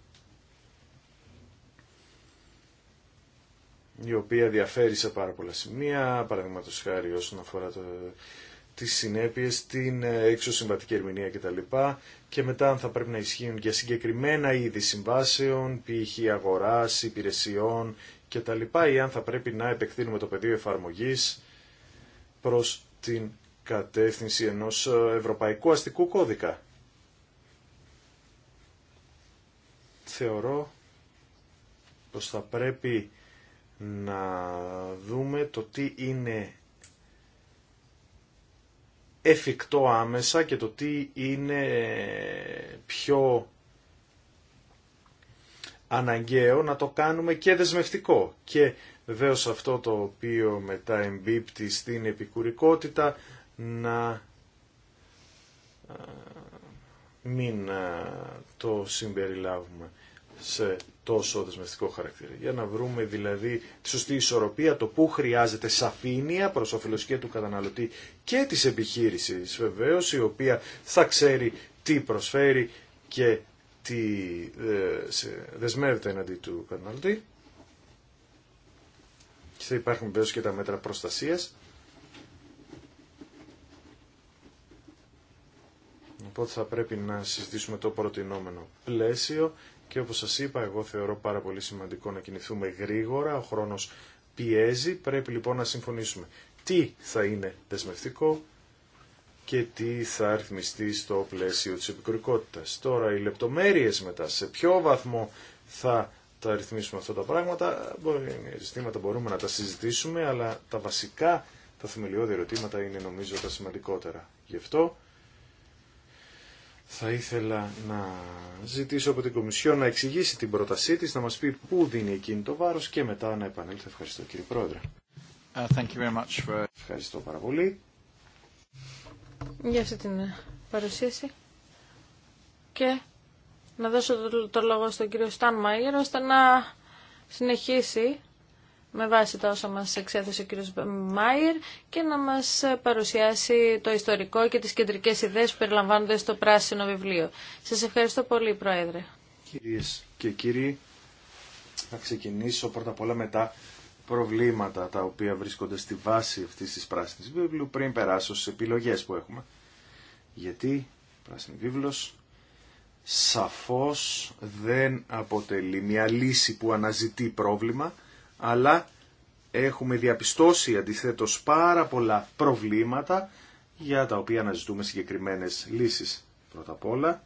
η οποία διαφέρει σε πάρα πολλά σημεία, παραδείγματος χάρη όσον αφορά το τις συνέπειες, την ε, εξωσυμβατική ερμηνεία κτλ. Και μετά αν θα πρέπει να ισχύουν για συγκεκριμένα είδη συμβάσεων, π.χ. αγοράς, υπηρεσιών κτλ. ή αν θα πρέπει να επεκτείνουμε το πεδίο εφαρμογής προς την κατεύθυνση ενός ε, ευρωπαϊκού αστικού κώδικα. Θεωρώ πως θα πρέπει να δούμε το τι είναι εφικτό άμεσα και το τι είναι πιο αναγκαίο να το κάνουμε και δεσμευτικό. Και βεβαίω αυτό το οποίο μετά εμπίπτει στην επικουρικότητα να ε, μην ε, το συμπεριλάβουμε σε τόσο δεσμευτικό χαρακτήρα. Για να βρούμε δηλαδή τη σωστή ισορροπία, το που χρειάζεται σαφήνεια προς όφελο του καταναλωτή και τη επιχείρησης βεβαίω, η οποία θα ξέρει τι προσφέρει και τι ε, δεσμεύεται εναντί του καταναλωτή. Και θα υπάρχουν βεβαίω και τα μέτρα προστασίας. Οπότε θα πρέπει να συζητήσουμε το προτινόμενο πλαίσιο και όπως σας είπα, εγώ θεωρώ πάρα πολύ σημαντικό να κινηθούμε γρήγορα, ο χρόνος πιέζει, πρέπει λοιπόν να συμφωνήσουμε τι θα είναι δεσμευτικό και τι θα αριθμιστεί στο πλαίσιο της επικουρικότητας. Τώρα οι λεπτομέρειες μετά, σε ποιο βαθμό θα τα ρυθμίσουμε αυτά τα πράγματα, ζητήματα μπορούμε να τα συζητήσουμε, αλλά τα βασικά, τα θεμελιώδη ερωτήματα είναι νομίζω τα σημαντικότερα. Γι' αυτό θα ήθελα να ζητήσω από την Κομισιόν να εξηγήσει την πρότασή της, να μας πει πού δίνει εκείνη το βάρος και μετά να επανέλθω. Ευχαριστώ κύριε Πρόεδρε. Uh, thank you very much for... Ευχαριστώ πάρα πολύ. Για αυτή την ε, παρουσίαση. Και να δώσω το, λόγο στον κύριο Στάν Μαϊγερ ώστε να συνεχίσει με βάση τα όσα μας εξέθεσε ο κ. Μάιρ και να μας παρουσιάσει το ιστορικό και τις κεντρικές ιδέες που περιλαμβάνονται στο πράσινο βιβλίο. Σας ευχαριστώ πολύ, Πρόεδρε. Κυρίες και κύριοι, να ξεκινήσω πρώτα απ' όλα με τα προβλήματα τα οποία βρίσκονται στη βάση αυτής της πράσινης βιβλίου πριν περάσω στις επιλογές που έχουμε. Γιατί η πράσινη βίβλος σαφώς δεν αποτελεί μια λύση που αναζητεί πρόβλημα, αλλά έχουμε διαπιστώσει αντιθέτως πάρα πολλά προβλήματα για τα οποία αναζητούμε συγκεκριμένες λύσεις. Πρώτα απ' όλα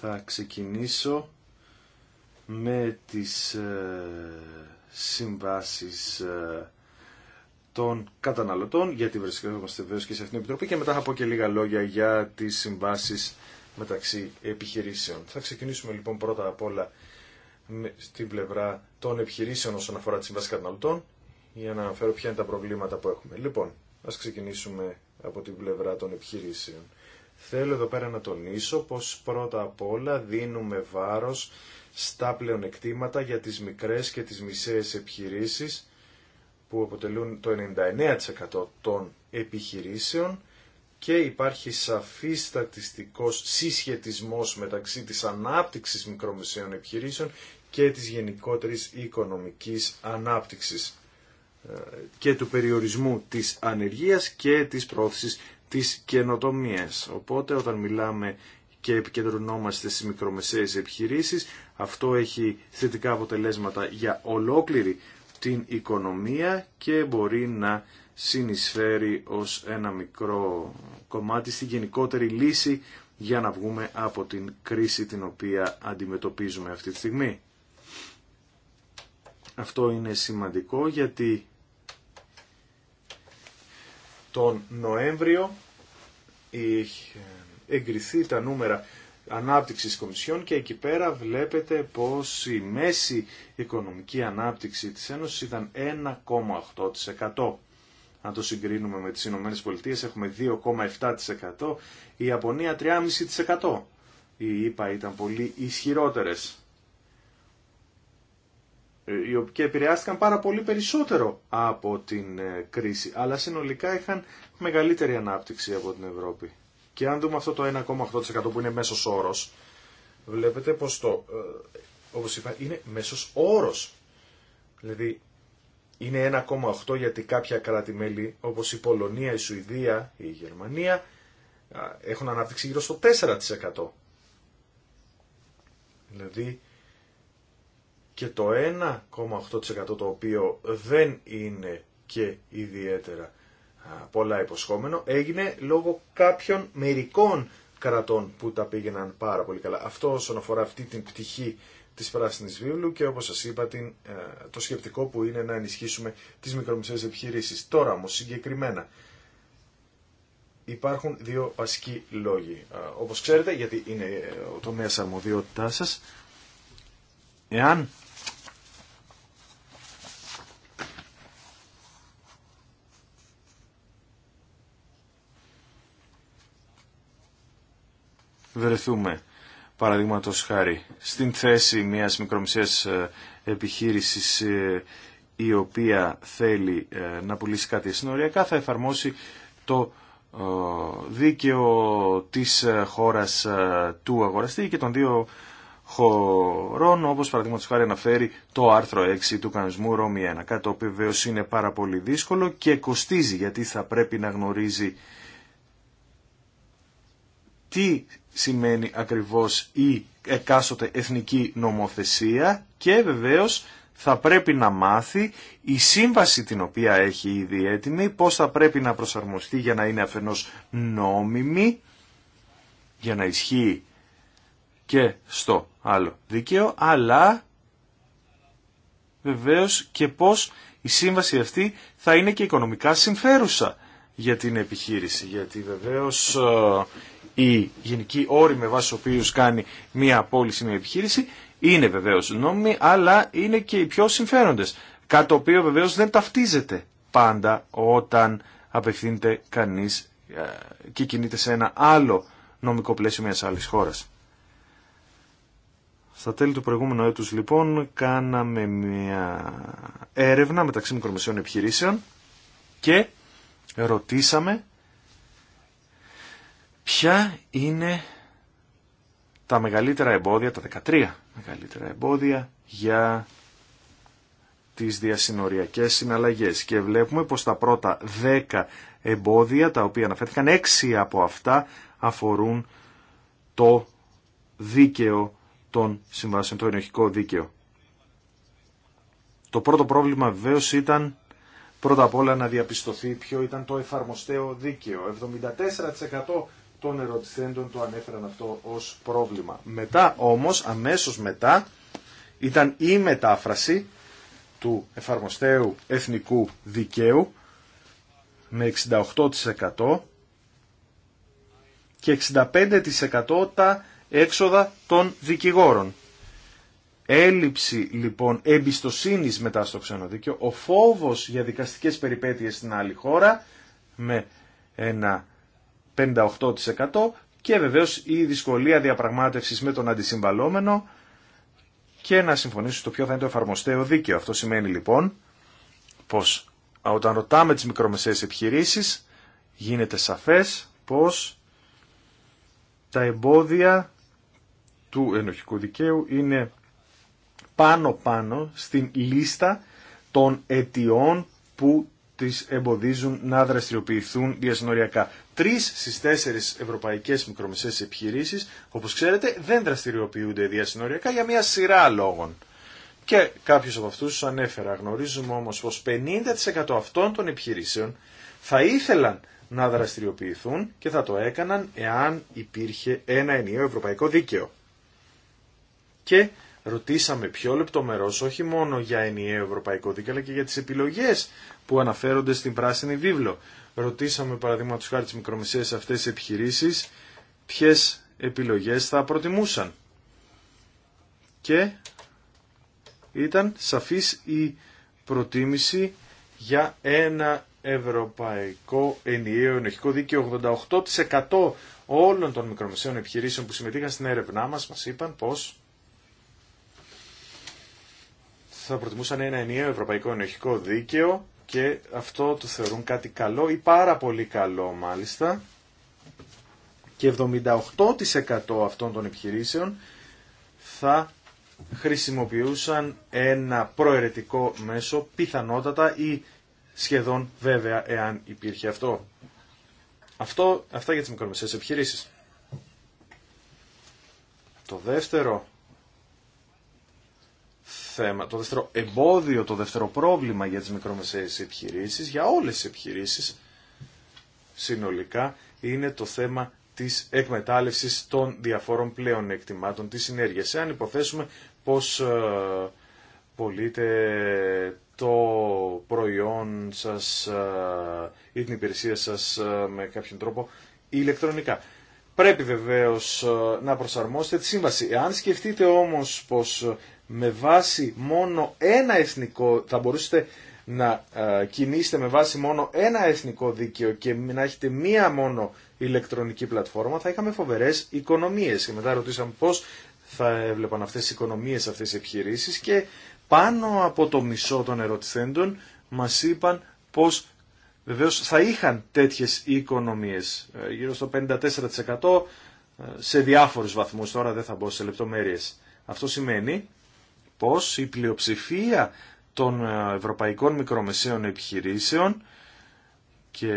θα ξεκινήσω με τις ε, συμβάσεις ε, των καταναλωτών, γιατί βρισκόμαστε βέβαια και σε αυτήν την επιτροπή και μετά θα πω και λίγα λόγια για τις συμβάσεις μεταξύ επιχειρήσεων. Θα ξεκινήσουμε λοιπόν πρώτα απ' όλα στην πλευρά των επιχειρήσεων όσον αφορά τη Σύμβαση καταναλωτών για να αναφέρω ποια είναι τα προβλήματα που έχουμε. Λοιπόν, ας ξεκινήσουμε από την πλευρά των επιχειρήσεων. Θέλω εδώ πέρα να τονίσω πως πρώτα απ' όλα δίνουμε βάρος στα πλεονεκτήματα για τις μικρές και τις μισές επιχειρήσεις που αποτελούν το 99% των επιχειρήσεων και υπάρχει σαφής στατιστικός συσχετισμός μεταξύ της ανάπτυξης μικρομεσαίων επιχειρήσεων και της γενικότερης οικονομικής ανάπτυξης ε, και του περιορισμού της ανεργίας και της πρόθεσης της καινοτομίας. Οπότε όταν μιλάμε και επικεντρωνόμαστε στις μικρομεσαίες επιχειρήσεις, αυτό έχει θετικά αποτελέσματα για ολόκληρη την οικονομία και μπορεί να συνεισφέρει ως ένα μικρό κομμάτι στη γενικότερη λύση για να βγούμε από την κρίση την οποία αντιμετωπίζουμε αυτή τη στιγμή. Αυτό είναι σημαντικό γιατί τον Νοέμβριο είχε εγκριθεί τα νούμερα ανάπτυξης κομισιών και εκεί πέρα βλέπετε πως η μέση οικονομική ανάπτυξη της Ένωσης ήταν 1,8%. Αν το συγκρίνουμε με τις Ηνωμένες Πολιτείες έχουμε 2,7%, η Ιαπωνία 3,5%. Οι ΙΠΑ ήταν πολύ ισχυρότερες. Ε, και επηρεάστηκαν πάρα πολύ περισσότερο από την ε, κρίση, αλλά συνολικά είχαν μεγαλύτερη ανάπτυξη από την Ευρώπη. Και αν δούμε αυτό το 1,8% που είναι μέσος όρος, βλέπετε πως το, ε, όπως είπα, είναι μέσος όρος. Δηλαδή, είναι 1,8 γιατί κάποια κράτη-μέλη, όπως η Πολωνία, η Σουηδία, η Γερμανία, έχουν ανάπτυξη γύρω στο 4%. Δηλαδή, και το 1,8% το οποίο δεν είναι και ιδιαίτερα πολλά υποσχόμενο έγινε λόγω κάποιων μερικών κρατών που τα πήγαιναν πάρα πολύ καλά. Αυτό όσον αφορά αυτή την πτυχή της Πράσινης Βίβλου και όπως σας είπα την, ε, το σκεπτικό που είναι να ενισχύσουμε τις μικρομεσαίες επιχειρήσεις. Τώρα όμως συγκεκριμένα υπάρχουν δύο βασικοί λόγοι. Όπως ξέρετε γιατί είναι ο τομέας αρμοδιότητάς σας, εάν βρεθούμε, παραδείγματο χάρη, στην θέση μιας μικρομεσαίας ε, επιχείρησης ε, η οποία θέλει ε, να πουλήσει κάτι συνοριακά, θα εφαρμόσει το δίκαιο της χώρας του αγοραστή και των δύο χωρών, όπως παραδείγματο χάρη αναφέρει το άρθρο 6 του κανονισμού Ρώμη 1, κάτι το οποίο βεβαίω είναι πάρα πολύ δύσκολο και κοστίζει γιατί θα πρέπει να γνωρίζει τι σημαίνει ακριβώς η εκάστοτε εθνική νομοθεσία και βεβαίως θα πρέπει να μάθει η σύμβαση την οποία έχει ήδη έτοιμη, πώς θα πρέπει να προσαρμοστεί για να είναι αφενός νόμιμη, για να ισχύει και στο άλλο δίκαιο, αλλά βεβαίως και πώς η σύμβαση αυτή θα είναι και οικονομικά συμφέρουσα για την επιχείρηση, γιατί βεβαίως ε, η γενική όροι με βάση του κάνει μια απόλυση μια επιχείρηση είναι βεβαίως νόμιμοι αλλά είναι και οι πιο συμφέροντες κάτι το οποίο βεβαίως δεν ταυτίζεται πάντα όταν απευθύνεται κανείς ε, και κινείται σε ένα άλλο νομικό πλαίσιο μιας άλλης χώρας. Στα τέλη του προηγούμενου έτους λοιπόν κάναμε μια έρευνα μεταξύ μικρομεσαίων επιχειρήσεων και ρωτήσαμε Ποια είναι τα μεγαλύτερα εμπόδια, τα 13 μεγαλύτερα εμπόδια για τις διασυνοριακές συναλλαγές και βλέπουμε πως τα πρώτα 10 εμπόδια τα οποία αναφέρθηκαν 6 από αυτά αφορούν το δίκαιο των συμβάσεων, το ενοχικό δίκαιο. Το πρώτο πρόβλημα βεβαίω ήταν πρώτα απ' όλα να διαπιστωθεί ποιο ήταν το εφαρμοστέο δίκαιο. 74% των ερωτηθέντων το ανέφεραν αυτό ως πρόβλημα. Μετά όμως, αμέσως μετά, ήταν η μετάφραση του εφαρμοστέου εθνικού δικαίου με 68% και 65% τα έξοδα των δικηγόρων. Έλλειψη λοιπόν εμπιστοσύνης μετά στο ξενοδίκαιο, ο φόβος για δικαστικές περιπέτειες στην άλλη χώρα με ένα 58% και βεβαίως η δυσκολία διαπραγμάτευσης με τον αντισυμβαλόμενο και να συμφωνήσουν στο ποιο θα είναι το εφαρμοστέο δίκαιο. Αυτό σημαίνει λοιπόν πως όταν ρωτάμε τις μικρομεσαίες επιχειρήσεις γίνεται σαφές πως τα εμπόδια του ενοχικού δικαίου είναι πάνω-πάνω στην λίστα των αιτιών που τις εμποδίζουν να δραστηριοποιηθούν διασυνοριακά τρεις στις τέσσερις ευρωπαϊκές μικρομεσαίες επιχειρήσεις, όπως ξέρετε, δεν δραστηριοποιούνται διασυνοριακά για μια σειρά λόγων. Και κάποιους από αυτούς τους ανέφερα. Γνωρίζουμε όμως πως 50% αυτών των επιχειρήσεων θα ήθελαν να δραστηριοποιηθούν και θα το έκαναν εάν υπήρχε ένα ενιαίο ευρωπαϊκό δίκαιο. Και ρωτήσαμε πιο λεπτομερώς όχι μόνο για ενιαίο ευρωπαϊκό δίκαιο αλλά και για τις επιλογές που αναφέρονται στην πράσινη βίβλο ρωτήσαμε παραδείγματο χάρη τις μικρομεσαίε αυτές επιχειρήσει. Ποιε επιλογές θα προτιμούσαν. Και ήταν σαφής η προτίμηση για ένα ευρωπαϊκό ενιαίο ενοχικό δίκαιο 88% όλων των μικρομεσαίων επιχειρήσεων που συμμετείχαν στην έρευνά μας μας είπαν πως θα προτιμούσαν ένα ενιαίο ευρωπαϊκό ενοχικό δίκαιο και αυτό το θεωρούν κάτι καλό ή πάρα πολύ καλό μάλιστα και 78% αυτών των επιχειρήσεων θα χρησιμοποιούσαν ένα προαιρετικό μέσο πιθανότατα ή σχεδόν βέβαια εάν υπήρχε αυτό. αυτό αυτά για τις μικρομεσαίες επιχειρήσεις. Το δεύτερο θέμα, το δεύτερο εμπόδιο, το δεύτερο πρόβλημα για τις μικρομεσαίες επιχειρήσεις, για όλες τις επιχειρήσεις συνολικά, είναι το θέμα της εκμετάλλευσης των διαφόρων πλέον εκτιμάτων της συνέργειας. Εάν υποθέσουμε πως ε, το προϊόν σας ε, ή την υπηρεσία σας ε, με κάποιον τρόπο ηλεκτρονικά. Πρέπει βεβαίως ε, να προσαρμόσετε τη σύμβαση. Εάν σκεφτείτε όμως πως με βάση μόνο ένα εθνικό, θα μπορούσατε να ε, κινήσετε με βάση μόνο ένα εθνικό δίκαιο και να έχετε μία μόνο ηλεκτρονική πλατφόρμα, θα είχαμε φοβερές οικονομίες. Και μετά ρωτήσαμε πώς θα έβλεπαν αυτές τις οικονομίες, αυτές οι επιχειρήσεις και πάνω από το μισό των ερωτηθέντων μας είπαν πως βεβαίως θα είχαν τέτοιες οικονομίες, ε, γύρω στο 54% ε, σε διάφορους βαθμούς, τώρα δεν θα μπω σε λεπτομέρειες. Αυτό σημαίνει πως η πλειοψηφία των ε, ευρωπαϊκών μικρομεσαίων επιχειρήσεων και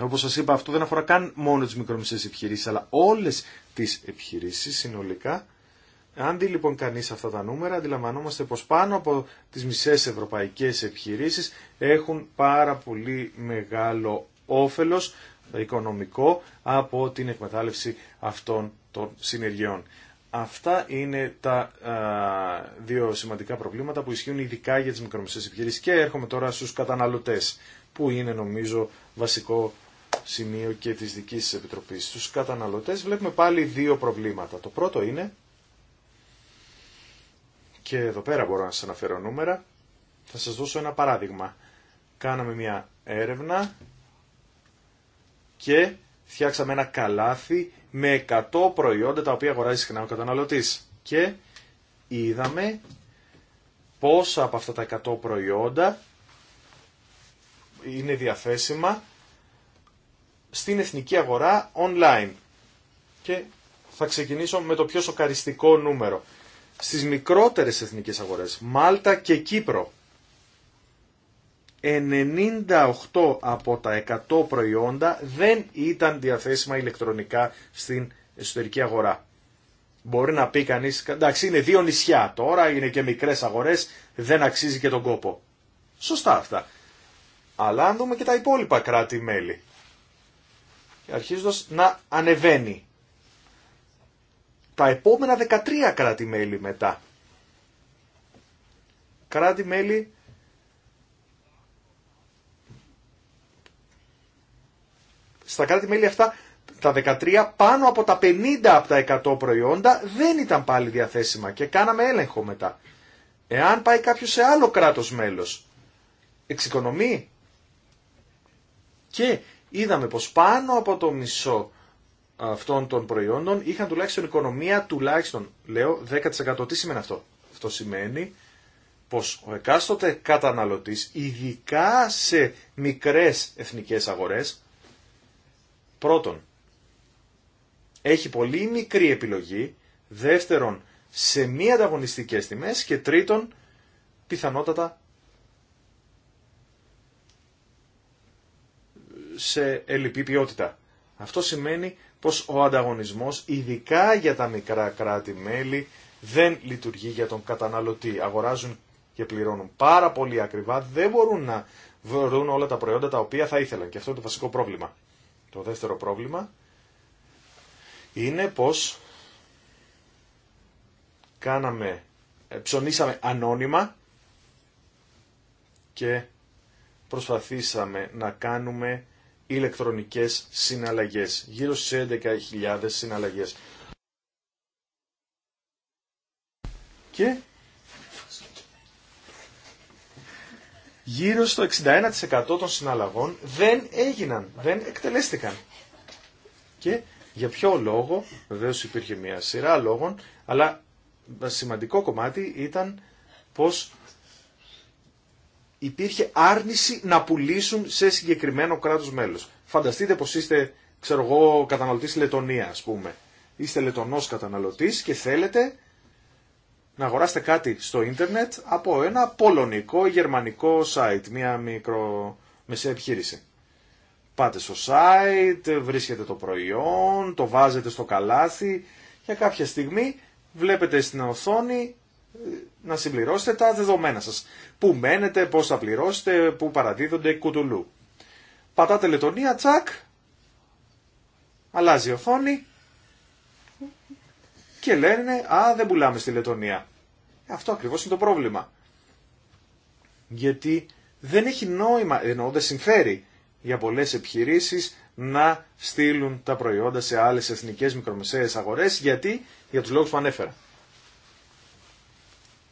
όπως σας είπα αυτό δεν αφορά καν μόνο τις μικρομεσαίες επιχειρήσεις αλλά όλες τις επιχειρήσεις συνολικά αν δει λοιπόν κανείς αυτά τα νούμερα, αντιλαμβανόμαστε πως πάνω από τις μισές ευρωπαϊκές επιχειρήσεις έχουν πάρα πολύ μεγάλο όφελος οικονομικό από την εκμετάλλευση αυτών των συνεργειών. Αυτά είναι τα δύο σημαντικά προβλήματα που ισχύουν ειδικά για τις μικρομεσαίες επιχειρήσεις. Και έρχομαι τώρα στους καταναλωτές, που είναι νομίζω βασικό σημείο και της δικής επιτροπής. Στους καταναλωτές βλέπουμε πάλι δύο προβλήματα. Το πρώτο είναι, και εδώ πέρα μπορώ να σας αναφέρω νούμερα, θα σας δώσω ένα παράδειγμα. Κάναμε μια έρευνα και φτιάξαμε ένα καλάθι με 100 προϊόντα τα οποία αγοράζει συχνά ο καταναλωτή. Και είδαμε πόσα από αυτά τα 100 προϊόντα είναι διαθέσιμα στην εθνική αγορά online. Και θα ξεκινήσω με το πιο σοκαριστικό νούμερο. Στις μικρότερες εθνικές αγορές, Μάλτα και Κύπρο, 98 από τα 100 προϊόντα δεν ήταν διαθέσιμα ηλεκτρονικά στην εσωτερική αγορά. Μπορεί να πει κανείς, εντάξει είναι δύο νησιά τώρα, είναι και μικρές αγορές, δεν αξίζει και τον κόπο. Σωστά αυτά. Αλλά αν δούμε και τα υπόλοιπα κράτη-μέλη, αρχίζοντας να ανεβαίνει. Τα επόμενα 13 κράτη-μέλη μετά. Κράτη-μέλη στα κράτη-μέλη αυτά τα 13 πάνω από τα 50 από τα 100 προϊόντα δεν ήταν πάλι διαθέσιμα και κάναμε έλεγχο μετά. Εάν πάει κάποιος σε άλλο κράτος μέλος, εξοικονομεί. Και είδαμε πως πάνω από το μισό αυτών των προϊόντων είχαν τουλάχιστον οικονομία τουλάχιστον, λέω, 10%. Τι σημαίνει αυτό. Αυτό σημαίνει πως ο εκάστοτε καταναλωτής, ειδικά σε μικρές εθνικές αγορές, Πρώτον, έχει πολύ μικρή επιλογή. Δεύτερον, σε μη ανταγωνιστικέ τιμέ. Και τρίτον, πιθανότατα σε ελλειπή ποιότητα. Αυτό σημαίνει πως ο ανταγωνισμός, ειδικά για τα μικρά κράτη-μέλη, δεν λειτουργεί για τον καταναλωτή. Αγοράζουν και πληρώνουν πάρα πολύ ακριβά, δεν μπορούν να βρουν όλα τα προϊόντα τα οποία θα ήθελαν. Και αυτό είναι το βασικό πρόβλημα. Το δεύτερο πρόβλημα είναι πως κάναμε, ε, ψωνίσαμε ανώνυμα και προσπαθήσαμε να κάνουμε ηλεκτρονικές συναλλαγές, γύρω στις 11.000 συναλλαγές. Και γύρω στο 61% των συναλλαγών δεν έγιναν, δεν εκτελέστηκαν. Και για ποιο λόγο, βεβαίως υπήρχε μια σειρά λόγων, αλλά σημαντικό κομμάτι ήταν πως υπήρχε άρνηση να πουλήσουν σε συγκεκριμένο κράτος μέλος. Φανταστείτε πως είστε, ξέρω εγώ, καταναλωτής Λετωνία, ας πούμε. Είστε Λετωνός καταναλωτής και θέλετε να αγοράσετε κάτι στο ίντερνετ από ένα πολωνικό γερμανικό site, μια μικρο... μεσαία επιχείρηση. Πάτε στο site, βρίσκετε το προϊόν, το βάζετε στο καλάθι και κάποια στιγμή βλέπετε στην οθόνη ε, να συμπληρώσετε τα δεδομένα σας. Πού μένετε, πώς θα πληρώσετε, πού παραδίδονται κουτουλού. Πατάτε λετωνία, τσακ, αλλάζει η οθόνη και λένε «Α, δεν πουλάμε στη Λετωνία». Αυτό ακριβώς είναι το πρόβλημα. Γιατί δεν έχει νόημα, εννοώ δεν συμφέρει για πολλές επιχειρήσεις να στείλουν τα προϊόντα σε άλλες εθνικές μικρομεσαίες αγορές, γιατί για τους λόγους που ανέφερα.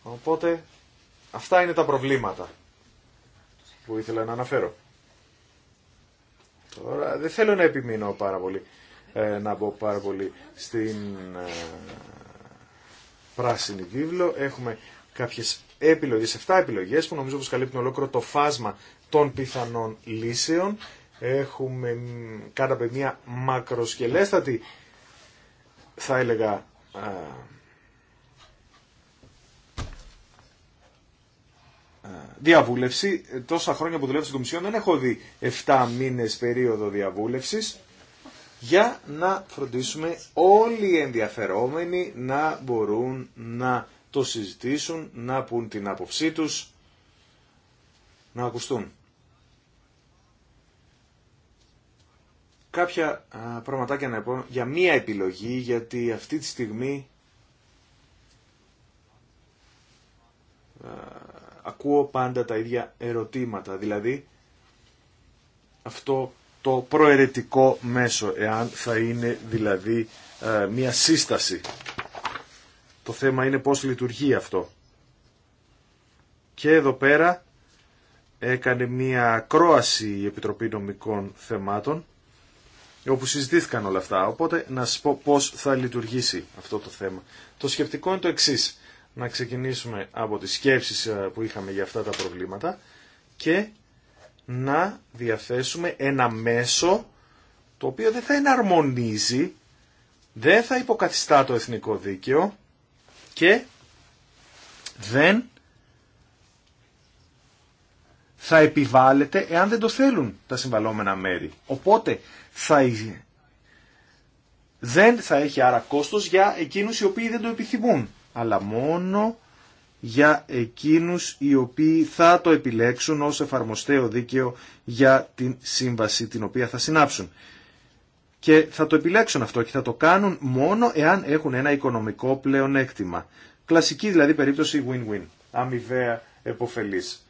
Οπότε αυτά είναι τα προβλήματα που ήθελα να αναφέρω. Τώρα δεν θέλω να επιμείνω πάρα πολύ ε, να μπω πάρα πολύ στην ε, πράσινη βίβλο. Έχουμε κάποιες επιλογές, 7 επιλογές που νομίζω πως καλύπτουν ολόκληρο το φάσμα των πιθανών λύσεων. Έχουμε από μια μακροσκελέστατη, θα έλεγα, ε, διαβούλευση. Τόσα χρόνια που δουλεύω στην Κομισιόν δεν έχω δει 7 μήνες περίοδο διαβούλευσης για να φροντίσουμε όλοι οι ενδιαφερόμενοι να μπορούν να το συζητήσουν, να πούν την άποψή τους, να ακουστούν. Κάποια α, πραγματάκια να πω για μία επιλογή, γιατί αυτή τη στιγμή ακούω πάντα τα ίδια ερωτήματα. Δηλαδή, αυτό το προαιρετικό μέσο, εάν θα είναι δηλαδή ε, μια σύσταση. Το θέμα είναι πώς λειτουργεί αυτό. Και εδώ πέρα έκανε μια ακρόαση η Επιτροπή Νομικών Θεμάτων όπου συζητήθηκαν όλα αυτά. Οπότε να σας πω πώς θα λειτουργήσει αυτό το θέμα. Το σκεπτικό είναι το εξής. Να ξεκινήσουμε από τις σκέψεις ε, που είχαμε για αυτά τα προβλήματα και να διαθέσουμε ένα μέσο το οποίο δεν θα εναρμονίζει, δεν θα υποκαθιστά το εθνικό δίκαιο και δεν θα επιβάλλεται εάν δεν το θέλουν τα συμβαλώμενα μέρη. Οπότε θα... δεν θα έχει άρα κόστος για εκείνους οι οποίοι δεν το επιθυμούν, αλλά μόνο για εκείνους οι οποίοι θα το επιλέξουν ως εφαρμοστέο δίκαιο για την σύμβαση την οποία θα συνάψουν. Και θα το επιλέξουν αυτό και θα το κάνουν μόνο εάν έχουν ένα οικονομικό πλεονέκτημα. Κλασική δηλαδή περίπτωση win-win, αμοιβαία εποφελής.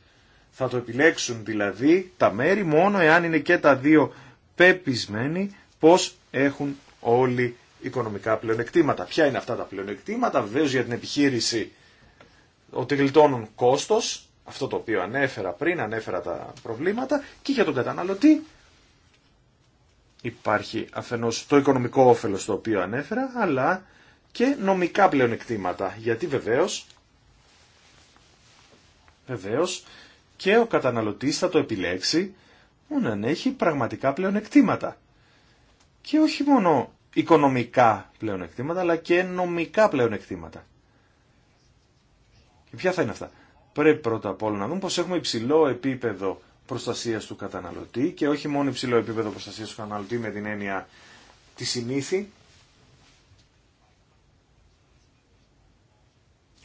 Θα το επιλέξουν δηλαδή τα μέρη μόνο εάν είναι και τα δύο πεπισμένοι πως έχουν όλοι οικονομικά πλεονεκτήματα. Ποια είναι αυτά τα πλεονεκτήματα, βεβαίω για την επιχείρηση ότι γλιτώνουν κόστος, αυτό το οποίο ανέφερα πριν, ανέφερα τα προβλήματα και για τον καταναλωτή υπάρχει αφενός το οικονομικό όφελος το οποίο ανέφερα, αλλά και νομικά πλεονεκτήματα, γιατί βεβαίως, βεβαίως και ο καταναλωτής θα το επιλέξει μόνο αν έχει πραγματικά πλεονεκτήματα. Και όχι μόνο οικονομικά πλεονεκτήματα, αλλά και νομικά πλεονεκτήματα. Και ποια θα είναι αυτά. Πρέπει πρώτα απ' όλα να δούμε πως έχουμε υψηλό επίπεδο προστασίας του καταναλωτή και όχι μόνο υψηλό επίπεδο προστασίας του καταναλωτή με την έννοια τη συνήθη.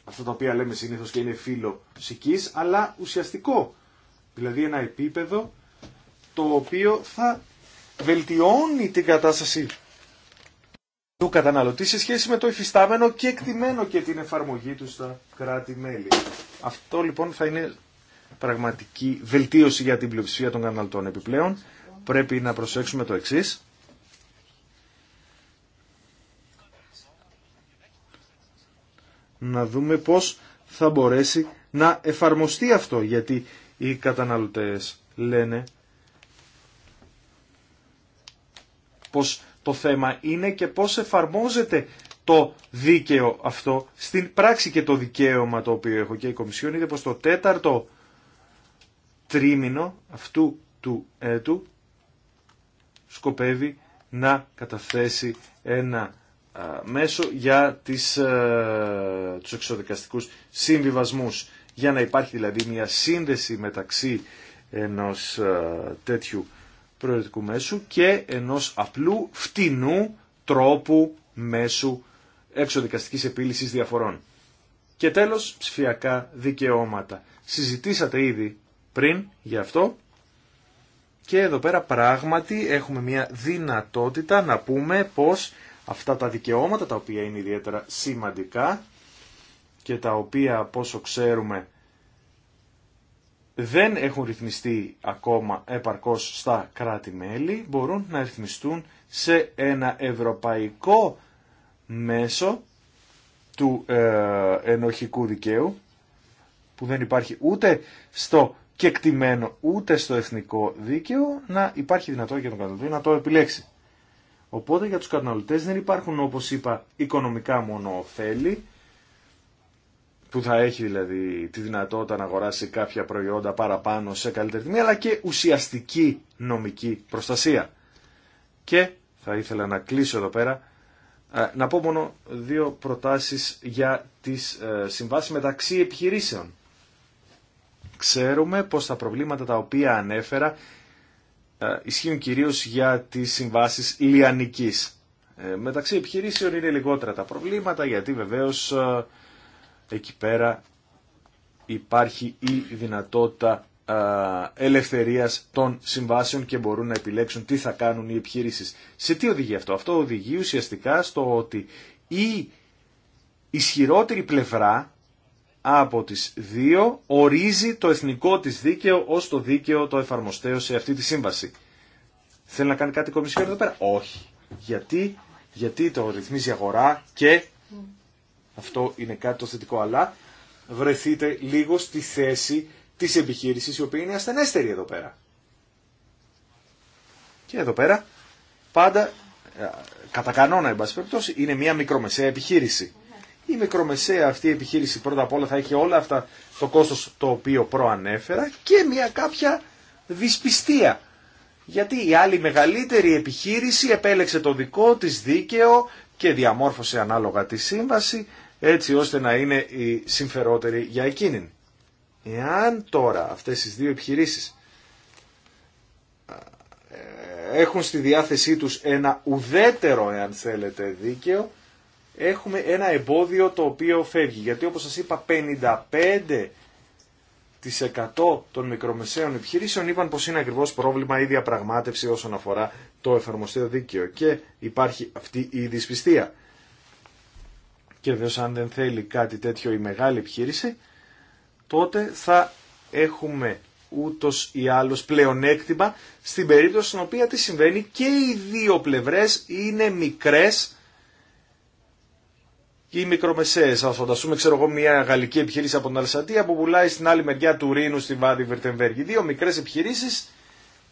Αυτό το οποίο λέμε συνήθω και είναι φίλο ψυχής, αλλά ουσιαστικό. Δηλαδή ένα επίπεδο το οποίο θα βελτιώνει την κατάσταση του καταναλωτή σε σχέση με το υφιστάμενο και εκτιμένο και την εφαρμογή του στα κράτη-μέλη. Αυτό λοιπόν θα είναι πραγματική βελτίωση για την πλειοψηφία των καταναλωτών. Επιπλέον πρέπει να προσέξουμε το εξή. Να δούμε πώς θα μπορέσει να εφαρμοστεί αυτό γιατί οι καταναλωτές λένε πως το θέμα είναι και πώς εφαρμόζεται το δίκαιο αυτό στην πράξη και το δικαίωμα το οποίο έχω και η Κομισιόν είδε πως το τέταρτο τρίμηνο αυτού του έτου σκοπεύει να καταθέσει ένα μέσο για τις, α, τους εξοδικαστικούς συμβιβασμούς για να υπάρχει δηλαδή μια σύνδεση μεταξύ ενός α, τέτοιου προαιρετικού μέσου και ενός απλού φτηνού τρόπου μέσου εξοδικαστικής επίλυσης διαφορών. Και τέλος, ψηφιακά δικαιώματα. Συζητήσατε ήδη πριν γι' αυτό και εδώ πέρα πράγματι έχουμε μια δυνατότητα να πούμε πως αυτά τα δικαιώματα τα οποία είναι ιδιαίτερα σημαντικά και τα οποία πόσο ξέρουμε δεν έχουν ρυθμιστεί ακόμα επαρκώς στα κράτη-μέλη μπορούν να ρυθμιστούν σε ένα ευρωπαϊκό μέσο του ε, ενοχικού δικαίου που δεν υπάρχει ούτε στο κεκτημένο ούτε στο εθνικό δίκαιο να υπάρχει δυνατότητα για τον καταναλωτή να το επιλέξει. Οπότε για τους καταναλωτές δεν υπάρχουν όπως είπα οικονομικά μόνο ωφέλη που θα έχει δηλαδή τη δυνατότητα να αγοράσει κάποια προϊόντα παραπάνω σε καλύτερη τιμή, αλλά και ουσιαστική νομική προστασία. Και θα ήθελα να κλείσω εδώ πέρα, ε, να πω μόνο δύο προτάσεις για τις ε, συμβάσεις μεταξύ επιχειρήσεων. Ξέρουμε πως τα προβλήματα τα οποία ανέφερα ε, ισχύουν κυρίως για τις συμβάσεις λιανικής. Μεταξύ επιχειρήσεων είναι λιγότερα τα προβλήματα, γιατί βεβαίως εκεί πέρα υπάρχει η δυνατότητα ελευθερίας των συμβάσεων και μπορούν να επιλέξουν τι θα κάνουν οι επιχειρήσεις. Σε τι οδηγεί αυτό. Αυτό οδηγεί ουσιαστικά στο ότι η ισχυρότερη πλευρά από τις δύο ορίζει το εθνικό της δίκαιο ως το δίκαιο το εφαρμοστέο σε αυτή τη σύμβαση. Θέλει να κάνει κάτι κομισιόν εδώ πέρα. Όχι. Γιατί, γιατί το ρυθμίζει η αγορά και αυτό είναι κάτι το θετικό, αλλά βρεθείτε λίγο στη θέση της επιχείρησης η οποία είναι ασθενέστερη εδώ πέρα. Και εδώ πέρα πάντα, ε, κατά κανόνα εν πάση είναι μια μικρομεσαία επιχείρηση. Η μικρομεσαία αυτή επιχείρηση πρώτα απ' όλα θα έχει όλα αυτά το κόστος το οποίο προανέφερα και μια κάποια δυσπιστία. Γιατί η άλλη μεγαλύτερη επιχείρηση επέλεξε το δικό της δίκαιο και διαμόρφωσε ανάλογα τη σύμβαση έτσι ώστε να είναι οι συμφερότεροι για εκείνην. Εάν τώρα αυτές τις δύο επιχειρήσεις ε, έχουν στη διάθεσή τους ένα ουδέτερο, εάν θέλετε, δίκαιο, έχουμε ένα εμπόδιο το οποίο φεύγει. Γιατί όπως σας είπα, 55% των μικρομεσαίων επιχειρήσεων είπαν πως είναι ακριβώς πρόβλημα η διαπραγμάτευση όσον αφορά το εφαρμοστείο δίκαιο και υπάρχει αυτή η δυσπιστία και βέβαια αν δεν θέλει κάτι τέτοιο η μεγάλη επιχείρηση, τότε θα έχουμε ούτως ή άλλως πλεονέκτημα στην περίπτωση στην οποία τι συμβαίνει και οι δύο πλευρές είναι μικρές ή μικρομεσαίε. μικρομεσαίες. Ας φανταστούμε, ξέρω εγώ, μια γαλλική επιχείρηση από την Αλσατία που πουλάει στην άλλη μεριά του Ρήνου στη Βάδη Βερτεμβέργη. Δύο μικρές επιχειρήσεις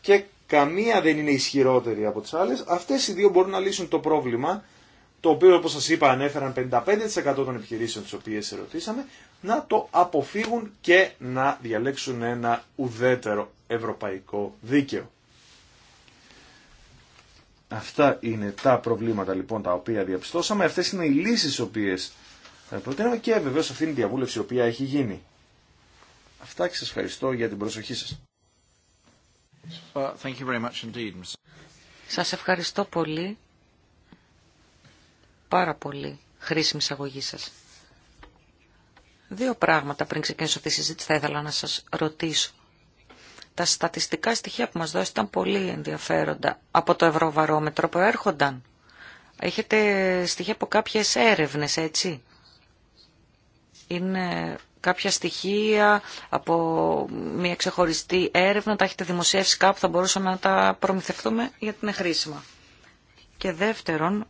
και καμία δεν είναι ισχυρότερη από τις άλλες. Αυτές οι δύο μπορούν να λύσουν το πρόβλημα το οποίο όπως σας είπα ανέφεραν 55% των επιχειρήσεων τις οποίες ερωτήσαμε, να το αποφύγουν και να διαλέξουν ένα ουδέτερο ευρωπαϊκό δίκαιο. Αυτά είναι τα προβλήματα λοιπόν τα οποία διαπιστώσαμε, αυτές είναι οι λύσεις οι οποίες προτείναμε και βεβαίως αυτή είναι η διαβούλευση η οποία έχει γίνει. Αυτά και σας ευχαριστώ για την προσοχή σας. Σας ευχαριστώ πολύ πάρα πολύ χρήσιμη εισαγωγή σας. Δύο πράγματα πριν ξεκινήσω τη συζήτηση θα ήθελα να σας ρωτήσω. Τα στατιστικά στοιχεία που μας δώσετε ήταν πολύ ενδιαφέροντα από το Ευρωβαρόμετρο που έρχονταν. Έχετε στοιχεία από κάποιες έρευνες, έτσι. Είναι κάποια στοιχεία από μια ξεχωριστή έρευνα, τα έχετε δημοσιεύσει κάπου, θα μπορούσαμε να τα προμηθευτούμε γιατί είναι χρήσιμα. Και δεύτερον,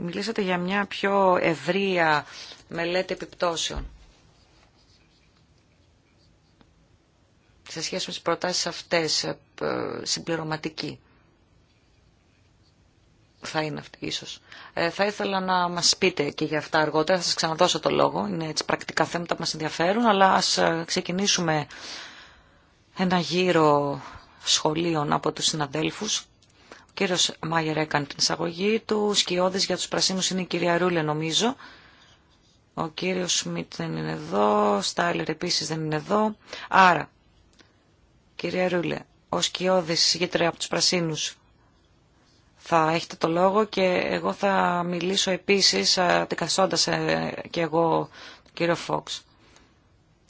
Μιλήσατε για μια πιο ευρεία μελέτη επιπτώσεων. Σε σχέση με τις προτάσεις αυτές, ε, συμπληρωματική θα είναι αυτή ίσως. Ε, θα ήθελα να μας πείτε και για αυτά αργότερα, θα σας ξαναδώσω το λόγο. Είναι έτσι πρακτικά θέματα που μας ενδιαφέρουν, αλλά ας ε, ξεκινήσουμε ένα γύρο σχολείων από τους συναδέλφους κύριος Μάγερ έκανε την εισαγωγή του, σκιώδης για τους πρασίνους είναι η κυρία Ρούλε νομίζω. Ο κύριος Σμιτ δεν είναι εδώ, Στάιλερ επίσης δεν είναι εδώ. Άρα, κυρία Ρούλε, ο σκιώδης ηγέτρια από τους πρασίνους θα έχετε το λόγο και εγώ θα μιλήσω επίσης κασότασε και εγώ τον κύριο Φόξ.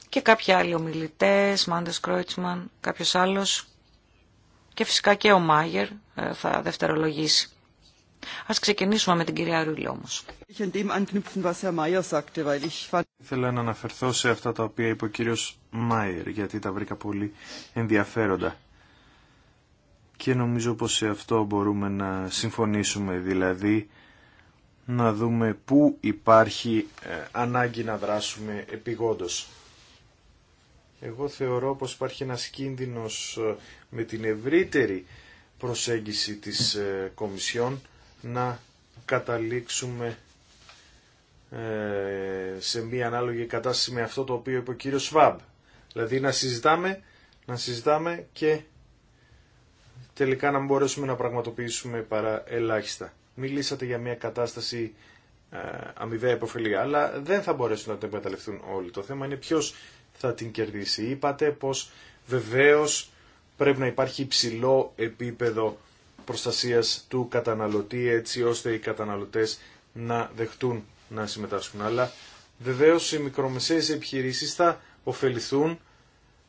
Και κάποιοι άλλοι ομιλητές, Μάντες Κρόιτσμαν, κάποιος άλλος και φυσικά και ο Μάγερ ε, θα δευτερολογήσει. Ας ξεκινήσουμε με την κυρία Ρούλη όμως. Θέλω να αναφερθώ σε αυτά τα οποία είπε ο κύριος Μάιερ, γιατί τα βρήκα πολύ ενδιαφέροντα. Και νομίζω πως σε αυτό μπορούμε να συμφωνήσουμε, δηλαδή να δούμε πού υπάρχει ε, ανάγκη να δράσουμε επιγόντως. Εγώ θεωρώ πως υπάρχει ένας κίνδυνος ε, με την ευρύτερη προσέγγιση της ε, Κομισιόν να καταλήξουμε ε, σε μία ανάλογη κατάσταση με αυτό το οποίο είπε ο κύριος Σβάμπ. Δηλαδή να συζητάμε, να συζητάμε και τελικά να μπορέσουμε να πραγματοποιήσουμε παρά ελάχιστα. Μιλήσατε για μια κατάσταση ε, αμοιβαία υποφελία, αλλά δεν θα μπορέσουν να την εκμεταλλευτούν όλοι. Το θέμα είναι ποιο θα την κερδίσει. Είπατε πως βεβαίως πρέπει να υπάρχει υψηλό επίπεδο προστασίας του καταναλωτή έτσι ώστε οι καταναλωτές να δεχτούν να συμμετάσχουν. Αλλά βεβαίως οι μικρομεσαίες επιχειρήσεις θα ωφεληθούν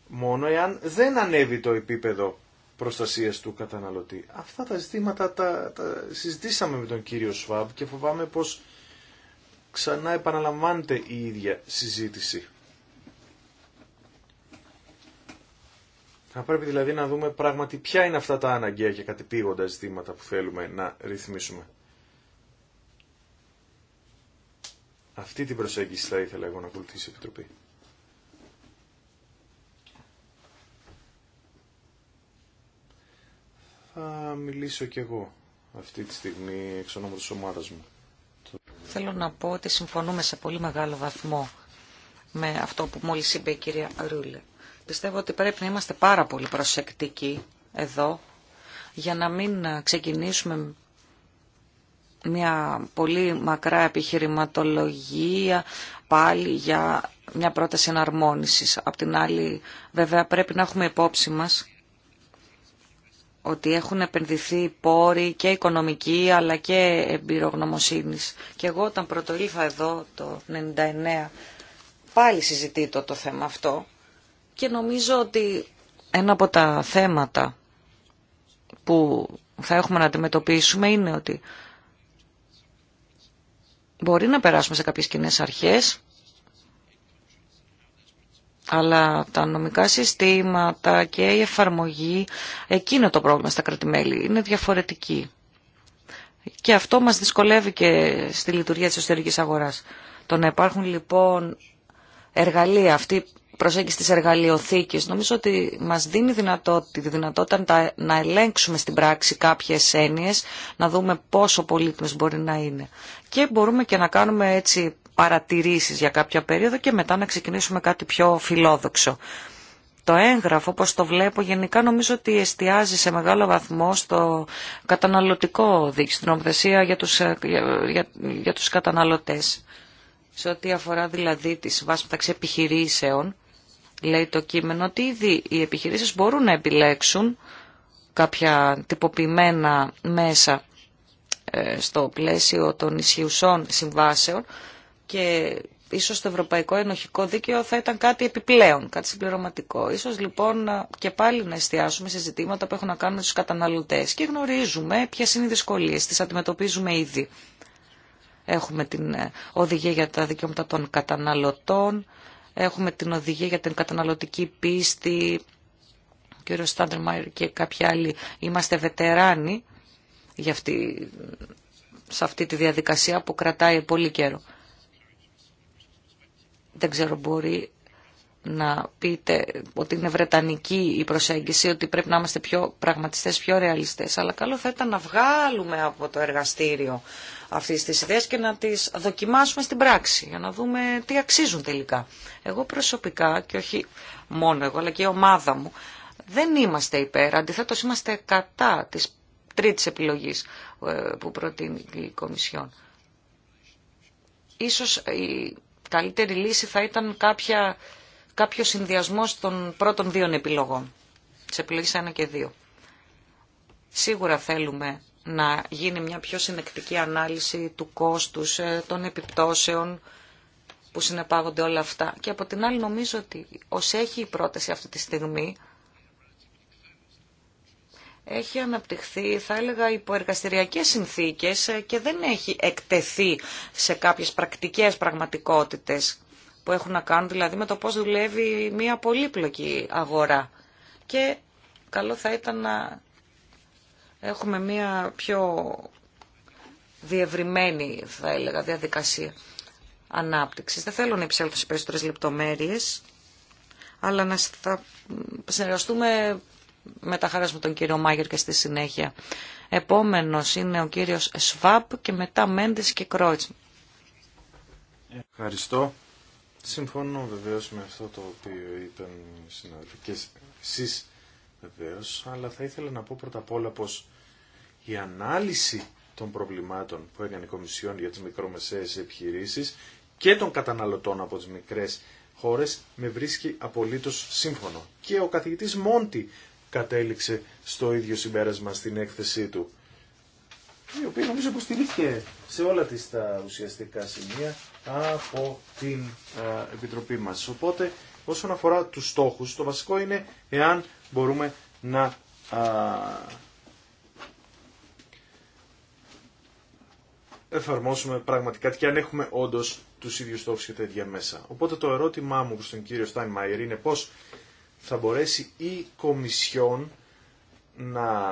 μόνο εάν δεν ανέβει το επίπεδο προστασίας του καταναλωτή. Αυτά τα ζητήματα τα, συζητήσαμε με τον κύριο Σφάμπ και φοβάμαι πως ξανά επαναλαμβάνεται η ίδια συζήτηση. Θα πρέπει δηλαδή να δούμε πράγματι ποια είναι αυτά τα αναγκαία και κατεπήγοντα ζητήματα που θέλουμε να ρυθμίσουμε. Αυτή την προσέγγιση θα ήθελα εγώ να ακολουθήσει η Επιτροπή. Θα μιλήσω κι εγώ αυτή τη στιγμή εξ ονόματος της μου. Θέλω να πω ότι συμφωνούμε σε πολύ μεγάλο βαθμό με αυτό που μόλις είπε η κυρία Ρούλε. Πιστεύω ότι πρέπει να είμαστε πάρα πολύ προσεκτικοί εδώ για να μην ξεκινήσουμε μια πολύ μακρά επιχειρηματολογία πάλι για μια πρόταση εναρμόνισης. Απ' την άλλη βέβαια πρέπει να έχουμε υπόψη μας ότι έχουν επενδυθεί πόροι και οικονομικοί αλλά και εμπειρογνωμοσύνης. Και εγώ όταν πρωτοήλθα εδώ το 99 πάλι συζητήτω το θέμα αυτό και νομίζω ότι ένα από τα θέματα που θα έχουμε να αντιμετωπίσουμε είναι ότι μπορεί να περάσουμε σε κάποιες κοινέ αρχές, αλλά τα νομικά συστήματα και η εφαρμογή, εκείνο το πρόβλημα στα κρατημέλη, είναι διαφορετική. Και αυτό μας δυσκολεύει και στη λειτουργία της εσωτερικής αγοράς. Το να υπάρχουν λοιπόν εργαλεία αυτή προσέγγιση της εργαλειοθήκης. Νομίζω ότι μας δίνει δυνατότητα, τη δυνατότητα να ελέγξουμε στην πράξη κάποιες έννοιες, να δούμε πόσο πολύτιμες μπορεί να είναι. Και μπορούμε και να κάνουμε έτσι παρατηρήσεις για κάποια περίοδο και μετά να ξεκινήσουμε κάτι πιο φιλόδοξο. Το έγγραφο, όπως το βλέπω, γενικά νομίζω ότι εστιάζει σε μεγάλο βαθμό στο καταναλωτικό δίκτυο στην νομοθεσία για τους, για, για, τους καταναλωτές. Σε ό,τι αφορά δηλαδή τις βάσεις μεταξύ επιχειρήσεων, λέει το κείμενο ότι ήδη οι επιχειρήσεις μπορούν να επιλέξουν κάποια τυποποιημένα μέσα ε, στο πλαίσιο των ισχυουσών συμβάσεων και ίσως το Ευρωπαϊκό Ενοχικό Δίκαιο θα ήταν κάτι επιπλέον, κάτι συμπληρωματικό. Ίσως λοιπόν και πάλι να εστιάσουμε σε ζητήματα που έχουν να κάνουν στους καταναλωτές και γνωρίζουμε ποιε είναι οι δυσκολίες, τις αντιμετωπίζουμε ήδη. Έχουμε την ε, οδηγία για τα δικαιώματα των καταναλωτών, Έχουμε την οδηγία για την καταναλωτική πίστη, ο κύριο Στάντερμαϊρ και κάποιοι άλλοι. Είμαστε βετεράνοι για αυτή, σε αυτή τη διαδικασία που κρατάει πολύ καιρό. Δεν ξέρω, μπορεί να πείτε ότι είναι βρετανική η προσέγγιση, ότι πρέπει να είμαστε πιο πραγματιστές, πιο ρεαλιστές, αλλά καλό θα ήταν να βγάλουμε από το εργαστήριο αυτές τις ιδέες και να τις δοκιμάσουμε στην πράξη, για να δούμε τι αξίζουν τελικά. Εγώ προσωπικά, και όχι μόνο εγώ, αλλά και η ομάδα μου, δεν είμαστε υπέρ, αντιθέτω είμαστε κατά της τρίτης επιλογής ε, που προτείνει η Κομισιόν. Ίσως η καλύτερη λύση θα ήταν κάποια κάποιο συνδυασμό των πρώτων δύο επιλογών. σε επιλογή 1 και 2. Σίγουρα θέλουμε να γίνει μια πιο συνεκτική ανάλυση του κόστους, ε, των επιπτώσεων που συνεπάγονται όλα αυτά. Και από την άλλη νομίζω ότι ως έχει η πρόταση αυτή τη στιγμή, έχει αναπτυχθεί, θα έλεγα, υπό εργαστηριακές συνθήκες ε, και δεν έχει εκτεθεί σε κάποιες πρακτικές πραγματικότητες που έχουν να κάνουν δηλαδή με το πώς δουλεύει μια πολύπλοκη αγορά. Και καλό θα ήταν να έχουμε μια πιο διευρυμένη θα έλεγα διαδικασία ανάπτυξης. Δεν θέλω να υψέλθω σε περισσότερες λεπτομέρειες, αλλά να θα συνεργαστούμε με τα χάρας με τον κύριο Μάγερ και στη συνέχεια. Επόμενος είναι ο κύριος Σβάπ και μετά Μέντες και Κρόιτς. Ευχαριστώ. Συμφωνώ βεβαίως με αυτό το οποίο είπαν οι συνάδελφοι και εσείς βεβαίως, αλλά θα ήθελα να πω πρώτα απ' όλα πως η ανάλυση των προβλημάτων που έκανε η Κομισιόν για τις μικρομεσαίες επιχειρήσεις και των καταναλωτών από τις μικρές χώρες με βρίσκει απολύτως σύμφωνο. Και ο καθηγητής Μόντι κατέληξε στο ίδιο συμπέρασμα στην έκθεσή του η οποία νομίζω υποστηρίχθηκε σε όλα τις τα ουσιαστικά σημεία από την Επιτροπή μας. Οπότε, όσον αφορά τους στόχους, το βασικό είναι εάν μπορούμε να εφαρμόσουμε πραγματικά και αν έχουμε όντως τους ίδιους στόχους και τα ίδια μέσα. Οπότε το ερώτημά μου προς τον κύριο Στάινμαϊερ είναι πώς θα μπορέσει η Κομισιόν να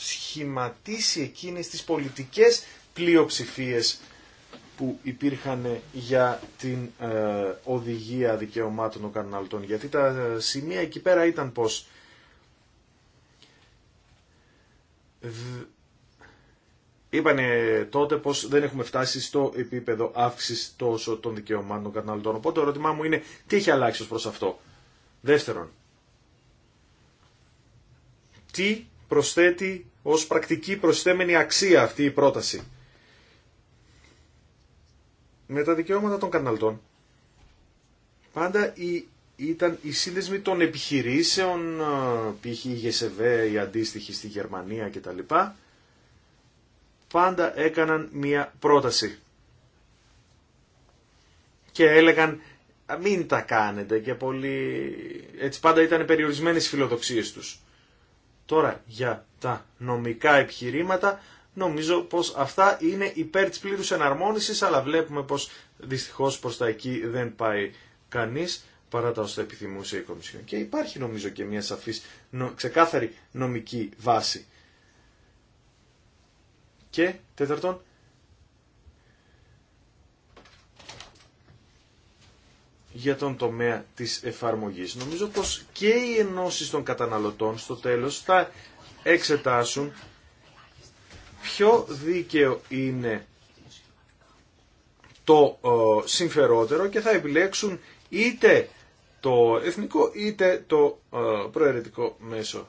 σχηματίσει εκείνες τις πολιτικές πλειοψηφίες που υπήρχαν για την ε, οδηγία δικαιωμάτων των καναλτών. Γιατί τα ε, σημεία εκεί πέρα ήταν πως είπανε τότε πως δεν έχουμε φτάσει στο επίπεδο αύξηση τόσο των δικαιωμάτων των καταναλωτών. Οπότε το ερώτημά μου είναι τι έχει αλλάξει ως προς αυτό. Δεύτερον, τι προσθέτει ως πρακτική προσθέμενη αξία αυτή η πρόταση. Με τα δικαιώματα των καναλτών. Πάντα η, ήταν οι σύνδεσμοι των επιχειρήσεων, π.χ. η ΓΕΣΕΒΕ, η αντίστοιχη στη Γερμανία κτλ. Πάντα έκαναν μία πρόταση. Και έλεγαν μην τα κάνετε και πολύ... Έτσι πάντα ήταν περιορισμένες οι φιλοδοξίες τους. Τώρα για τα νομικά επιχειρήματα, νομίζω πως αυτά είναι υπέρ της πλήρους εναρμόνισης, αλλά βλέπουμε πως δυστυχώς προς τα εκεί δεν πάει κανείς παρά τα όσα επιθυμούσε η Κομισιόν. Και υπάρχει νομίζω και μια σαφής, ξεκάθαρη νομική βάση. Και τέταρτον, για τον τομέα της εφαρμογής. Νομίζω πως και οι ενώσει των καταναλωτών στο τέλος θα εξετάσουν ποιο δίκαιο είναι το ε, συμφερότερο και θα επιλέξουν είτε το εθνικό είτε το ε, προαιρετικό μέσο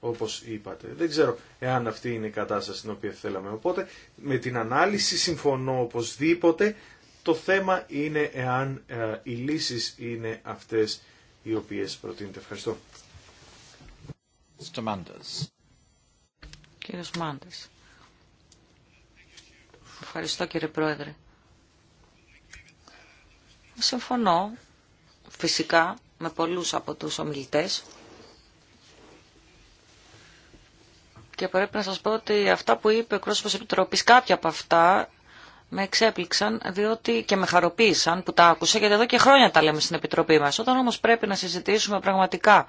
όπως είπατε. Δεν ξέρω εάν αυτή είναι η κατάσταση την οποία θέλαμε. Οπότε με την ανάλυση συμφωνώ οπωσδήποτε. Το θέμα είναι εάν ε, οι λύσεις είναι αυτές οι οποίες προτείνετε. Ευχαριστώ. Κύριος Μάντες. Ευχαριστώ κύριε Πρόεδρε. Συμφωνώ φυσικά με πολλούς από τους ομιλητές και πρέπει να σας πω ότι αυτά που είπε ο εκπρόσωπος Επιτροπής, κάποια από αυτά με εξέπληξαν διότι και με χαροποίησαν που τα άκουσα γιατί εδώ και χρόνια τα λέμε στην Επιτροπή μας. Όταν όμως πρέπει να συζητήσουμε πραγματικά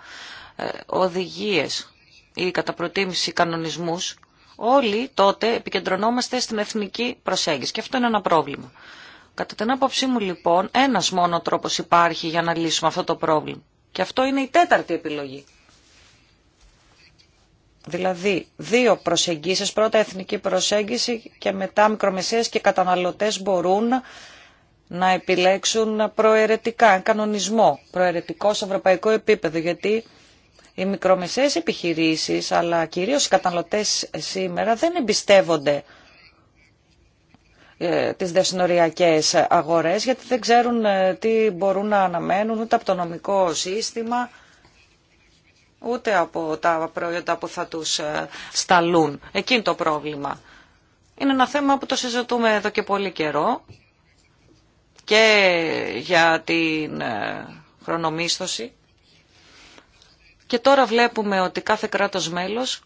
ε, οδηγίες ή κατά προτίμηση κανονισμούς, όλοι τότε επικεντρωνόμαστε στην εθνική προσέγγιση και αυτό είναι ένα πρόβλημα. Κατά την άποψή μου λοιπόν, ένας μόνο τρόπος υπάρχει για να λύσουμε αυτό το πρόβλημα. Και αυτό είναι η τέταρτη επιλογή. Δηλαδή, δύο προσεγγίσεις, πρώτα εθνική προσέγγιση και μετά μικρομεσαίες και καταναλωτές μπορούν να επιλέξουν προαιρετικά, κανονισμό, προαιρετικό σε ευρωπαϊκό επίπεδο, γιατί οι μικρομεσαίες επιχειρήσεις, αλλά κυρίως οι καταναλωτές σήμερα δεν εμπιστεύονται ε, τις δεσνοριακές αγορές γιατί δεν ξέρουν ε, τι μπορούν να αναμένουν ούτε από το νομικό σύστημα ούτε από τα προϊόντα που θα τους ε, σταλούν. είναι το πρόβλημα. Είναι ένα θέμα που το συζητούμε εδώ και πολύ καιρό και για την χρονομίσθωση και τώρα βλέπουμε ότι κάθε κράτος μέλος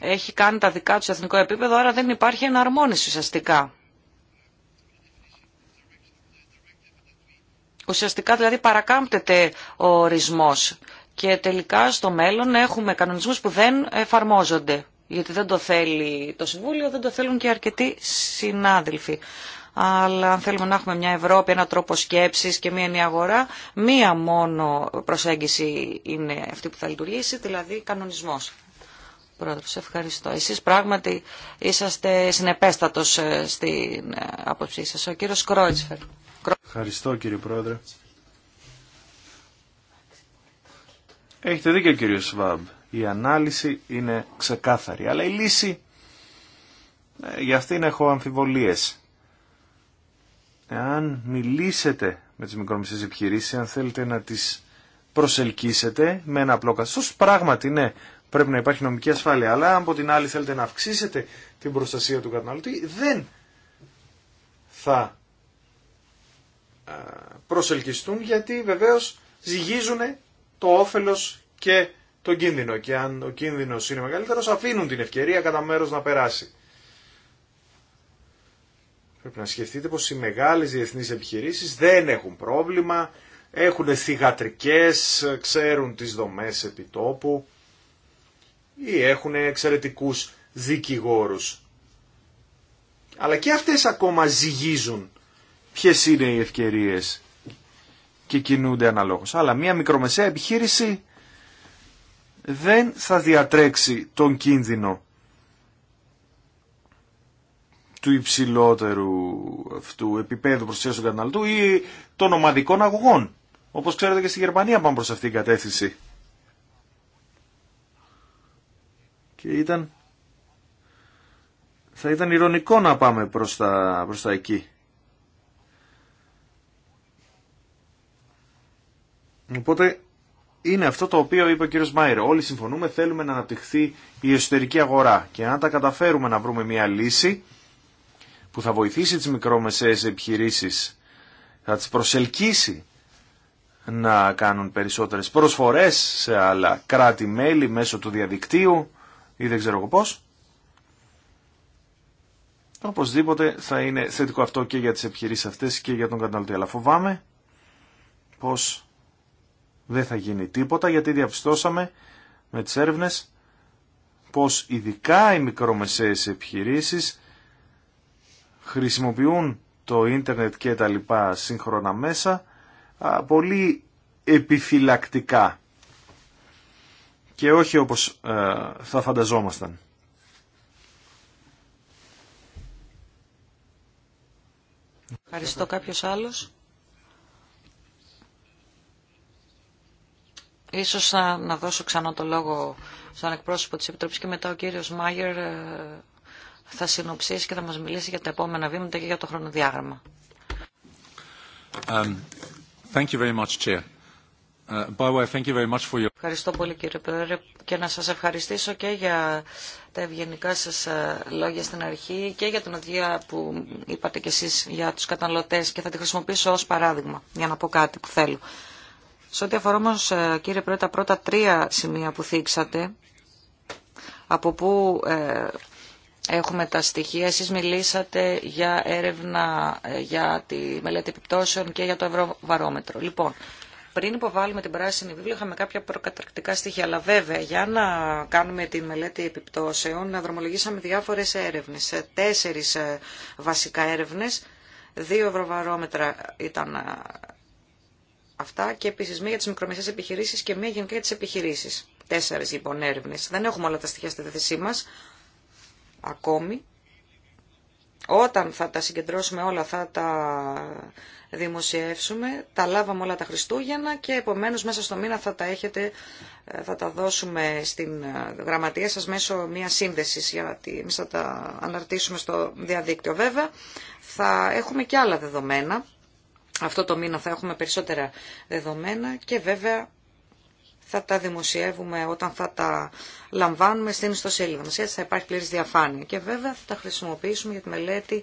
έχει κάνει τα δικά του σε εθνικό επίπεδο, άρα δεν υπάρχει εναρμόνιση ουσιαστικά. Ουσιαστικά δηλαδή παρακάμπτεται ο ορισμός και τελικά στο μέλλον έχουμε κανονισμούς που δεν εφαρμόζονται. Γιατί δεν το θέλει το Συμβούλιο, δεν το θέλουν και αρκετοί συνάδελφοι αλλά αν θέλουμε να έχουμε μια Ευρώπη, ένα τρόπο σκέψης και μια νέα αγορά, μία μόνο προσέγγιση είναι αυτή που θα λειτουργήσει, δηλαδή κανονισμός. σε ευχαριστώ. Εσείς πράγματι είσαστε συνεπέστατος ε, στην ε, άποψή σας. Ο κύριος Κρόιτσφερ. Ευχαριστώ κύριε Πρόεδρε. Έχετε δίκιο κύριο Σβάμπ. Η ανάλυση είναι ξεκάθαρη, αλλά η λύση, ε, για αυτήν έχω αμφιβολίες εάν μιλήσετε με τις μικρομεσαίες επιχειρήσεις, αν θέλετε να τις προσελκύσετε με ένα απλό καθώς πράγματι ναι, πρέπει να υπάρχει νομική ασφάλεια, αλλά αν από την άλλη θέλετε να αυξήσετε την προστασία του καταναλωτή, δεν θα ε, προσελκυστούν γιατί βεβαίως ζυγίζουν το όφελος και τον κίνδυνο και αν ο κίνδυνος είναι μεγαλύτερος αφήνουν την ευκαιρία κατά μέρος να περάσει. Πρέπει να σκεφτείτε πως οι μεγάλες διεθνείς επιχειρήσεις δεν έχουν πρόβλημα, έχουν θυγατρικές, ξέρουν τις δομές επιτόπου ή έχουν εξαιρετικούς δικηγόρους. Αλλά και αυτές ακόμα ζυγίζουν ποιες είναι οι ευκαιρίες και κινούνται αναλόγως. Αλλά μια μικρομεσαία επιχείρηση δεν θα διατρέξει τον κίνδυνο του υψηλότερου αυτού επίπεδου προστασίας του καταναλωτού ή των ομαδικών αγωγών. Όπως ξέρετε και στη Γερμανία πάμε προς αυτήν την κατεύθυνση. Και ήταν... Θα ήταν ηρωνικό να πάμε προς τα, προς τα εκεί. Οπότε είναι αυτό το οποίο είπε ο κύριος Μάιρε. Όλοι συμφωνούμε, θέλουμε να αναπτυχθεί η εσωτερική αγορά και αν τα καταφέρουμε να βρούμε μια λύση που θα βοηθήσει τις μικρόμεσαίες επιχειρήσεις, θα τις προσελκύσει να κάνουν περισσότερες προσφορές σε άλλα κράτη-μέλη μέσω του διαδικτύου ή δεν ξέρω πώς. Οπωσδήποτε θα είναι θετικό αυτό και για τις επιχειρήσεις αυτές και για τον καταναλωτή. Αλλά φοβάμαι πως δεν θα γίνει τίποτα γιατί διαπιστώσαμε με τις έρευνες πως ειδικά οι μικρομεσαίες επιχειρήσεις χρησιμοποιούν το ίντερνετ και τα λοιπά σύγχρονα μέσα πολύ επιφυλακτικά και όχι όπως ε, θα φανταζόμασταν. Ευχαριστώ κάποιος άλλος. Ίσως να, δώσω ξανά το λόγο στον εκπρόσωπο της Επιτροπής και μετά ο κύριος Μάγερ ε, θα συνοψίσει και θα μας μιλήσει για τα επόμενα βήματα και για το χρονοδιάγραμμα. Ευχαριστώ πολύ κύριε Πρόεδρε και να σας ευχαριστήσω και για τα ευγενικά σας ε, λόγια στην αρχή και για την οδηγία που είπατε κι εσείς για τους καταναλωτές και θα τη χρησιμοποιήσω ως παράδειγμα για να πω κάτι που θέλω. Σε ό,τι αφορά όμως ε, κύριε Πρόεδρε τα πρώτα τρία σημεία που θίξατε από πού ε, Έχουμε τα στοιχεία. Εσείς μιλήσατε για έρευνα, ε, για τη μελέτη επιπτώσεων και για το ευρωβαρόμετρο. Λοιπόν, πριν υποβάλουμε την πράσινη βίβλο είχαμε κάποια προκαταρκτικά στοιχεία, αλλά βέβαια για να κάνουμε τη μελέτη επιπτώσεων να δρομολογήσαμε διάφορες έρευνες, ε, τέσσερις ε, βασικά έρευνες, δύο ευρωβαρόμετρα ήταν αυτά και επίσης μία για τις μικρομεσαίες επιχειρήσεις και μία γενικά για τις επιχειρήσεις. Τέσσερις λοιπόν έρευνες. Δεν έχουμε όλα τα στοιχεία στη θέση μας, ακόμη. Όταν θα τα συγκεντρώσουμε όλα, θα τα δημοσιεύσουμε. Τα λάβαμε όλα τα Χριστούγεννα και επομένως μέσα στο μήνα θα τα έχετε, ε, θα τα δώσουμε στην ε, γραμματεία σας μέσω μια σύνδεσης γιατί εμείς θα τα αναρτήσουμε στο διαδίκτυο. Βέβαια θα έχουμε και άλλα δεδομένα. Αυτό το μήνα θα έχουμε περισσότερα δεδομένα και βέβαια θα τα δημοσιεύουμε όταν θα τα λαμβάνουμε στην ιστοσελίδα μας. Έτσι θα υπάρχει πλήρης διαφάνεια. Και βέβαια θα τα χρησιμοποιήσουμε για τη μελέτη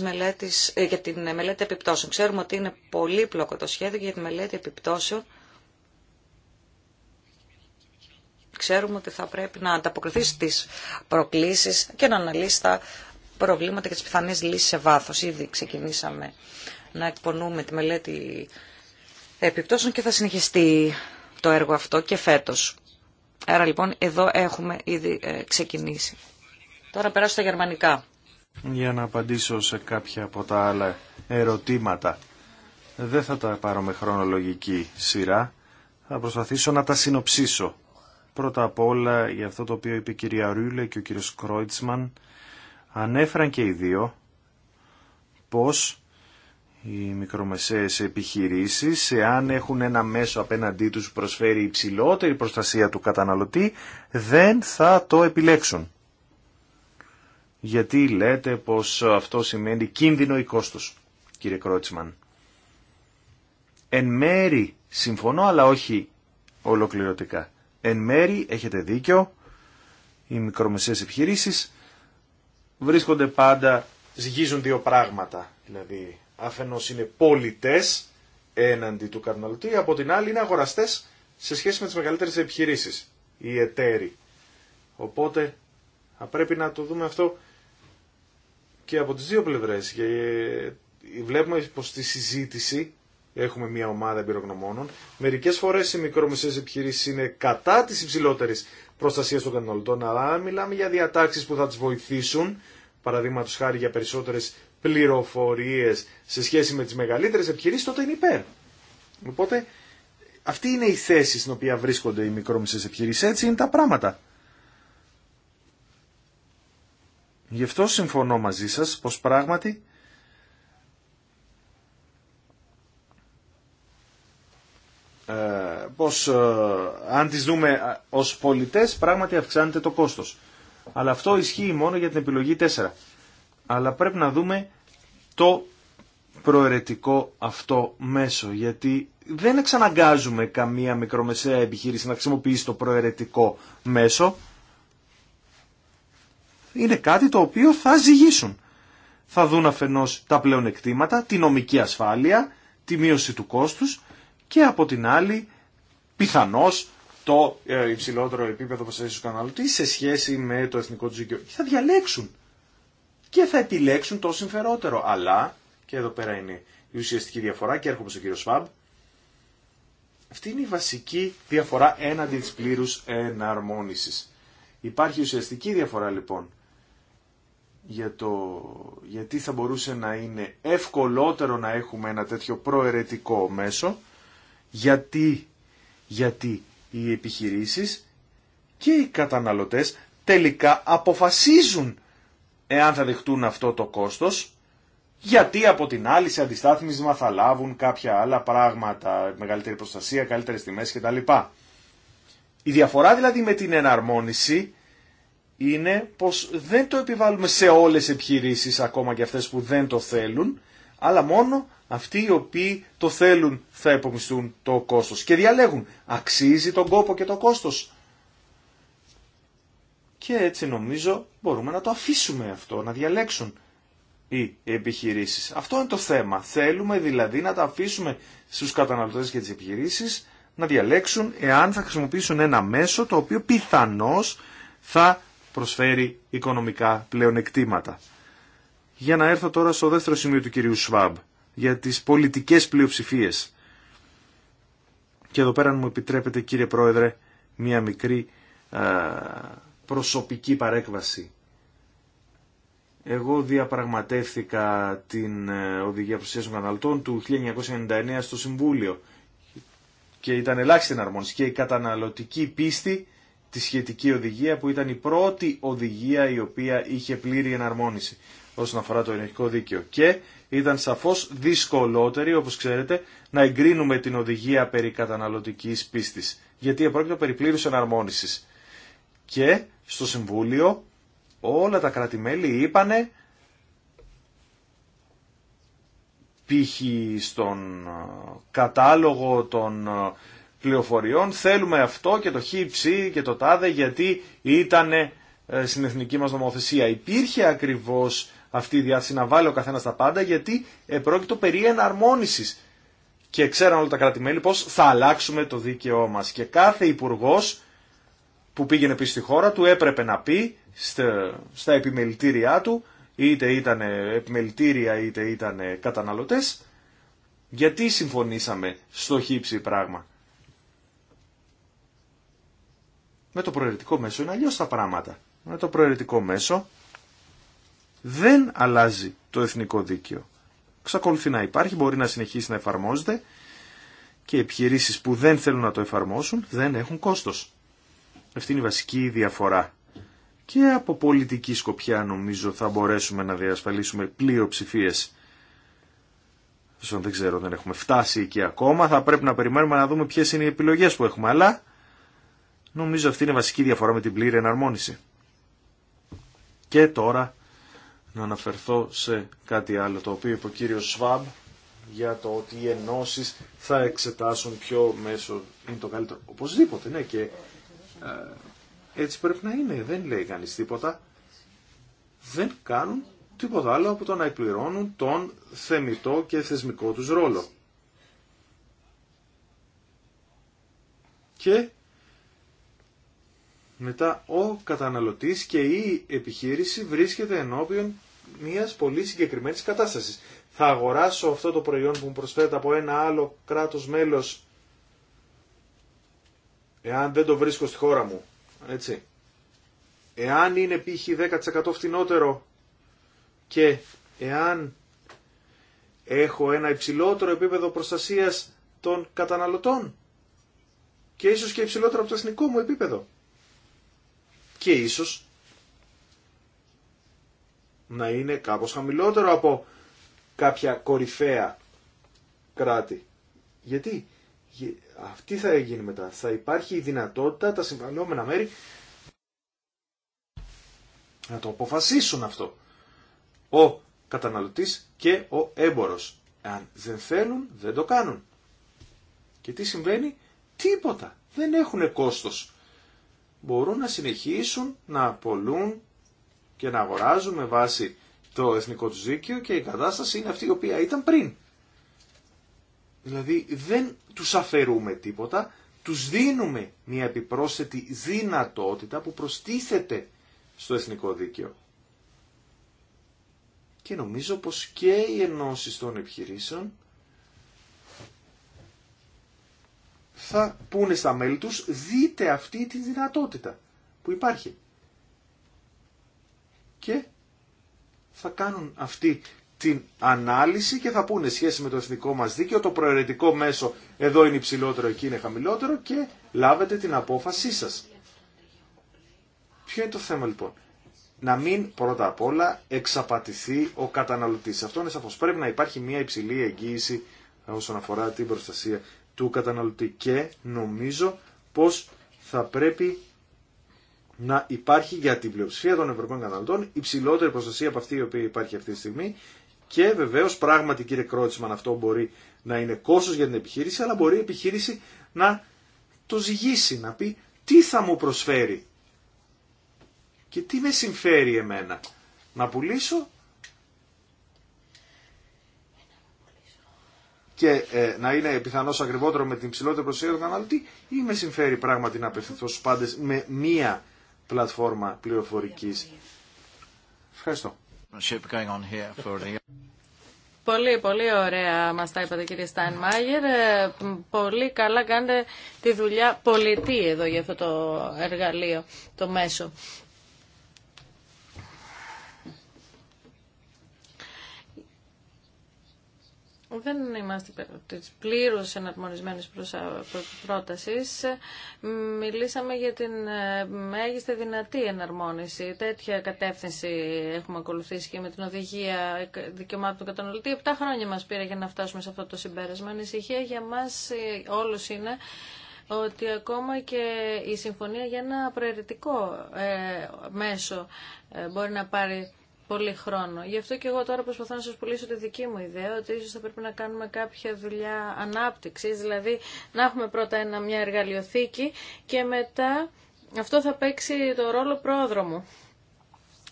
μελέτης, ε, για την μελέτη επιπτώσεων. Ξέρουμε ότι είναι πολύπλοκο το σχέδιο για τη μελέτη επιπτώσεων ξέρουμε ότι θα πρέπει να ανταποκριθεί στις προκλήσεις και να αναλύσει τα προβλήματα και τις πιθανές λύσεις σε βάθος. Ήδη ξεκινήσαμε να εκπονούμε τη μελέτη επιπτώσεων και θα συνεχιστεί το έργο αυτό και φέτος. Άρα λοιπόν εδώ έχουμε ήδη ε, ξεκινήσει. Τώρα περάσω στα γερμανικά. Για να απαντήσω σε κάποια από τα άλλα ερωτήματα. Δεν θα τα πάρω με χρονολογική σειρά. Θα προσπαθήσω να τα συνοψίσω. Πρώτα απ' όλα για αυτό το οποίο είπε η κυρία Ρούλε και ο κύριος Κρόιτσμαν ανέφεραν και οι δύο πως οι μικρομεσαίες επιχειρήσεις, εάν έχουν ένα μέσο απέναντί τους που προσφέρει υψηλότερη προστασία του καταναλωτή, δεν θα το επιλέξουν. Γιατί λέτε πως αυτό σημαίνει κίνδυνο ή κόστος, κύριε Κρότσμαν. Εν μέρη συμφωνώ, αλλά όχι ολοκληρωτικά. Εν μέρη έχετε δίκιο, οι μικρομεσαίες επιχειρήσεις βρίσκονται πάντα, σγίζουν δύο πράγματα. Δηλαδή αφενός είναι πολιτές έναντι του καταναλωτή, από την άλλη είναι αγοραστές σε σχέση με τις μεγαλύτερες επιχειρήσεις, οι εταίροι. Οπότε θα πρέπει να το δούμε αυτό και από τις δύο πλευρές. Και ε, βλέπουμε πως στη συζήτηση έχουμε μια ομάδα εμπειρογνωμόνων. Μερικές φορές οι μικρομεσαίες επιχειρήσεις είναι κατά της υψηλότερης προστασίας των καταναλωτών, αλλά μιλάμε για διατάξεις που θα τις βοηθήσουν, παραδείγματος χάρη για περισσότερες Πληροφορίε σε σχέση με τι μεγαλύτερε επιχειρήσει τότε είναι υπέρ. Οπότε αυτή είναι η θέση στην οποία βρίσκονται οι μικρόμισε επιχειρήσει Έτσι είναι τα πράγματα. Γι' αυτό συμφωνώ μαζί σα πω πράγματι ε, πως ε, αν τις δούμε ε, ως πολιτές πράγματι αυξάνεται το κόστος. Αλλά αυτό ισχύει μόνο για την επιλογή αλλά πρέπει να δούμε το προαιρετικό αυτό μέσο, γιατί δεν εξαναγκάζουμε καμία μικρομεσαία επιχείρηση να χρησιμοποιήσει το προαιρετικό μέσο. Είναι κάτι το οποίο θα ζυγίσουν. Θα δουν αφενός τα πλεονεκτήματα, τη νομική ασφάλεια, τη μείωση του κόστους και από την άλλη πιθανώς το ε, υψηλότερο επίπεδο που του καταναλωτή σε σχέση με το εθνικό του Θα διαλέξουν και θα επιλέξουν το συμφερότερο. Αλλά, και εδώ πέρα είναι η ουσιαστική διαφορά και έρχομαι στον κύριο Σφαμπ, αυτή είναι η βασική διαφορά έναντι της πλήρους εναρμόνισης. Υπάρχει ουσιαστική διαφορά λοιπόν για το γιατί θα μπορούσε να είναι ευκολότερο να έχουμε ένα τέτοιο προαιρετικό μέσο, γιατί, γιατί οι επιχειρήσεις και οι καταναλωτές τελικά αποφασίζουν εάν θα δεχτούν αυτό το κόστος, γιατί από την άλλη σε αντιστάθμισμα θα λάβουν κάποια άλλα πράγματα, μεγαλύτερη προστασία, καλύτερες τιμές κτλ. Η διαφορά δηλαδή με την εναρμόνιση είναι πως δεν το επιβάλλουμε σε όλες τις επιχειρήσεις, ακόμα και αυτές που δεν το θέλουν, αλλά μόνο αυτοί οι οποίοι το θέλουν θα υπομισθούν το κόστος και διαλέγουν αξίζει τον κόπο και το κόστος και έτσι νομίζω μπορούμε να το αφήσουμε αυτό, να διαλέξουν οι επιχειρήσεις. Αυτό είναι το θέμα. Θέλουμε δηλαδή να τα αφήσουμε στους καταναλωτές και τις επιχειρήσεις να διαλέξουν εάν θα χρησιμοποιήσουν ένα μέσο το οποίο πιθανώς θα προσφέρει οικονομικά πλεονεκτήματα. Για να έρθω τώρα στο δεύτερο σημείο του κυρίου Σβάμπ για τις πολιτικές πλειοψηφίες. Και εδώ πέρα μου επιτρέπετε κύριε Πρόεδρε μία μικρή προσωπική παρέκβαση. Εγώ διαπραγματεύθηκα την ε, Οδηγία Προσφυσίας των του 1999 στο Συμβούλιο και ήταν ελάχιστη εναρμόνιση και η καταναλωτική πίστη τη σχετική οδηγία που ήταν η πρώτη οδηγία η οποία είχε πλήρη εναρμόνιση όσον αφορά το ενεργικό δίκαιο. Και ήταν σαφώς δυσκολότερη, όπως ξέρετε, να εγκρίνουμε την οδηγία περί καταναλωτικής πίστης. Γιατί επρόκειτο περί πλήρους Και στο Συμβούλιο όλα τα κρατη είπανε π.χ. στον ε, κατάλογο των ε, πληροφοριών θέλουμε αυτό και το χύψη και το τάδε γιατί ήταν ε, στην εθνική μας νομοθεσία. Υπήρχε ακριβώς αυτή η διάθεση να βάλει ο καθένας τα πάντα γιατί επρόκειτο περί εναρμόνισης και ξέραν όλα τα κρατη πώς θα αλλάξουμε το δίκαιό μας και κάθε υπουργός που πήγαινε πίσω στη χώρα του έπρεπε να πει στα επιμελητήριά του, είτε ήταν επιμελητήρια είτε ήταν καταναλωτές, γιατί συμφωνήσαμε στο χύψη πράγμα. Με το προαιρετικό μέσο είναι αλλιώς τα πράγματα. Με το προαιρετικό μέσο δεν αλλάζει το εθνικό δίκαιο. Ξακολουθεί να υπάρχει, μπορεί να συνεχίσει να εφαρμόζεται και επιχειρήσεις που δεν θέλουν να το εφαρμόσουν δεν έχουν κόστος. Αυτή είναι η βασική διαφορά. Και από πολιτική σκοπιά νομίζω θα μπορέσουμε να διασφαλίσουμε πλειοψηφίε. Δεν ξέρω, δεν έχουμε φτάσει εκεί ακόμα. Θα πρέπει να περιμένουμε να δούμε ποιες είναι οι επιλογές που έχουμε. Αλλά νομίζω αυτή είναι η βασική διαφορά με την πλήρη εναρμόνιση. Και τώρα να αναφερθώ σε κάτι άλλο το οποίο είπε ο κύριος Σβάμπ για το ότι οι ενώσει θα εξετάσουν ποιο μέσο είναι το καλύτερο. Οπωσδήποτε, ναι, και ε, έτσι πρέπει να είναι. Δεν λέει κανείς τίποτα. Δεν κάνουν τίποτα άλλο από το να εκπληρώνουν τον θεμητό και θεσμικό τους ρόλο. Και μετά ο καταναλωτής και η επιχείρηση βρίσκεται ενώπιον μιας πολύ συγκεκριμένης κατάστασης. Θα αγοράσω αυτό το προϊόν που μου προσφέρεται από ένα άλλο κράτος μέλος εάν δεν το βρίσκω στη χώρα μου. Έτσι. Εάν είναι π.χ. 10% φθηνότερο και εάν έχω ένα υψηλότερο επίπεδο προστασίας των καταναλωτών και ίσως και υψηλότερο από το εθνικό μου επίπεδο. Και ίσως να είναι κάπως χαμηλότερο από κάποια κορυφαία κράτη. Γιατί, αυτή θα γίνει μετά. Θα υπάρχει η δυνατότητα τα συμβαλόμενα μέρη να το αποφασίσουν αυτό. Ο καταναλωτής και ο έμπορος. Αν δεν θέλουν, δεν το κάνουν. Και τι συμβαίνει? Τίποτα. Δεν έχουν κόστος. Μπορούν να συνεχίσουν να απολούν και να αγοράζουν με βάση το εθνικό τους δίκαιο και η κατάσταση είναι αυτή η οποία ήταν πριν. Δηλαδή δεν τους αφαιρούμε τίποτα, τους δίνουμε μια επιπρόσθετη δυνατότητα που προστίθεται στο εθνικό δίκαιο. Και νομίζω πως και οι ενώσεις των επιχειρήσεων θα πούνε στα μέλη τους δείτε αυτή τη δυνατότητα που υπάρχει. Και θα κάνουν αυτή την ανάλυση και θα πούνε σχέση με το εθνικό μας δίκαιο, το προαιρετικό μέσο εδώ είναι υψηλότερο, εκεί είναι χαμηλότερο και λάβετε την απόφασή σας. Ποιο είναι το θέμα λοιπόν. Να μην πρώτα απ' όλα εξαπατηθεί ο καταναλωτής. Αυτό είναι σαφώς. Πρέπει να υπάρχει μια υψηλή εγγύηση όσον αφορά την προστασία του καταναλωτή και νομίζω πως θα πρέπει να υπάρχει για την πλειοψηφία των ευρωπαϊκών καταναλωτών υψηλότερη προστασία από αυτή η οποία υπάρχει αυτή τη στιγμή και βεβαίως πράγματι κύριε Κρότσμαν αυτό μπορεί να είναι κόστος για την επιχείρηση αλλά μπορεί η επιχείρηση να το ζυγίσει, να πει τι θα μου προσφέρει και τι με συμφέρει εμένα. Να πουλήσω και ε, να είναι πιθανώ ακριβότερο με την ψηλότερη προσοχή του καταναλωτή ή με συμφέρει πράγματι να απευθυνθώ στου πάντε με μία πλατφόρμα πληροφορική. Ευχαριστώ. Πολύ, πολύ ωραία μα τα είπατε κύριε Στάινμάγερ. Ε, πολύ καλά κάνετε τη δουλειά πολιτή εδώ για αυτό το εργαλείο, το μέσο. δεν είμαστε πλήρω της πλήρως εναρμονισμένης πρότασης. Μιλήσαμε για την ε, μέγιστη δυνατή εναρμόνιση. Τέτοια κατεύθυνση έχουμε ακολουθήσει και με την οδηγία δικαιωμάτων του καταναλωτή. Επτά χρόνια μας πήρε για να φτάσουμε σε αυτό το συμπέρασμα. Ανησυχία για μας ε, όλους είναι ότι ακόμα και η συμφωνία για ένα προαιρετικό ε, μέσο μπορεί να πάρει πολύ χρόνο. Γι' αυτό και εγώ τώρα προσπαθώ να σα πουλήσω τη δική μου ιδέα, ότι ίσω θα πρέπει να κάνουμε κάποια δουλειά ανάπτυξη. δηλαδή να έχουμε πρώτα ένα, μια εργαλειοθήκη και μετά αυτό θα παίξει το ρόλο πρόδρομου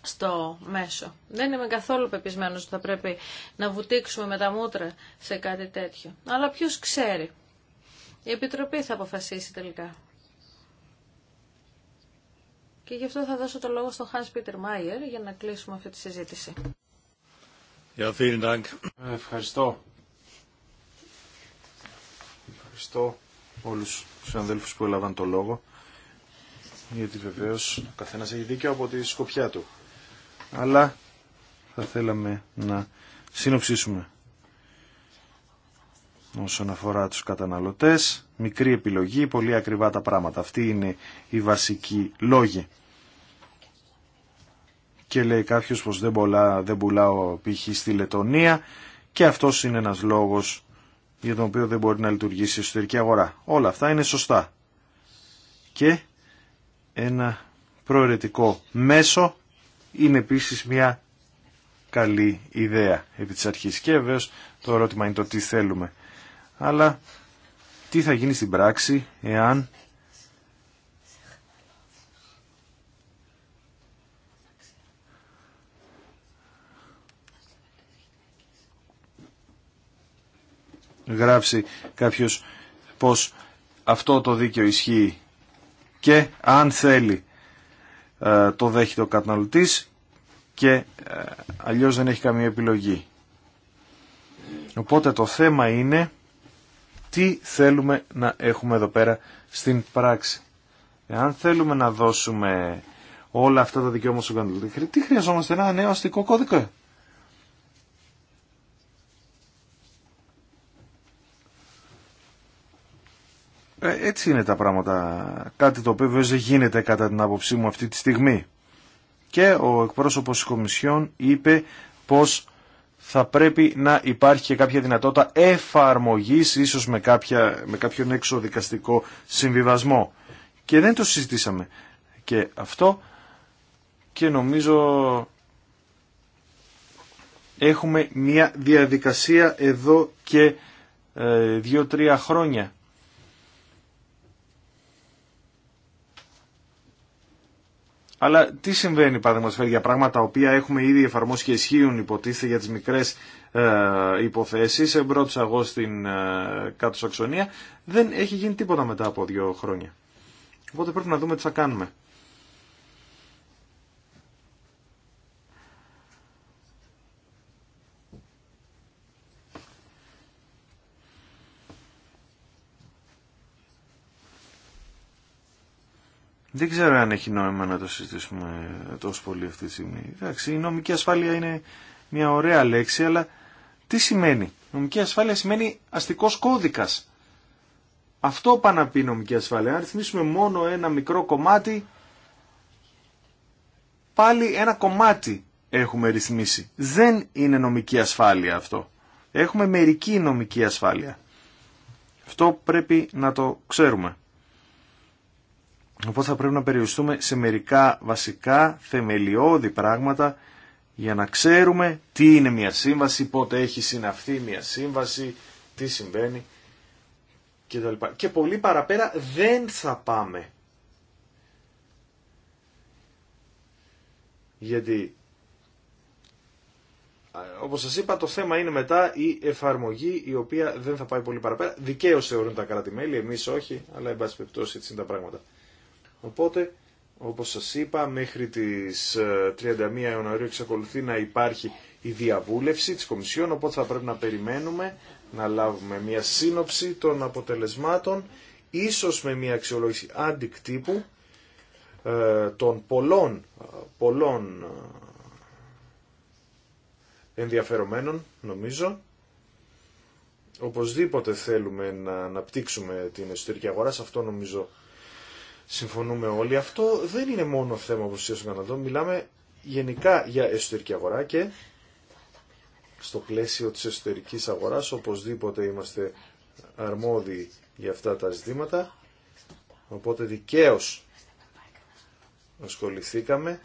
στο μέσο. Δεν είμαι καθόλου πεπισμένος ότι θα πρέπει να βουτήξουμε με τα μούτρα σε κάτι τέτοιο. Αλλά ποιος ξέρει. Η Επιτροπή θα αποφασίσει τελικά. Και γι' αυτό θα δώσω το λόγο στον Hans Πίτερ Μάιερ για να κλείσουμε αυτή τη συζήτηση. Ja, vielen Dank. Ευχαριστώ. Ευχαριστώ όλους τους αδέλφους που έλαβαν το λόγο. Γιατί βεβαίως ο καθένας έχει δίκιο από τη σκοπιά του. Αλλά θα θέλαμε να συνοψίσουμε όσον αφορά τους καταναλωτές. Μικρή επιλογή, πολύ ακριβά τα πράγματα. Αυτή είναι η βασική λόγη. Και λέει κάποιος πως δεν, πολλά, δεν πουλάω π.χ. στη Λετωνία και αυτός είναι ένας λόγος για τον οποίο δεν μπορεί να λειτουργήσει η εσωτερική αγορά. Όλα αυτά είναι σωστά. Και ένα προαιρετικό μέσο είναι επίσης μια καλή ιδέα επί της αρχής. Και βέβαια το ερώτημα είναι το τι θέλουμε αλλά τι θα γίνει στην πράξη εάν γράψει κάποιος πως αυτό το δίκαιο ισχύει και αν θέλει ε, το δέχεται ο καταναλωτής και ε, αλλιώς δεν έχει καμία επιλογή. Οπότε το θέμα είναι τι θέλουμε να έχουμε εδώ πέρα στην πράξη. Εάν θέλουμε να δώσουμε όλα αυτά τα δικαιώματα στον καταναλωτή, τι χρειαζόμαστε ένα νέο αστικό κώδικα. Ε, έτσι είναι τα πράγματα. Κάτι το οποίο βέβαια δεν γίνεται κατά την άποψή μου αυτή τη στιγμή. Και ο εκπρόσωπος της Κομισιόν είπε πως θα πρέπει να υπάρχει και κάποια δυνατότητα εφαρμογής, ίσως με, κάποια, με κάποιον εξοδικαστικό συμβιβασμό. Και δεν το συζητήσαμε και αυτό και νομίζω έχουμε μια διαδικασία εδώ και ε, δύο-τρία χρόνια Αλλά τι συμβαίνει χάρη, για πράγματα οποία έχουμε ήδη εφαρμόσει και ισχύουν υποτίθεται για τις μικρές ε, υποθέσεις, εμπρότους αγώ στην ε, κάτω Σαξονία, δεν έχει γίνει τίποτα μετά από δύο χρόνια. Οπότε πρέπει να δούμε τι θα κάνουμε. Δεν ξέρω αν έχει νόημα να το συζητήσουμε τόσο πολύ αυτή τη στιγμή. Εντάξει, η νομική ασφάλεια είναι μια ωραία λέξη, αλλά τι σημαίνει. νομική ασφάλεια σημαίνει αστικός κώδικας. Αυτό πάνε να πει νομική ασφάλεια. Αν ρυθμίσουμε μόνο ένα μικρό κομμάτι, πάλι ένα κομμάτι έχουμε ρυθμίσει. Δεν είναι νομική ασφάλεια αυτό. Έχουμε μερική νομική ασφάλεια. Αυτό πρέπει να το ξέρουμε. Οπότε θα πρέπει να περιοριστούμε σε μερικά βασικά θεμελιώδη πράγματα για να ξέρουμε τι είναι μια σύμβαση, πότε έχει συναυθεί μια σύμβαση, τι συμβαίνει κτλ. Και πολύ παραπέρα δεν θα πάμε. Γιατί, όπως σας είπα, το θέμα είναι μετά η εφαρμογή η οποία δεν θα πάει πολύ παραπέρα. Δικαίως θεωρούν τα κράτη-μέλη, εμείς όχι, αλλά εν πάση περιπτώσει έτσι είναι τα πράγματα. Οπότε, όπως σας είπα, μέχρι τις 31 ε, Ιανουαρίου εξακολουθεί να υπάρχει η διαβούλευση της Κομισιόν, οπότε θα πρέπει να περιμένουμε να λάβουμε μια σύνοψη των αποτελεσμάτων, ίσως με μια αξιολόγηση αντικτύπου ε, των πολλών, πολλών ε, ενδιαφερομένων, νομίζω. Οπωσδήποτε θέλουμε να αναπτύξουμε την εσωτερική αγορά, σε αυτό νομίζω συμφωνούμε όλοι. Αυτό δεν είναι μόνο θέμα προστασία των καταναλωτών. Μιλάμε γενικά για εσωτερική αγορά και στο πλαίσιο της εσωτερικής αγοράς οπωσδήποτε είμαστε αρμόδιοι για αυτά τα ζητήματα. Οπότε δικαίως ασχοληθήκαμε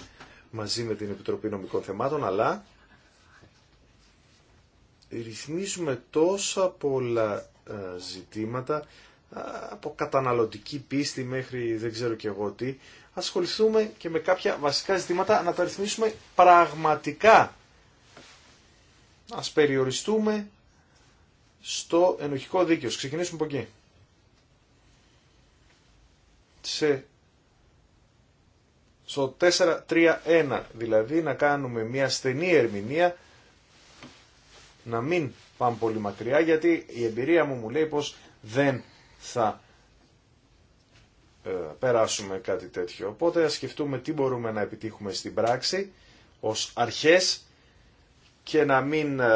μαζί με την Επιτροπή Νομικών Θεμάτων, αλλά ρυθμίζουμε τόσα πολλά ε, ζητήματα από καταναλωτική πίστη μέχρι δεν ξέρω και εγώ τι, ασχοληθούμε και με κάποια βασικά ζητήματα να τα ρυθμίσουμε πραγματικά. Ας περιοριστούμε στο ενοχικό δίκαιο. Ξεκινήσουμε από εκεί. Σε... Στο 4-3-1, δηλαδή να κάνουμε μια στενή ερμηνεία, να μην πάμε πολύ μακριά, γιατί η εμπειρία μου μου λέει πως δεν θα ε, περάσουμε κάτι τέτοιο. Οπότε ας σκεφτούμε τι μπορούμε να επιτύχουμε στην πράξη ως αρχές και να μην ε,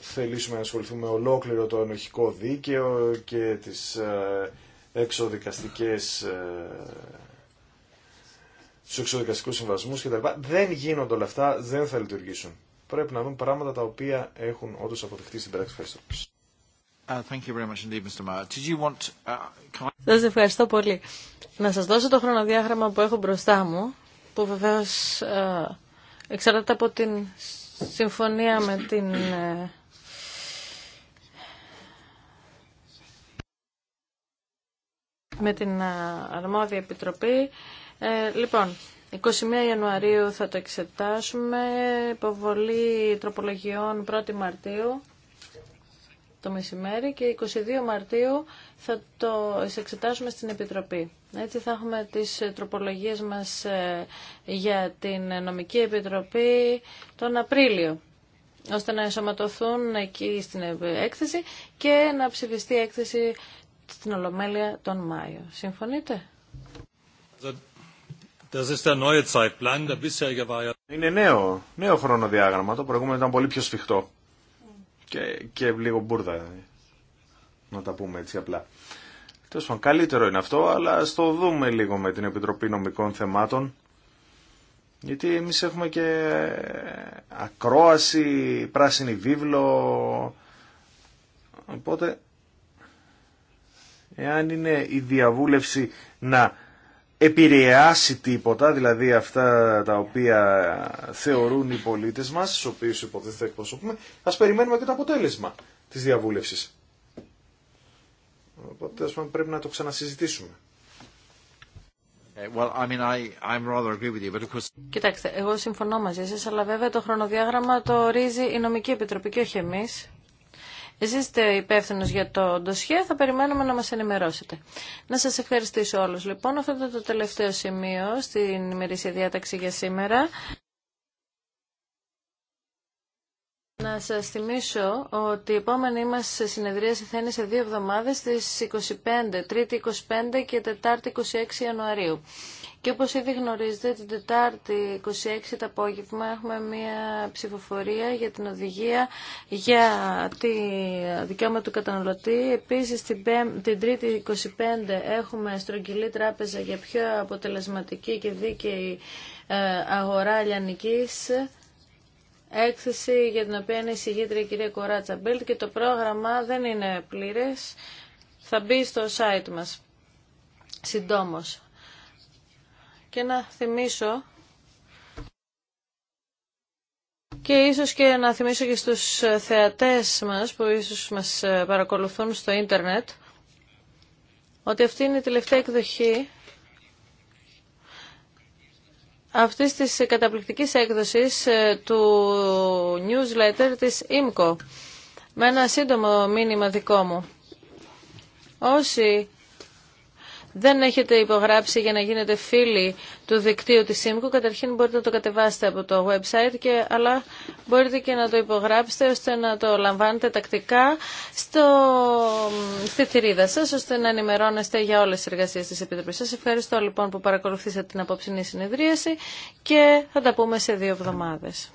θελήσουμε να ασχοληθούμε ολόκληρο το ενοχικό δίκαιο και τις ε, εξοδικαστικές στους εξοδικαστικούς συμβασμούς κτλ. Δεν γίνονται όλα αυτά, δεν θα λειτουργήσουν. Πρέπει να δουν πράγματα τα οποία έχουν όντως αποδεχτεί στην πράξη. Ευχαριστώ. Uh, uh, Σα ευχαριστώ πολύ. Να σας δώσω το χρονοδιάγραμμα που έχω μπροστά μου, που βεβαίως ε, εξαρτάται από την συμφωνία με την... Ε, με την ε, αρμόδια επιτροπή. Ε, λοιπόν, 21 Ιανουαρίου θα το εξετάσουμε, υποβολή τροπολογιών 1η Μαρτίου το μεσημέρι και 22 Μαρτίου θα το εξετάσουμε στην Επιτροπή. Έτσι θα έχουμε τις ε, τροπολογίες μας ε, για την Νομική Επιτροπή τον Απρίλιο ώστε να ενσωματωθούν εκεί στην ε, έκθεση και να ψηφιστεί η έκθεση στην Ολομέλεια τον Μάιο. Συμφωνείτε? Είναι νέο, νέο χρονοδιάγραμμα. Το προηγούμενο ήταν πολύ πιο σφιχτό και, λίγο μπουρδα. Να τα πούμε έτσι απλά. Τόσο καλύτερο είναι αυτό, αλλά στο δούμε λίγο με την Επιτροπή Νομικών Θεμάτων. Γιατί εμείς έχουμε και ακρόαση, πράσινη βίβλο. Οπότε, εάν είναι η διαβούλευση να επηρεάσει τίποτα, δηλαδή αυτά τα οποία θεωρούν οι πολίτες μας, στους οποίους υποτίθεται εκπροσωπούμε, ας περιμένουμε και το αποτέλεσμα της διαβούλευσης. Οπότε, πούμε, πρέπει να το ξανασυζητήσουμε. Ε, well, I mean, I, I'm rather agree with you, but of course... Κοιτάξτε, εγώ συμφωνώ μαζί σας, αλλά βέβαια το χρονοδιάγραμμα το ορίζει η νομική επιτροπή και όχι εμείς. Εσείς είστε υπεύθυνο για το ντοσιέ, θα περιμένουμε να μας ενημερώσετε. Να σας ευχαριστήσω όλους. Λοιπόν, αυτό ήταν το τελευταίο σημείο στην ημερήσια διάταξη για σήμερα. Να σα θυμίσω ότι η επόμενη μα συνεδρίαση θα είναι σε δύο εβδομάδες, στι 25, 3η 25 και 4η 26 Ιανουαρίου. Και όπως ήδη γνωρίζετε, την Τετάρτη 26 το απόγευμα έχουμε μια ψηφοφορία για την οδηγία για τη δικαίωμα του καταναλωτή. Επίσης την Τρίτη 25 έχουμε στρογγυλή τράπεζα για πιο αποτελεσματική και δίκαιη ε, αγορά λιανικής έκθεση για την οποία είναι η η κυρία Κοράτσα Μπέλτ και το πρόγραμμα δεν είναι πλήρες. Θα μπει στο site μας συντόμως και να θυμίσω και ίσως και να θυμίσω και στους θεατές μας που ίσως μας παρακολουθούν στο ίντερνετ ότι αυτή είναι η τελευταία εκδοχή αυτής της καταπληκτικής έκδοσης ε, του newsletter της IMCO με ένα σύντομο μήνυμα δικό μου. Όσοι δεν έχετε υπογράψει για να γίνετε φίλοι του δικτύου της ΣΥΜΚΟ, καταρχήν μπορείτε να το κατεβάσετε από το website, και, αλλά μπορείτε και να το υπογράψετε ώστε να το λαμβάνετε τακτικά στο, στη θηρίδα σας, ώστε να ενημερώνεστε για όλες τις εργασίες της Επιτροπής. Σας ευχαριστώ λοιπόν που παρακολουθήσατε την απόψινή συνεδρίαση και θα τα πούμε σε δύο εβδομάδες.